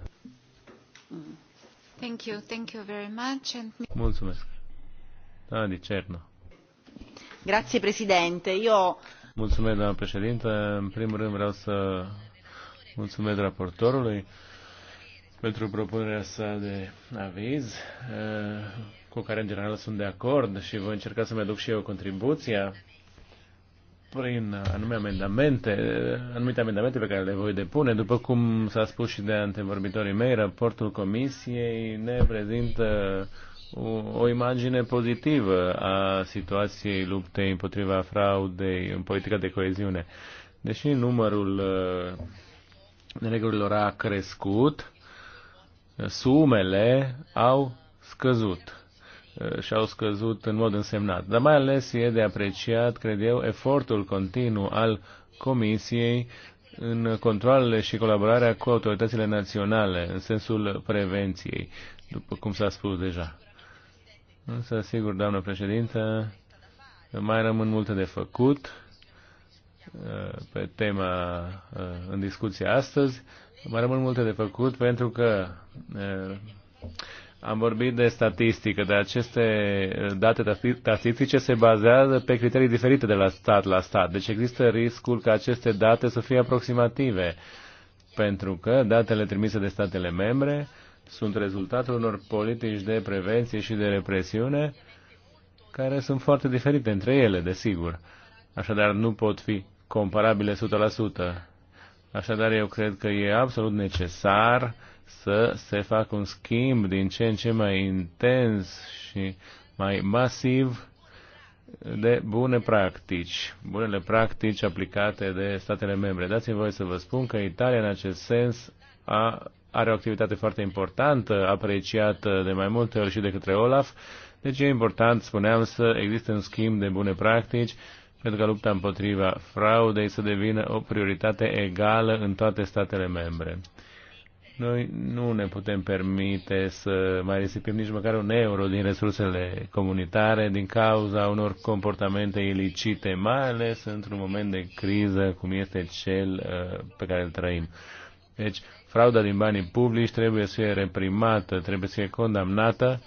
Thank you, thank you very much. And... Mulțumesc. Da, di cerno. Grazie, Presidente. Eu... Mulțumesc, doamna președintă. În primul rând vreau să Mulțumesc raportorului pentru propunerea sa de aviz, eh, cu care în general sunt de acord și voi încerca să-mi aduc și eu contribuția prin anume amendamente, anumite amendamente pe care le voi depune. După cum s-a spus și de antevorbitorii mei, raportul Comisiei ne prezintă o, o imagine pozitivă a situației luptei împotriva fraudei în politica de coeziune. Deși numărul eh, regulilor a crescut, sumele au scăzut și au scăzut în mod însemnat. Dar mai ales e de apreciat, cred eu, efortul continuu al Comisiei în controlele și colaborarea cu autoritățile naționale, în sensul prevenției, după cum s-a spus deja. Însă, sigur, doamnă președintă, mai rămân multe de făcut Uh, pe tema uh, în discuție astăzi. Mai rămân multe de făcut pentru că uh, am vorbit de statistică, dar aceste date statistice se bazează pe criterii diferite de la stat la stat. Deci există riscul ca aceste date să fie aproximative, pentru că datele trimise de statele membre sunt rezultatul unor politici de prevenție și de represiune care sunt foarte diferite între ele, desigur. Așadar, nu pot fi comparabile 100%. Așadar, eu cred că e absolut necesar să se facă un schimb din ce în ce mai intens și mai masiv de bune practici, bunele practici aplicate de statele membre. Dați-mi voi să vă spun că Italia, în acest sens, a, are o activitate foarte importantă, apreciată de mai multe ori și de către Olaf. Deci e important, spuneam, să existe un schimb de bune practici pentru ca lupta împotriva fraudei să devină o prioritate egală în toate statele membre. Noi nu ne putem permite să mai risipim nici măcar un euro din resursele comunitare din cauza unor comportamente ilicite, mai ales într-un moment de criză cum este cel uh, pe care îl trăim. Deci, frauda din banii publici trebuie să fie reprimată, trebuie să fie condamnată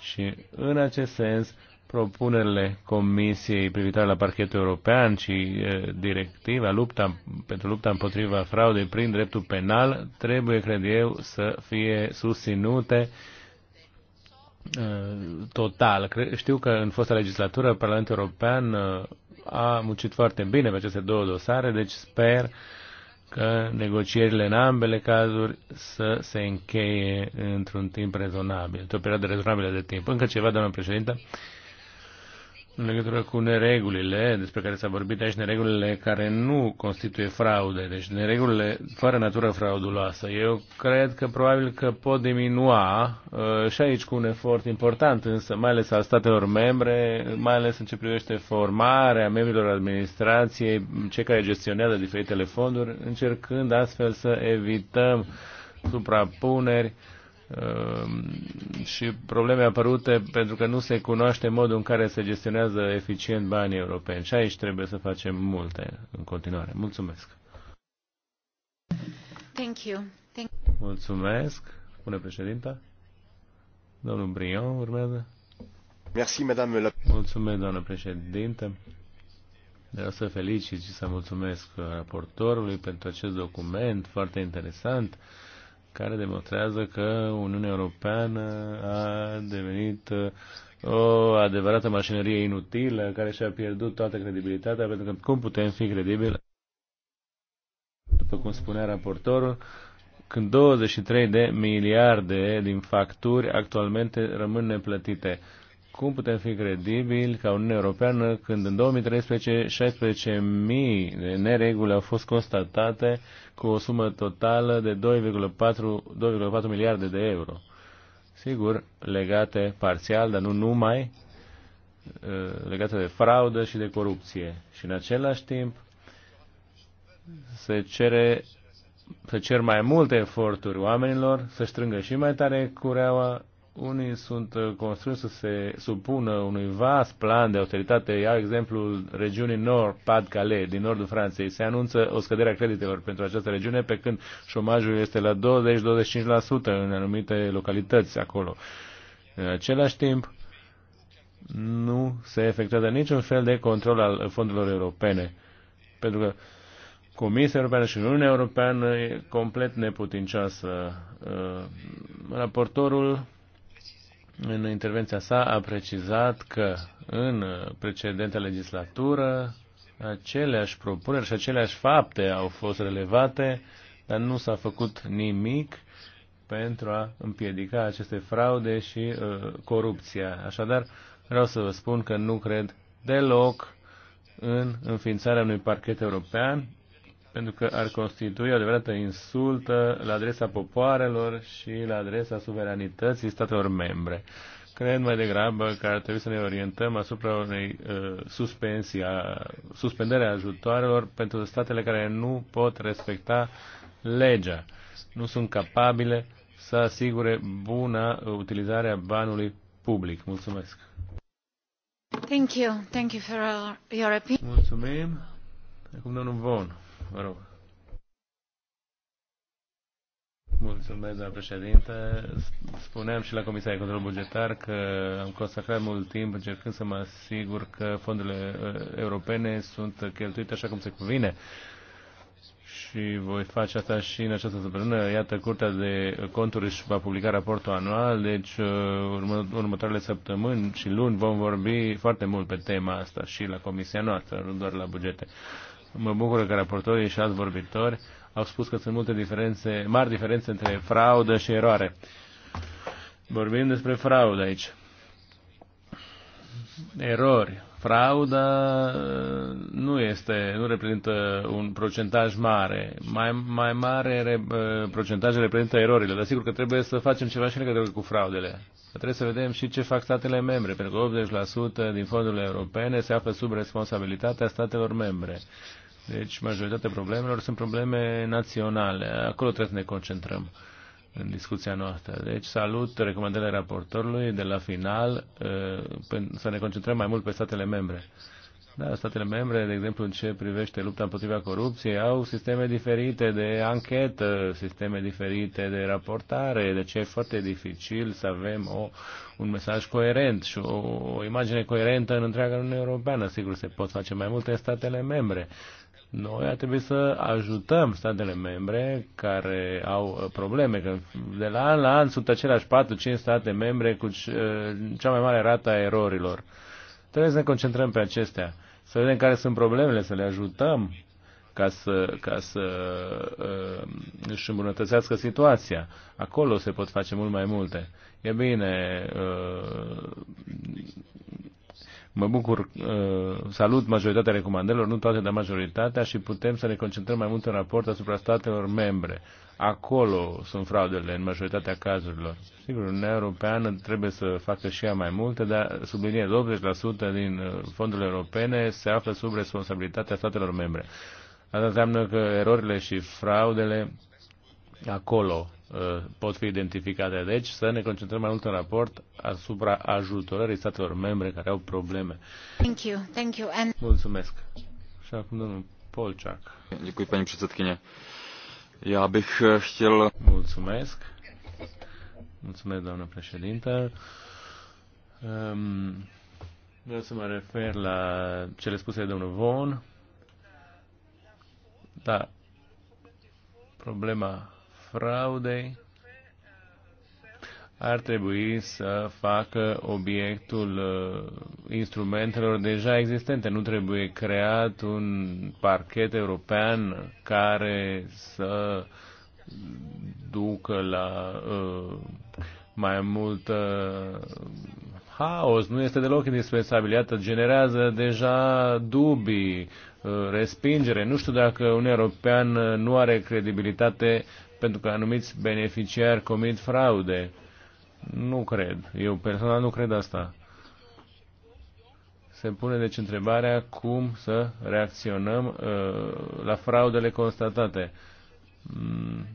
și, în acest sens, propunerile Comisiei privitoare la parchetul european și directiva lupta, pentru lupta împotriva fraudei prin dreptul penal trebuie, cred eu, să fie susținute total. Știu că în fosta legislatură Parlamentul European a muncit foarte bine pe aceste două dosare, deci sper că negocierile în ambele cazuri să se încheie într-un timp rezonabil, într-o perioadă rezonabilă de timp. Încă ceva, doamnă președintă, în legătură cu neregulile despre care s-a vorbit aici, neregulile care nu constituie fraude, deci neregulile fără natură frauduloasă. Eu cred că probabil că pot diminua uh, și aici cu un efort important, însă mai ales al statelor membre, mai ales în ce privește formarea membrilor administrației, cei care gestionează diferitele fonduri, încercând astfel să evităm suprapuneri uh, Ehm, și probleme apărute pentru că nu se cunoaște modul în care se gestionează eficient banii europeni. Și aici trebuie să facem multe în continuare. Mulțumesc! Thank you. Thank you. Mulțumesc, spune președinta. Domnul Brion urmează. Merci, madame la... Mulțumesc, doamnă președinte. Vreau să felicit și să mulțumesc raportorului pentru acest document foarte interesant care demonstrează că Uniunea Europeană a devenit uh, o adevărată mașinărie inutilă care și-a pierdut toată credibilitatea, pentru că cum putem fi credibili? După cum spunea raportorul, când 23 de miliarde din facturi actualmente rămân neplătite cum putem fi credibili ca Uniunea Europeană când în 2013 16.000 de nereguli au fost constatate cu o sumă totală de 2,4 miliarde de euro? Sigur, legate parțial, dar nu numai, uh, legate de fraudă și de corupție. Și în același timp se cere să cer mai multe eforturi oamenilor, să strângă și mai tare cureaua unii sunt uh, construiți să se supună unui vast plan de austeritate. Iau exemplul regiunii Nord, Pas-de-Calais, din nordul Franței. Se anunță o scădere a creditelor pentru această regiune, pe când șomajul este la 20-25% în anumite localități acolo. În același timp, nu se efectuează niciun fel de control al fondurilor europene, pentru că Comisia Europeană și Uniunea Europeană e complet neputincioasă. Uh, raportorul în intervenția sa a precizat că în precedenta legislatură aceleași propuneri și aceleași fapte au fost relevate, dar nu s-a făcut nimic pentru a împiedica aceste fraude și uh, corupția. Așadar, vreau să vă spun că nu cred deloc în înființarea unui parchet european pentru că ar constitui o adevărată insultă la adresa popoarelor și la adresa suveranității statelor membre. Cred mai degrabă că ar trebui să ne orientăm asupra unei uh, suspensii, a, suspenderea ajutoarelor pentru statele care nu pot respecta legea, nu sunt capabile să asigure buna utilizare a banului public. Mulțumesc! Thank you. Thank you for your opinion. Mulțumim. Acum domnul Von vă rog. Mulțumesc, doamna președinte. Spuneam și la Comisia de Control Bugetar că am consacrat mult timp încercând să mă asigur că fondurile uh, europene sunt cheltuite așa cum se cuvine. Și voi face asta și în această săptămână. Iată, Curtea de Conturi își va publica raportul anual, deci uh, următoarele săptămâni și luni vom vorbi foarte mult pe tema asta și la Comisia noastră, nu doar la bugete. Mă bucur că raportorii și alți vorbitori au spus că sunt multe diferențe, mari diferențe între fraudă și eroare. Vorbim despre fraudă aici. Erori. Frauda uh, nu este, nu reprezintă un procentaj mare. Mai, mai mare re, uh, procentaj reprezintă erorile, dar sigur că trebuie să facem ceva și legătură cu fraudele. Trebuie să vedem și ce fac statele membre, pentru că 80% din fondurile europene se află sub responsabilitatea statelor membre. Deci majoritatea problemelor sunt probleme naționale. Acolo trebuie să ne concentrăm în discuția noastră. Deci salut recomandările raportorului de la final uh, să ne concentrăm mai mult pe statele membre. Da, statele membre, de exemplu, în ce privește lupta împotriva corupției, au sisteme diferite de anchetă, sisteme diferite de raportare, deci e foarte dificil să avem o, un mesaj coerent și o, o imagine coerentă în întreaga Uniune Europeană. Sigur, se pot face mai multe statele membre. Noi ar trebui să ajutăm statele membre care au probleme, că de la an la an sunt aceleași 4-5 state membre cu cea mai mare rată a erorilor. Trebuie să ne concentrăm pe acestea, să vedem care sunt problemele, să le ajutăm ca să, ca să uh, își îmbunătățească situația. Acolo se pot face mult mai multe. E bine, uh, Mă bucur, uh, salut majoritatea recomandărilor, nu toate, dar majoritatea și putem să ne concentrăm mai mult în raport asupra statelor membre. Acolo sunt fraudele în majoritatea cazurilor. Sigur, Uniunea Europeană trebuie să facă și ea mai multe, dar subliniez 80% din uh, fondurile europene se află sub responsabilitatea statelor membre. Asta înseamnă că erorile și fraudele acolo Uh, pot fi identificate. Deci să ne concentrăm mai mult în raport asupra ajutorării statelor membre care au probleme. Thank you. Thank you. And... Mulțumesc. Și acum domnul Polciac. Děkuji, paní bych eh, chtěl... Mulțumesc. Mulțumesc, doamnă președintă. Um, vreau să mă refer la cele spuse de domnul Von. Da, problema fraudei ar trebui să facă obiectul uh, instrumentelor deja existente. Nu trebuie creat un parchet european care să ducă la uh, mai mult uh, haos. Nu este deloc indispensabil. Iată, generează deja dubii, uh, respingere. Nu știu dacă un european nu are credibilitate pentru că anumiți beneficiari comit fraude. Nu cred. Eu personal nu cred asta. Se pune deci întrebarea cum să reacționăm uh, la fraudele constatate. Mm.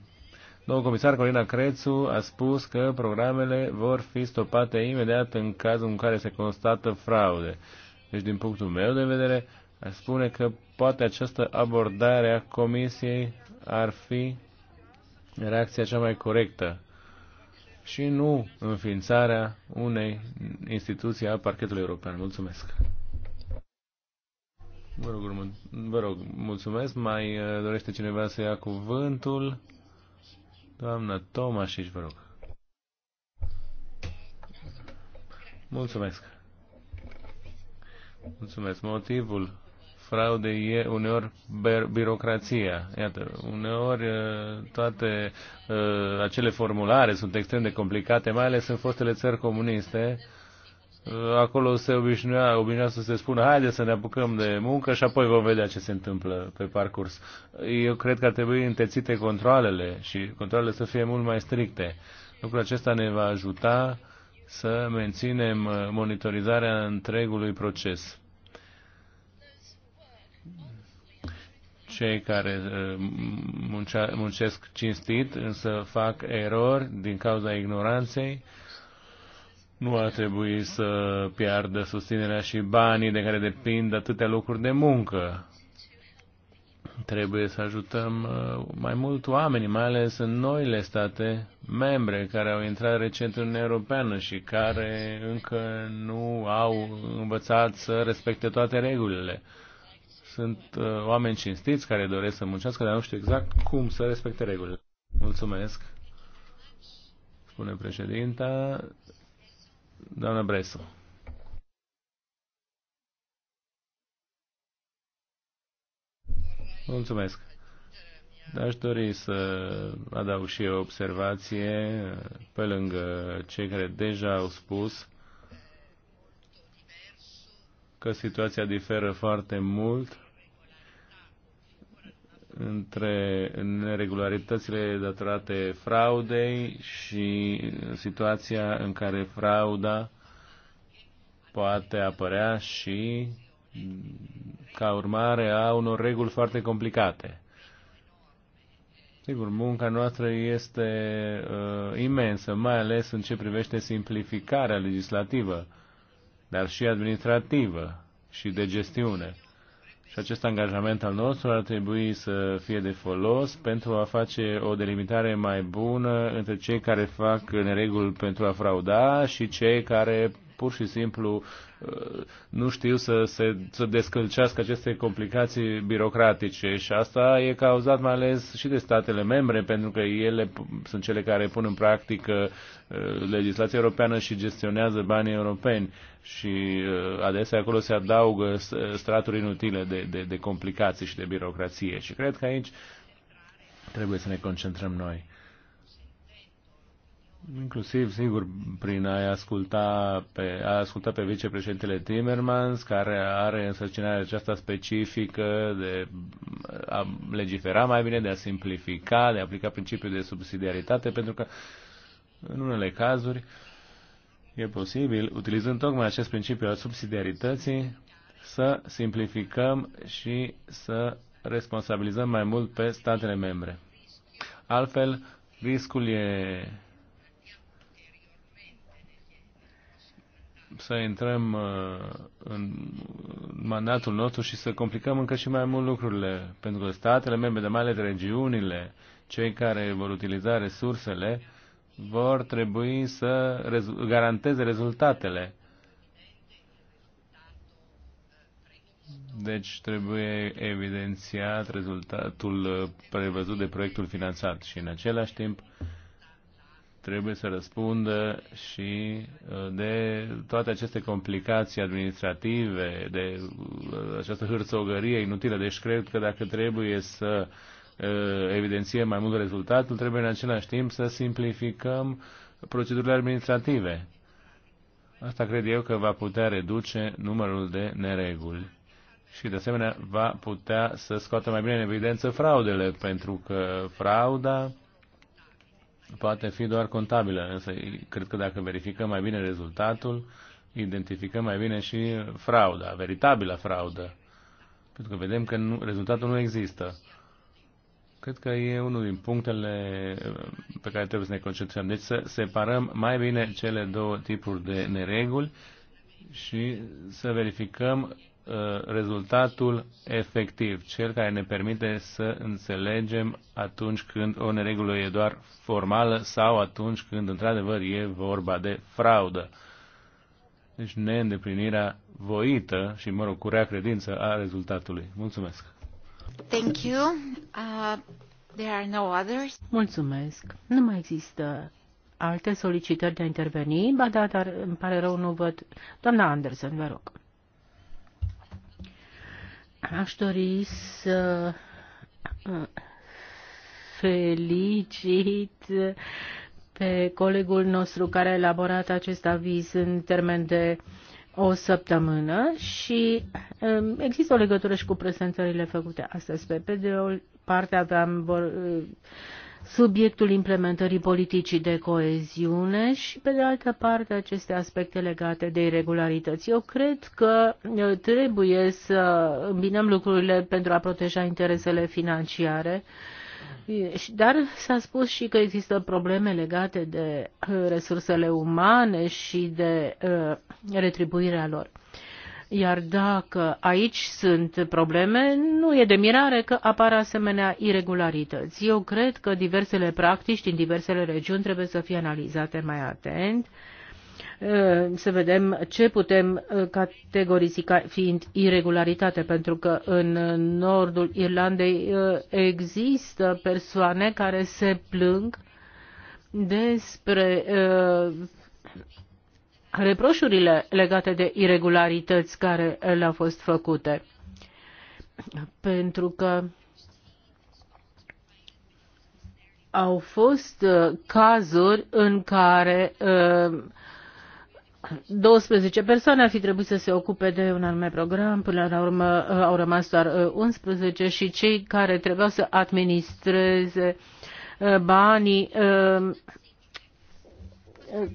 Domnul comisar Corina Crețu a spus că programele vor fi stopate imediat în cazul în care se constată fraude. Deci, din punctul meu de vedere, a spune că poate această abordare a comisiei ar fi reacția cea mai corectă și nu înființarea unei instituții a parchetului european. Mulțumesc! Vă rog, vă rog, mulțumesc. Mai uh, dorește cineva să ia cuvântul? Doamna și vă rog. Mulțumesc. Mulțumesc. Motivul fraude e uneori birocrația. Iată, uneori uh, toate uh, acele formulare sunt extrem de complicate, mai ales în fostele țări comuniste. Uh, acolo se obișnuia, obișnuia să se spună, haide să ne apucăm de muncă și apoi vom vedea ce se întâmplă pe parcurs. Eu cred că ar trebui întețite controlele și controlele să fie mult mai stricte. Lucrul acesta ne va ajuta să menținem monitorizarea întregului proces. cei care uh, muncea, muncesc cinstit, însă fac erori din cauza ignoranței, nu ar trebui să piardă susținerea și banii de care depind atâtea lucruri de muncă. Trebuie să ajutăm uh, mai mult oamenii, mai ales în noile state membre care au intrat recent în Uniunea Europeană și care încă nu au învățat să respecte toate regulile sunt uh, oameni cinstiți care doresc să muncească, dar nu știu exact cum să respecte regulile. Mulțumesc, spune președinta, doamna Bresu. Mulțumesc. Aș dori să adaug și o observație pe lângă cei care deja au spus că situația diferă foarte mult între neregularitățile datorate fraudei și situația în care frauda poate apărea și ca urmare a unor reguli foarte complicate. Sigur, munca noastră este uh, imensă, mai ales în ce privește simplificarea legislativă, dar și administrativă și de gestiune. Și acest angajament al nostru ar trebui să fie de folos pentru a face o delimitare mai bună între cei care fac nereguli pentru a frauda și cei care pur și simplu uh, nu știu să, se, să descălcească aceste complicații birocratice și asta e cauzat mai ales și de statele membre, pentru că ele sunt cele care pun în practică uh, legislația europeană și gestionează banii europeni și uh, adesea acolo se adaugă straturi inutile de, de, de complicații și de birocrație și cred că aici trebuie să ne concentrăm noi inclusiv, sigur, prin a asculta pe, a asculta pe vicepreședintele Timmermans, care are însărcinarea aceasta specifică de a legifera mai bine, de a simplifica, de a aplica principiul de subsidiaritate, pentru că în unele cazuri e posibil, utilizând tocmai acest principiu al subsidiarității, să simplificăm și să responsabilizăm mai mult pe statele membre. Altfel, riscul e să intrăm uh, în mandatul nostru și să complicăm încă și mai mult lucrurile, pentru că statele membre, de mai ales regiunile, cei care vor utiliza resursele, vor trebui să garanteze rezultatele. Deci trebuie evidențiat rezultatul uh, prevăzut de proiectul finanțat și în același timp trebuie să răspundă și uh, de toate aceste complicații administrative, de uh, această hârțogărie inutilă. Deci cred că dacă trebuie să uh, evidențiem mai mult rezultatul, trebuie în același timp să simplificăm procedurile administrative. Asta cred eu că va putea reduce numărul de nereguli și de asemenea va putea să scoată mai bine în evidență fraudele, pentru că frauda poate fi doar contabilă, însă cred că dacă verificăm mai bine rezultatul, identificăm mai bine și frauda, veritabilă fraudă. Pentru că vedem că nu, rezultatul nu există. Cred că e unul din punctele uh, pe care trebuie să ne concentrăm. Deci să separăm mai bine cele două tipuri de nereguli și să verificăm Uh, rezultatul efectiv, cel care ne permite să înțelegem atunci când o neregulă e doar formală sau atunci când într-adevăr e vorba de fraudă. Deci neîndeplinirea voită și, mă rog, cu rea credință a rezultatului. Mulțumesc! Thank you. Uh, there are no others. Mulțumesc. Nu mai există alte solicitări de a interveni. Ba da, dar îmi pare rău, nu văd. Doamna Anderson, vă rog. Aș dori să uh, felicit pe colegul nostru care a elaborat acest aviz în termen de o săptămână și um, există o legătură și cu prezentările făcute astăzi pe PDO. Parte aveam uh, subiectul implementării politicii de coeziune și, pe de altă parte, aceste aspecte legate de irregularități. Eu cred că trebuie să îmbinăm lucrurile pentru a proteja interesele financiare, dar s-a spus și că există probleme legate de resursele umane și de retribuirea lor. Iar dacă aici sunt probleme, nu e de mirare că apar asemenea irregularități. Eu cred că diversele practici din diversele regiuni trebuie să fie analizate mai atent, uh, să vedem ce putem uh, categorizi ca fiind irregularitate, pentru că în uh, nordul Irlandei există persoane care se plâng despre reproșurile legate de irregularități care le-au fost făcute. Pentru că au fost uh, cazuri în care 12 uh, persoane ar fi trebuit să se ocupe de un anume program, până la urmă uh, au rămas doar 11 și cei care trebuiau să administreze banii Uh,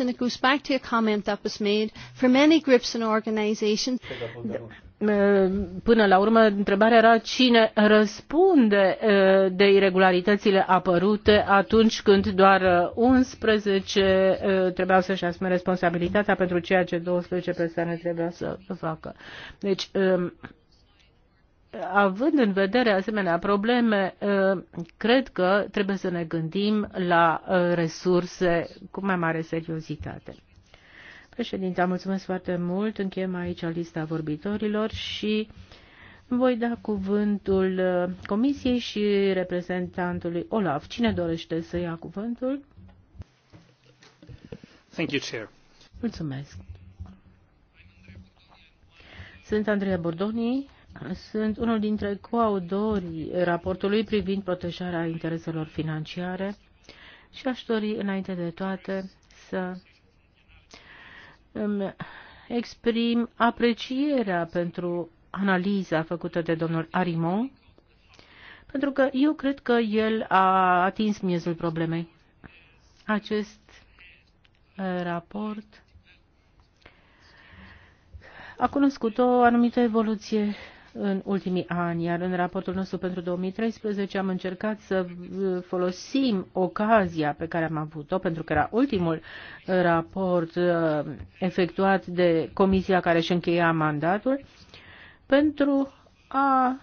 and it goes back to a comment that was made for many groups and organizations uh, Până la urmă, întrebarea era cine răspunde uh, de irregularitățile apărute atunci când doar 11 trebuiau să-și asume responsabilitatea pentru ceea ce 12 persoane trebuiau să facă. Deci, um, având în vedere asemenea probleme, ă, cred că trebuie să ne gândim la ă, resurse cu mai mare seriozitate. Președinte, mulțumesc foarte mult. Încheiem aici lista vorbitorilor și voi da cuvântul ă, Comisiei și reprezentantului Olaf. Cine dorește să ia cuvântul? Thank you, Chair. Mulțumesc. Sunt Andreea Bordoni, sunt unul dintre coautorii raportului privind protejarea intereselor financiare și aș dori, înainte de toate, să îmi exprim aprecierea pentru analiza făcută de domnul Arimon, pentru că eu cred că el a atins miezul problemei. Acest uh, raport a cunoscut o anumită evoluție în ultimii ani, iar în raportul nostru pentru 2013 am încercat să uh, folosim ocazia pe care am avut-o, pentru că era ultimul raport uh, efectuat de comisia care își încheia mandatul, pentru a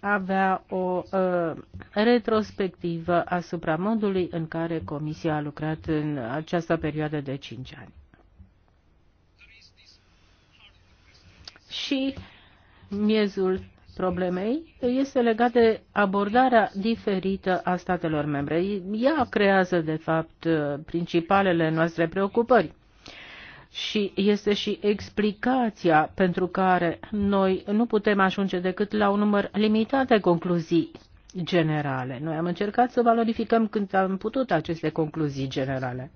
avea o uh, retrospectivă asupra modului în care Comisia a lucrat în această perioadă de 5 ani. Și miezul problemei este legat de abordarea diferită a statelor membre. Ea creează, de fapt, principalele noastre preocupări și este și explicația pentru care noi nu putem ajunge decât la un număr limitat de concluzii generale. Noi am încercat să valorificăm când am putut aceste concluzii generale.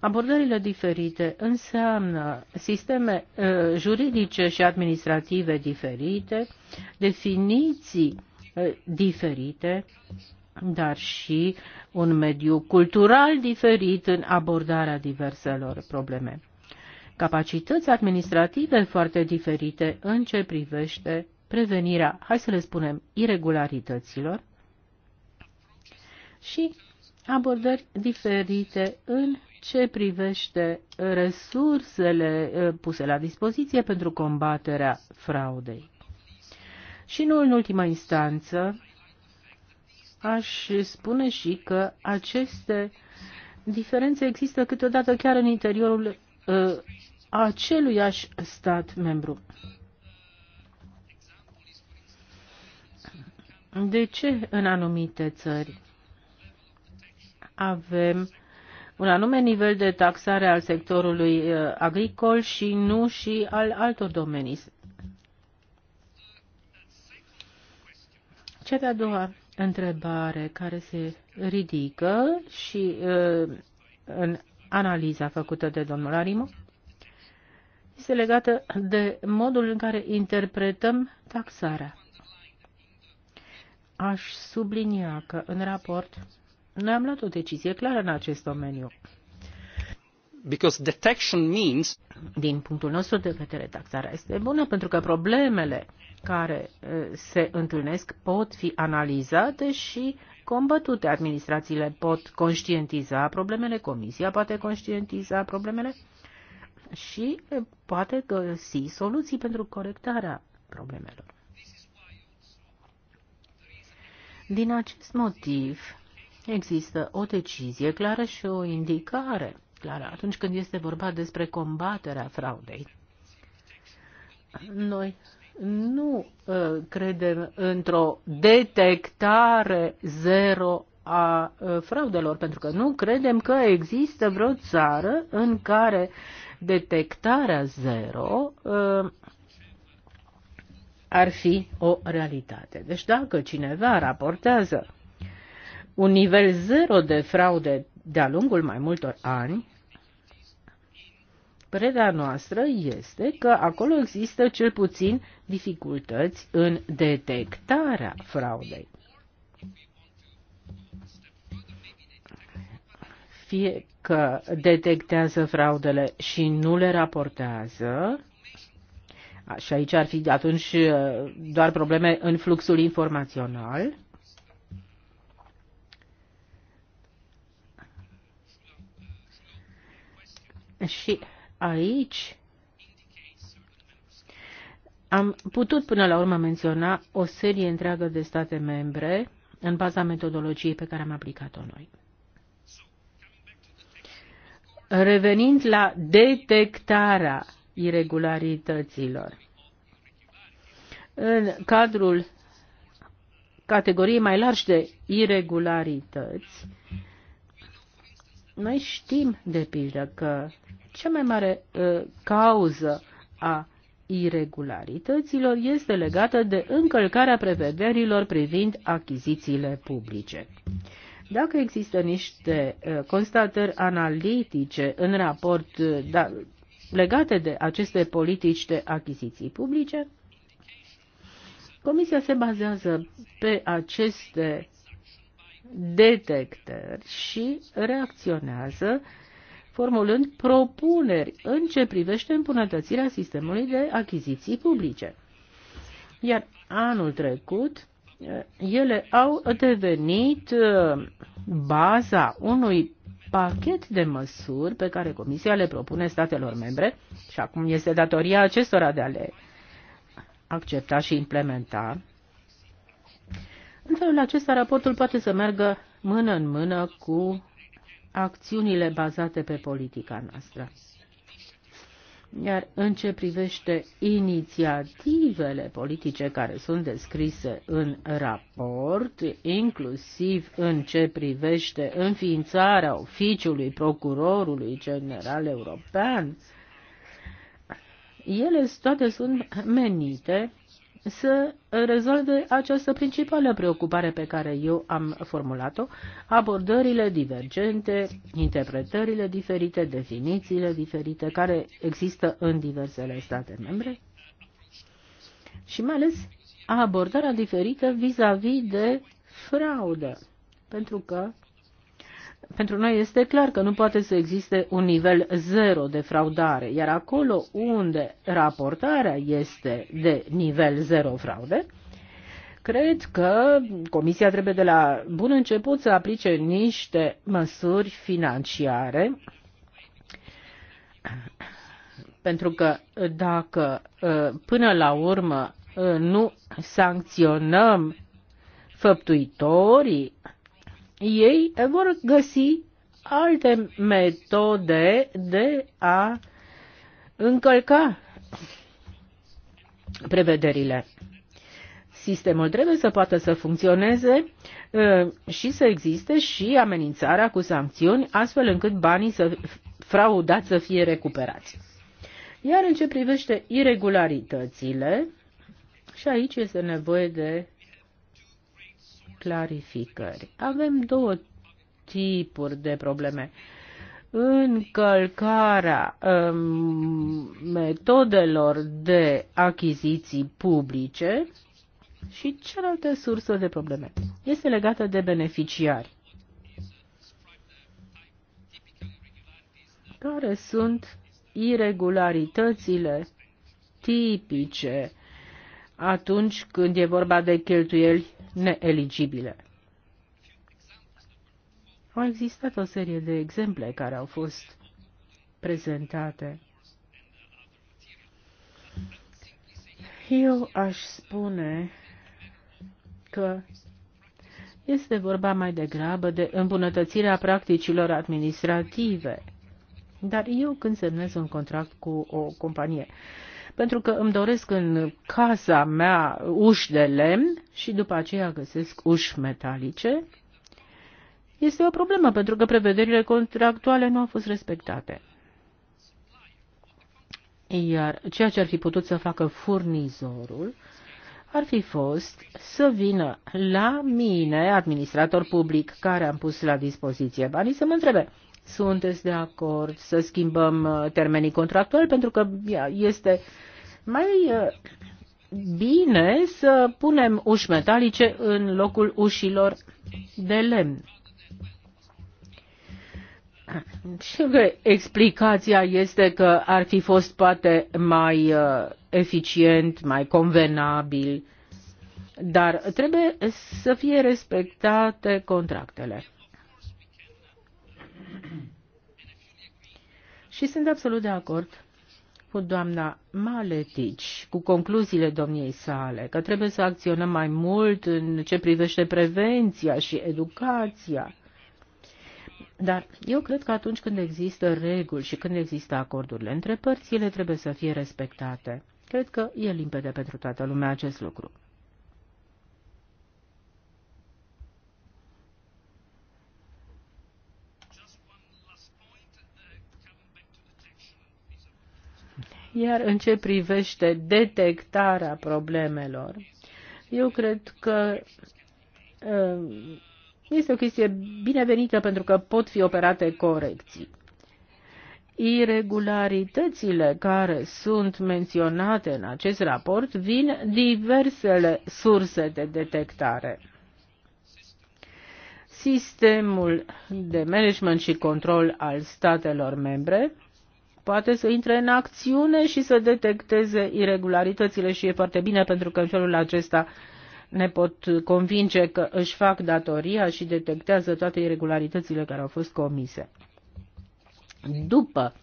Abordările diferite înseamnă sisteme uh, juridice și administrative diferite, definiții uh, diferite, dar și un mediu cultural diferit în abordarea diverselor probleme. Capacități administrative foarte diferite în ce privește prevenirea, hai să le spunem, irregularităților și abordări diferite în ce privește resursele eh, puse la dispoziție pentru combaterea fraudei. Și nu în ultima instanță, aș spune și că aceste diferențe există câteodată chiar în interiorul uh, aceluiași stat membru. De ce în anumite țări avem un anume nivel de taxare al sectorului uh, agricol și nu și al altor domenii. Cea de-a doua întrebare care se ridică și uh, în analiza făcută de domnul Arimo este legată de modul în care interpretăm taxarea. Aș sublinia că în raport noi am luat o decizie clară în acest domeniu. Because detection means... Din punctul nostru de vedere, taxarea este bună pentru că problemele care se întâlnesc pot fi analizate și combătute. Administrațiile pot conștientiza problemele, comisia poate conștientiza problemele și poate găsi soluții pentru corectarea problemelor. Din acest motiv, există o decizie clară și o indicare clară atunci când este vorba despre combaterea fraudei. Noi nu uh, credem într-o detectare zero a uh, fraudelor, pentru că nu credem că există vreo țară în care detectarea zero uh, ar fi o realitate. Deci dacă cineva raportează un nivel zero de fraude de-a lungul mai multor ani, părerea noastră este că acolo există cel puțin dificultăți în detectarea fraudei. Fie că detectează fraudele și nu le raportează, și aici ar fi atunci uh, doar probleme în fluxul informațional, Și aici am putut până la urmă menționa o serie întreagă de state membre în baza metodologiei pe care am aplicat-o noi. Revenind la detectarea irregularităților, în cadrul categoriei mai largi de irregularități, noi știm, de pildă, că cea mai mare uh, cauză a irregularităților este legată de încălcarea prevederilor privind achizițiile publice. Dacă există niște uh, constatări analitice în raport uh, da, legate de aceste politici de achiziții publice, Comisia se bazează pe aceste detectări și reacționează formulând propuneri în ce privește îmbunătățirea sistemului de achiziții publice. Iar anul trecut, eh, ele au devenit eh, baza unui pachet de măsuri pe care Comisia le propune statelor membre și acum este datoria acestora de a le accepta și implementa în felul acesta, raportul poate să meargă mână în mână cu acțiunile bazate pe politica noastră. Iar în ce privește inițiativele politice care sunt descrise în raport, inclusiv în ce privește înființarea oficiului procurorului general european, ele toate sunt menite să rezolve această principală preocupare pe care eu am formulat-o, abordările divergente, interpretările diferite, definițiile diferite care există în diversele state membre și mai ales abordarea diferită vis-a-vis -vis de fraudă, pentru că pentru noi este clar că nu poate să existe un nivel zero de fraudare, iar acolo unde raportarea este de nivel zero fraude, cred că Comisia trebuie de la bun început să aplice niște măsuri financiare pentru că dacă ă, până la urmă ă, nu sancționăm făptuitorii, ei vor găsi alte metode de a încălca prevederile. Sistemul trebuie să poată să funcționeze ă, și să existe și amenințarea cu sancțiuni, astfel încât banii să fraudați să fie recuperați. Iar în ce privește irregularitățile, și aici este nevoie de clarificări. Avem două tipuri de probleme. Încălcarea um, metodelor de achiziții publice și cealaltă sursă de probleme este legată de beneficiari. Care sunt irregularitățile tipice atunci când e vorba de cheltuieli neeligibile. Au existat o serie de exemple care au fost prezentate. Eu aș spune că este vorba mai degrabă de îmbunătățirea practicilor administrative. Dar eu când semnez un contract cu o companie pentru că îmi doresc în casa mea uși de lemn și după aceea găsesc uși metalice, este o problemă pentru că prevederile contractuale nu au fost respectate. Iar ceea ce ar fi putut să facă furnizorul ar fi fost să vină la mine, administrator public, care am pus la dispoziție banii, să mă întrebe sunteți de acord să schimbăm uh, termenii contractuali pentru că este mai uh, bine să punem uși metalice în locul ușilor de lemn. Și că explicația este că ar fi fost poate mai uh, eficient, mai convenabil, dar trebuie să fie respectate contractele. Și sunt absolut de acord cu doamna Maletici, cu concluziile domniei sale, că trebuie să acționăm mai mult în ce privește prevenția și educația. Dar eu cred că atunci când există reguli și când există acordurile între părți, ele trebuie să fie respectate. Cred că e limpede pentru toată lumea acest lucru. Iar în ce privește detectarea problemelor, eu cred că um, este o chestie binevenită pentru că pot fi operate corecții. Irregularitățile care sunt menționate în acest raport vin diversele surse de detectare. Sistemul de management și control al statelor membre poate să intre în acțiune și să detecteze irregularitățile și e foarte bine pentru că în felul acesta ne pot convinge că își fac datoria și detectează toate irregularitățile care au fost comise. După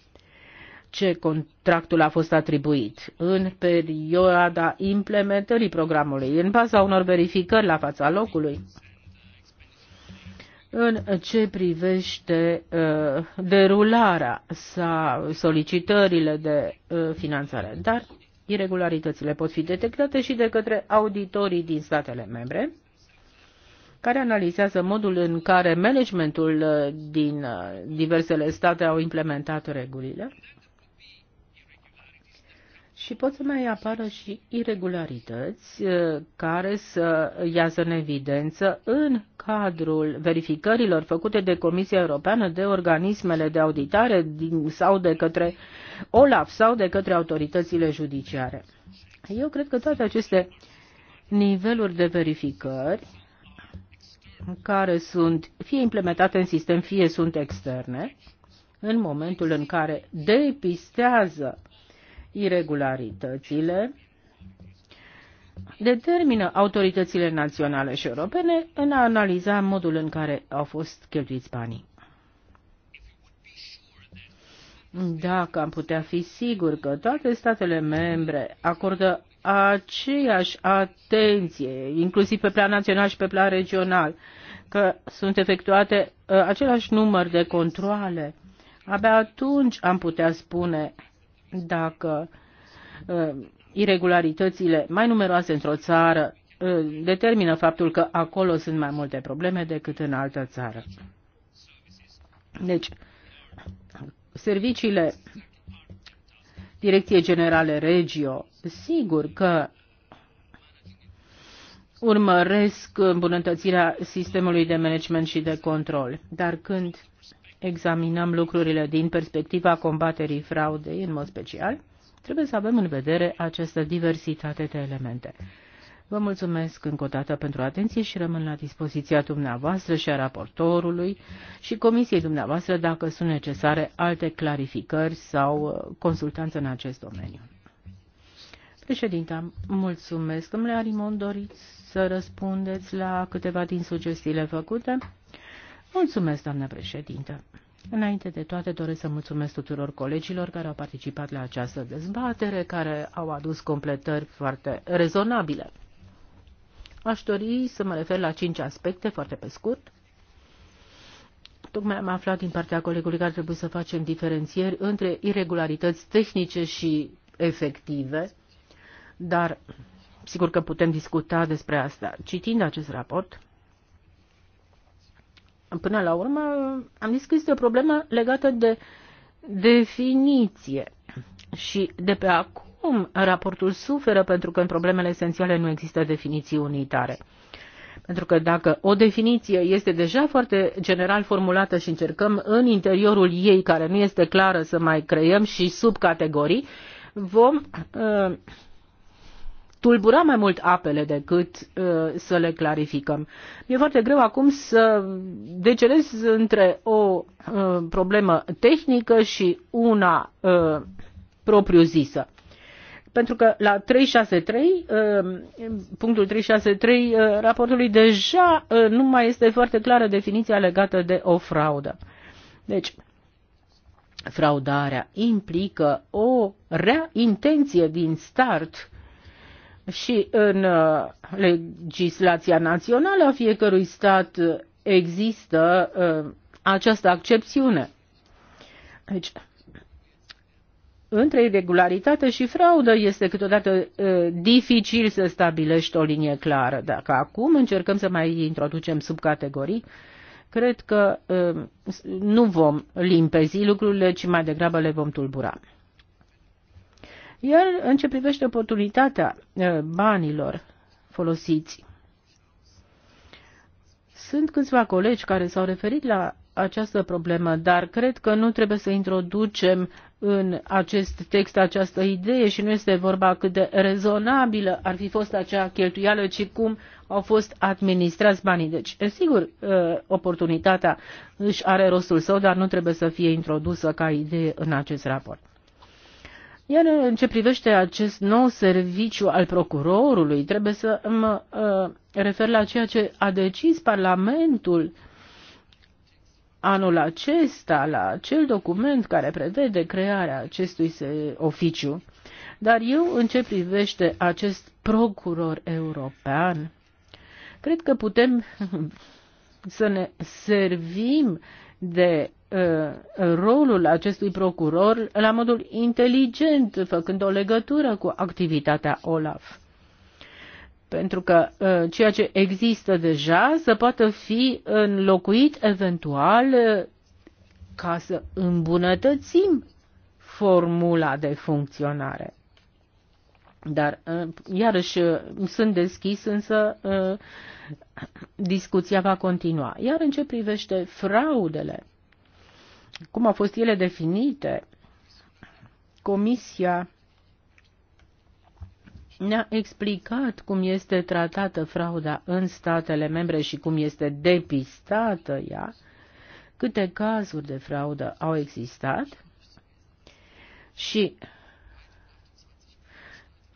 ce contractul a fost atribuit în perioada implementării programului, în baza unor verificări la fața locului, în ce privește uh, derularea sau solicitările de uh, finanțare, dar Irregularitățile pot fi detectate și de către auditorii din statele membre, care analizează modul în care managementul uh, din diversele state au implementat regulile și pot să mai apară și irregularități uh, care să iasă în evidență în cadrul verificărilor făcute de Comisia Europeană, de organismele de auditare sau de către OLAF sau de către autoritățile judiciare. Eu cred că toate aceste niveluri de verificări care sunt fie implementate în sistem, fie sunt externe, în momentul în care depistează irregularitățile determină autoritățile naționale și europene în a analiza modul în care au fost cheltuiți banii. Dacă am putea fi sigur că toate statele membre acordă aceeași atenție, inclusiv pe plan național și pe plan regional, că sunt efectuate uh, același număr de controle, abia atunci am putea spune dacă uh, irregularitățile mai numeroase într-o țară uh, determină faptul că acolo sunt mai multe probleme decât în altă țară. Deci, serviciile Direcției Generale Regio, sigur că urmăresc îmbunătățirea sistemului de management și de control, dar când examinăm lucrurile din perspectiva combaterii fraudei, în mod special, trebuie să avem în vedere această diversitate de elemente. Vă mulțumesc încă o dată pentru atenție și rămân la dispoziția dumneavoastră și a raportorului și comisiei dumneavoastră dacă sunt necesare alte clarificări sau uh, consultanță în acest domeniu. Președinta, mulțumesc. Domnule Arimon, doriți să răspundeți la câteva din sugestiile făcute? Mulțumesc, doamnă președintă. Înainte de toate, doresc să mulțumesc tuturor colegilor care au participat la această dezbatere, care au adus completări foarte rezonabile. Aș dori să mă refer la cinci aspecte, foarte pe scurt. Tocmai am aflat din partea colegului că ar trebui să facem diferențieri între irregularități tehnice și efective, dar sigur că putem discuta despre asta. Citind acest raport, Până la urmă, am discutat este o problemă legată de definiție. Și de pe acum, raportul suferă pentru că în problemele esențiale nu există definiții unitare. Pentru că dacă o definiție este deja foarte general formulată și încercăm în interiorul ei, care nu este clară, să mai creăm și subcategorii, vom uh, tulbura mai mult apele decât uh, să le clarificăm. E foarte greu acum să decelez între o uh, problemă tehnică și una uh, propriu-zisă pentru că la 363, punctul 363 raportului deja nu mai este foarte clară definiția legată de o fraudă. Deci, fraudarea implică o rea intenție din start și în uh, legislația națională a fiecărui stat există uh, această accepțiune. Deci, între irregularitate și fraudă este câteodată e, uh, dificil să stabilești o linie clară. Dacă acum încercăm să mai introducem subcategorii, cred că e, nu vom limpezi lucrurile, ci mai degrabă le vom tulbura. Iar în ce privește oportunitatea eh, banilor folosiți, sunt câțiva colegi care s-au referit la această problemă, dar cred că nu trebuie să introducem în acest text această idee și nu este vorba cât de rezonabilă ar fi fost acea cheltuială, ci cum au fost administrați banii. Deci, sigur, eh, oportunitatea își are rostul său, dar nu trebuie să fie introdusă ca idee în acest raport. Iar în ce privește acest nou serviciu al procurorului, trebuie să mă uh, refer la ceea ce a decis Parlamentul anul acesta, la acel document care prevede crearea acestui oficiu. Dar eu, în ce privește acest procuror european, cred că putem să ne servim de Uh, rolul acestui procuror la modul inteligent, făcând o legătură cu activitatea OLAF. Pentru că uh, ceea ce există deja să poată fi înlocuit eventual uh, ca să îmbunătățim formula de funcționare. Dar, iarăși, sunt deschis, însă discuția va continua. Iar în ce privește fraudele, cum au fost ele definite, Comisia ne-a explicat cum este tratată frauda în statele membre și cum este depistată ea, câte cazuri de fraudă au existat și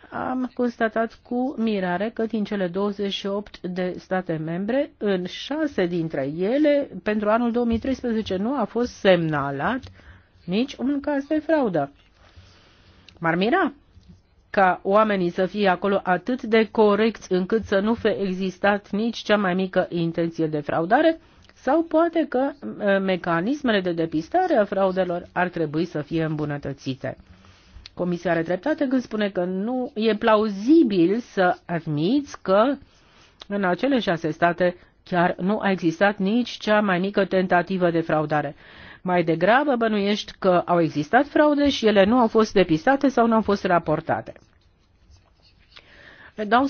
am constatat cu mirare că din cele 28 de state membre, în șase dintre ele, pentru anul 2013 nu a fost semnalat nici un caz de fraudă. M-ar mira ca oamenii să fie acolo atât de corecți încât să nu fie existat nici cea mai mică intenție de fraudare, sau poate că mecanismele de depistare a fraudelor ar trebui să fie îmbunătățite. Comisia are dreptate când spune că nu e plauzibil să admiți că în acele șase state chiar nu a existat nici cea mai mică tentativă de fraudare. Mai degrabă bănuiești că au existat fraude și ele nu au fost depistate sau nu au fost raportate. Le dau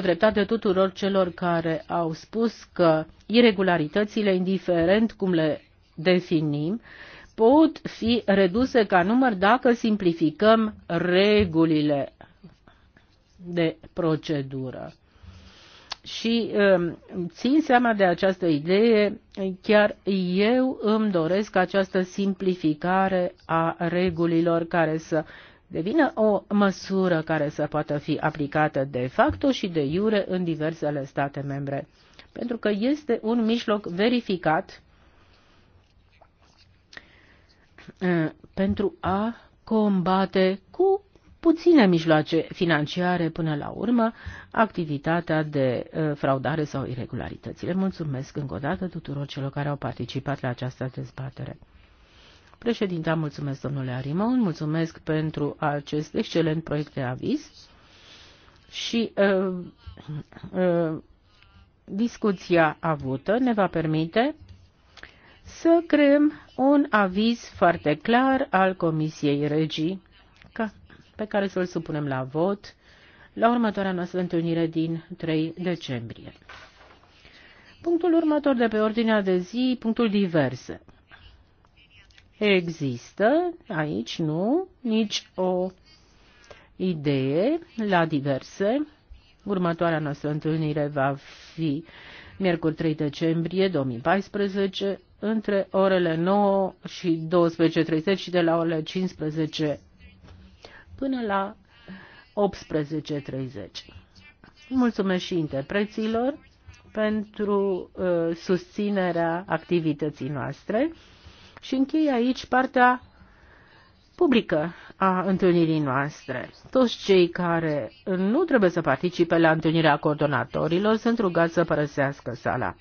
100% dreptate tuturor celor care au spus că irregularitățile, indiferent cum le definim, pot fi reduse ca număr dacă simplificăm regulile de procedură. Și um, țin seama de această idee, chiar eu îmi doresc această simplificare a regulilor care să devină o măsură care să poată fi aplicată de facto și de iure în diversele state membre. Pentru că este un mijloc verificat Uh, pentru a combate cu puține mijloace financiare până la urmă activitatea de uh, fraudare sau irregularitățile. Mulțumesc încă o dată tuturor celor care au participat la această dezbatere. Președinta, mulțumesc domnule Arimon, mulțumesc pentru acest excelent proiect de aviz și uh, uh, discuția avută ne va permite să creăm un aviz foarte clar al Comisiei Regii, ca, pe care să-l supunem la vot la următoarea noastră întâlnire din 3 decembrie. Punctul următor de pe ordinea de zi, punctul diverse. Există aici, nu, nici o idee la diverse. Următoarea noastră întâlnire va fi miercuri 3 decembrie 2014 între orele 9 și 12.30 și de la orele 15 până la 18.30. Mulțumesc și interpreților pentru uh, susținerea activității noastre și închei aici partea publică a întâlnirii noastre. Toți cei care nu trebuie să participe la întâlnirea coordonatorilor sunt rugați să părăsească sala.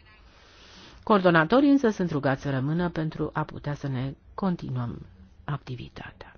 Coordonatorii însă sunt rugați să rămână pentru a putea să ne continuăm activitatea.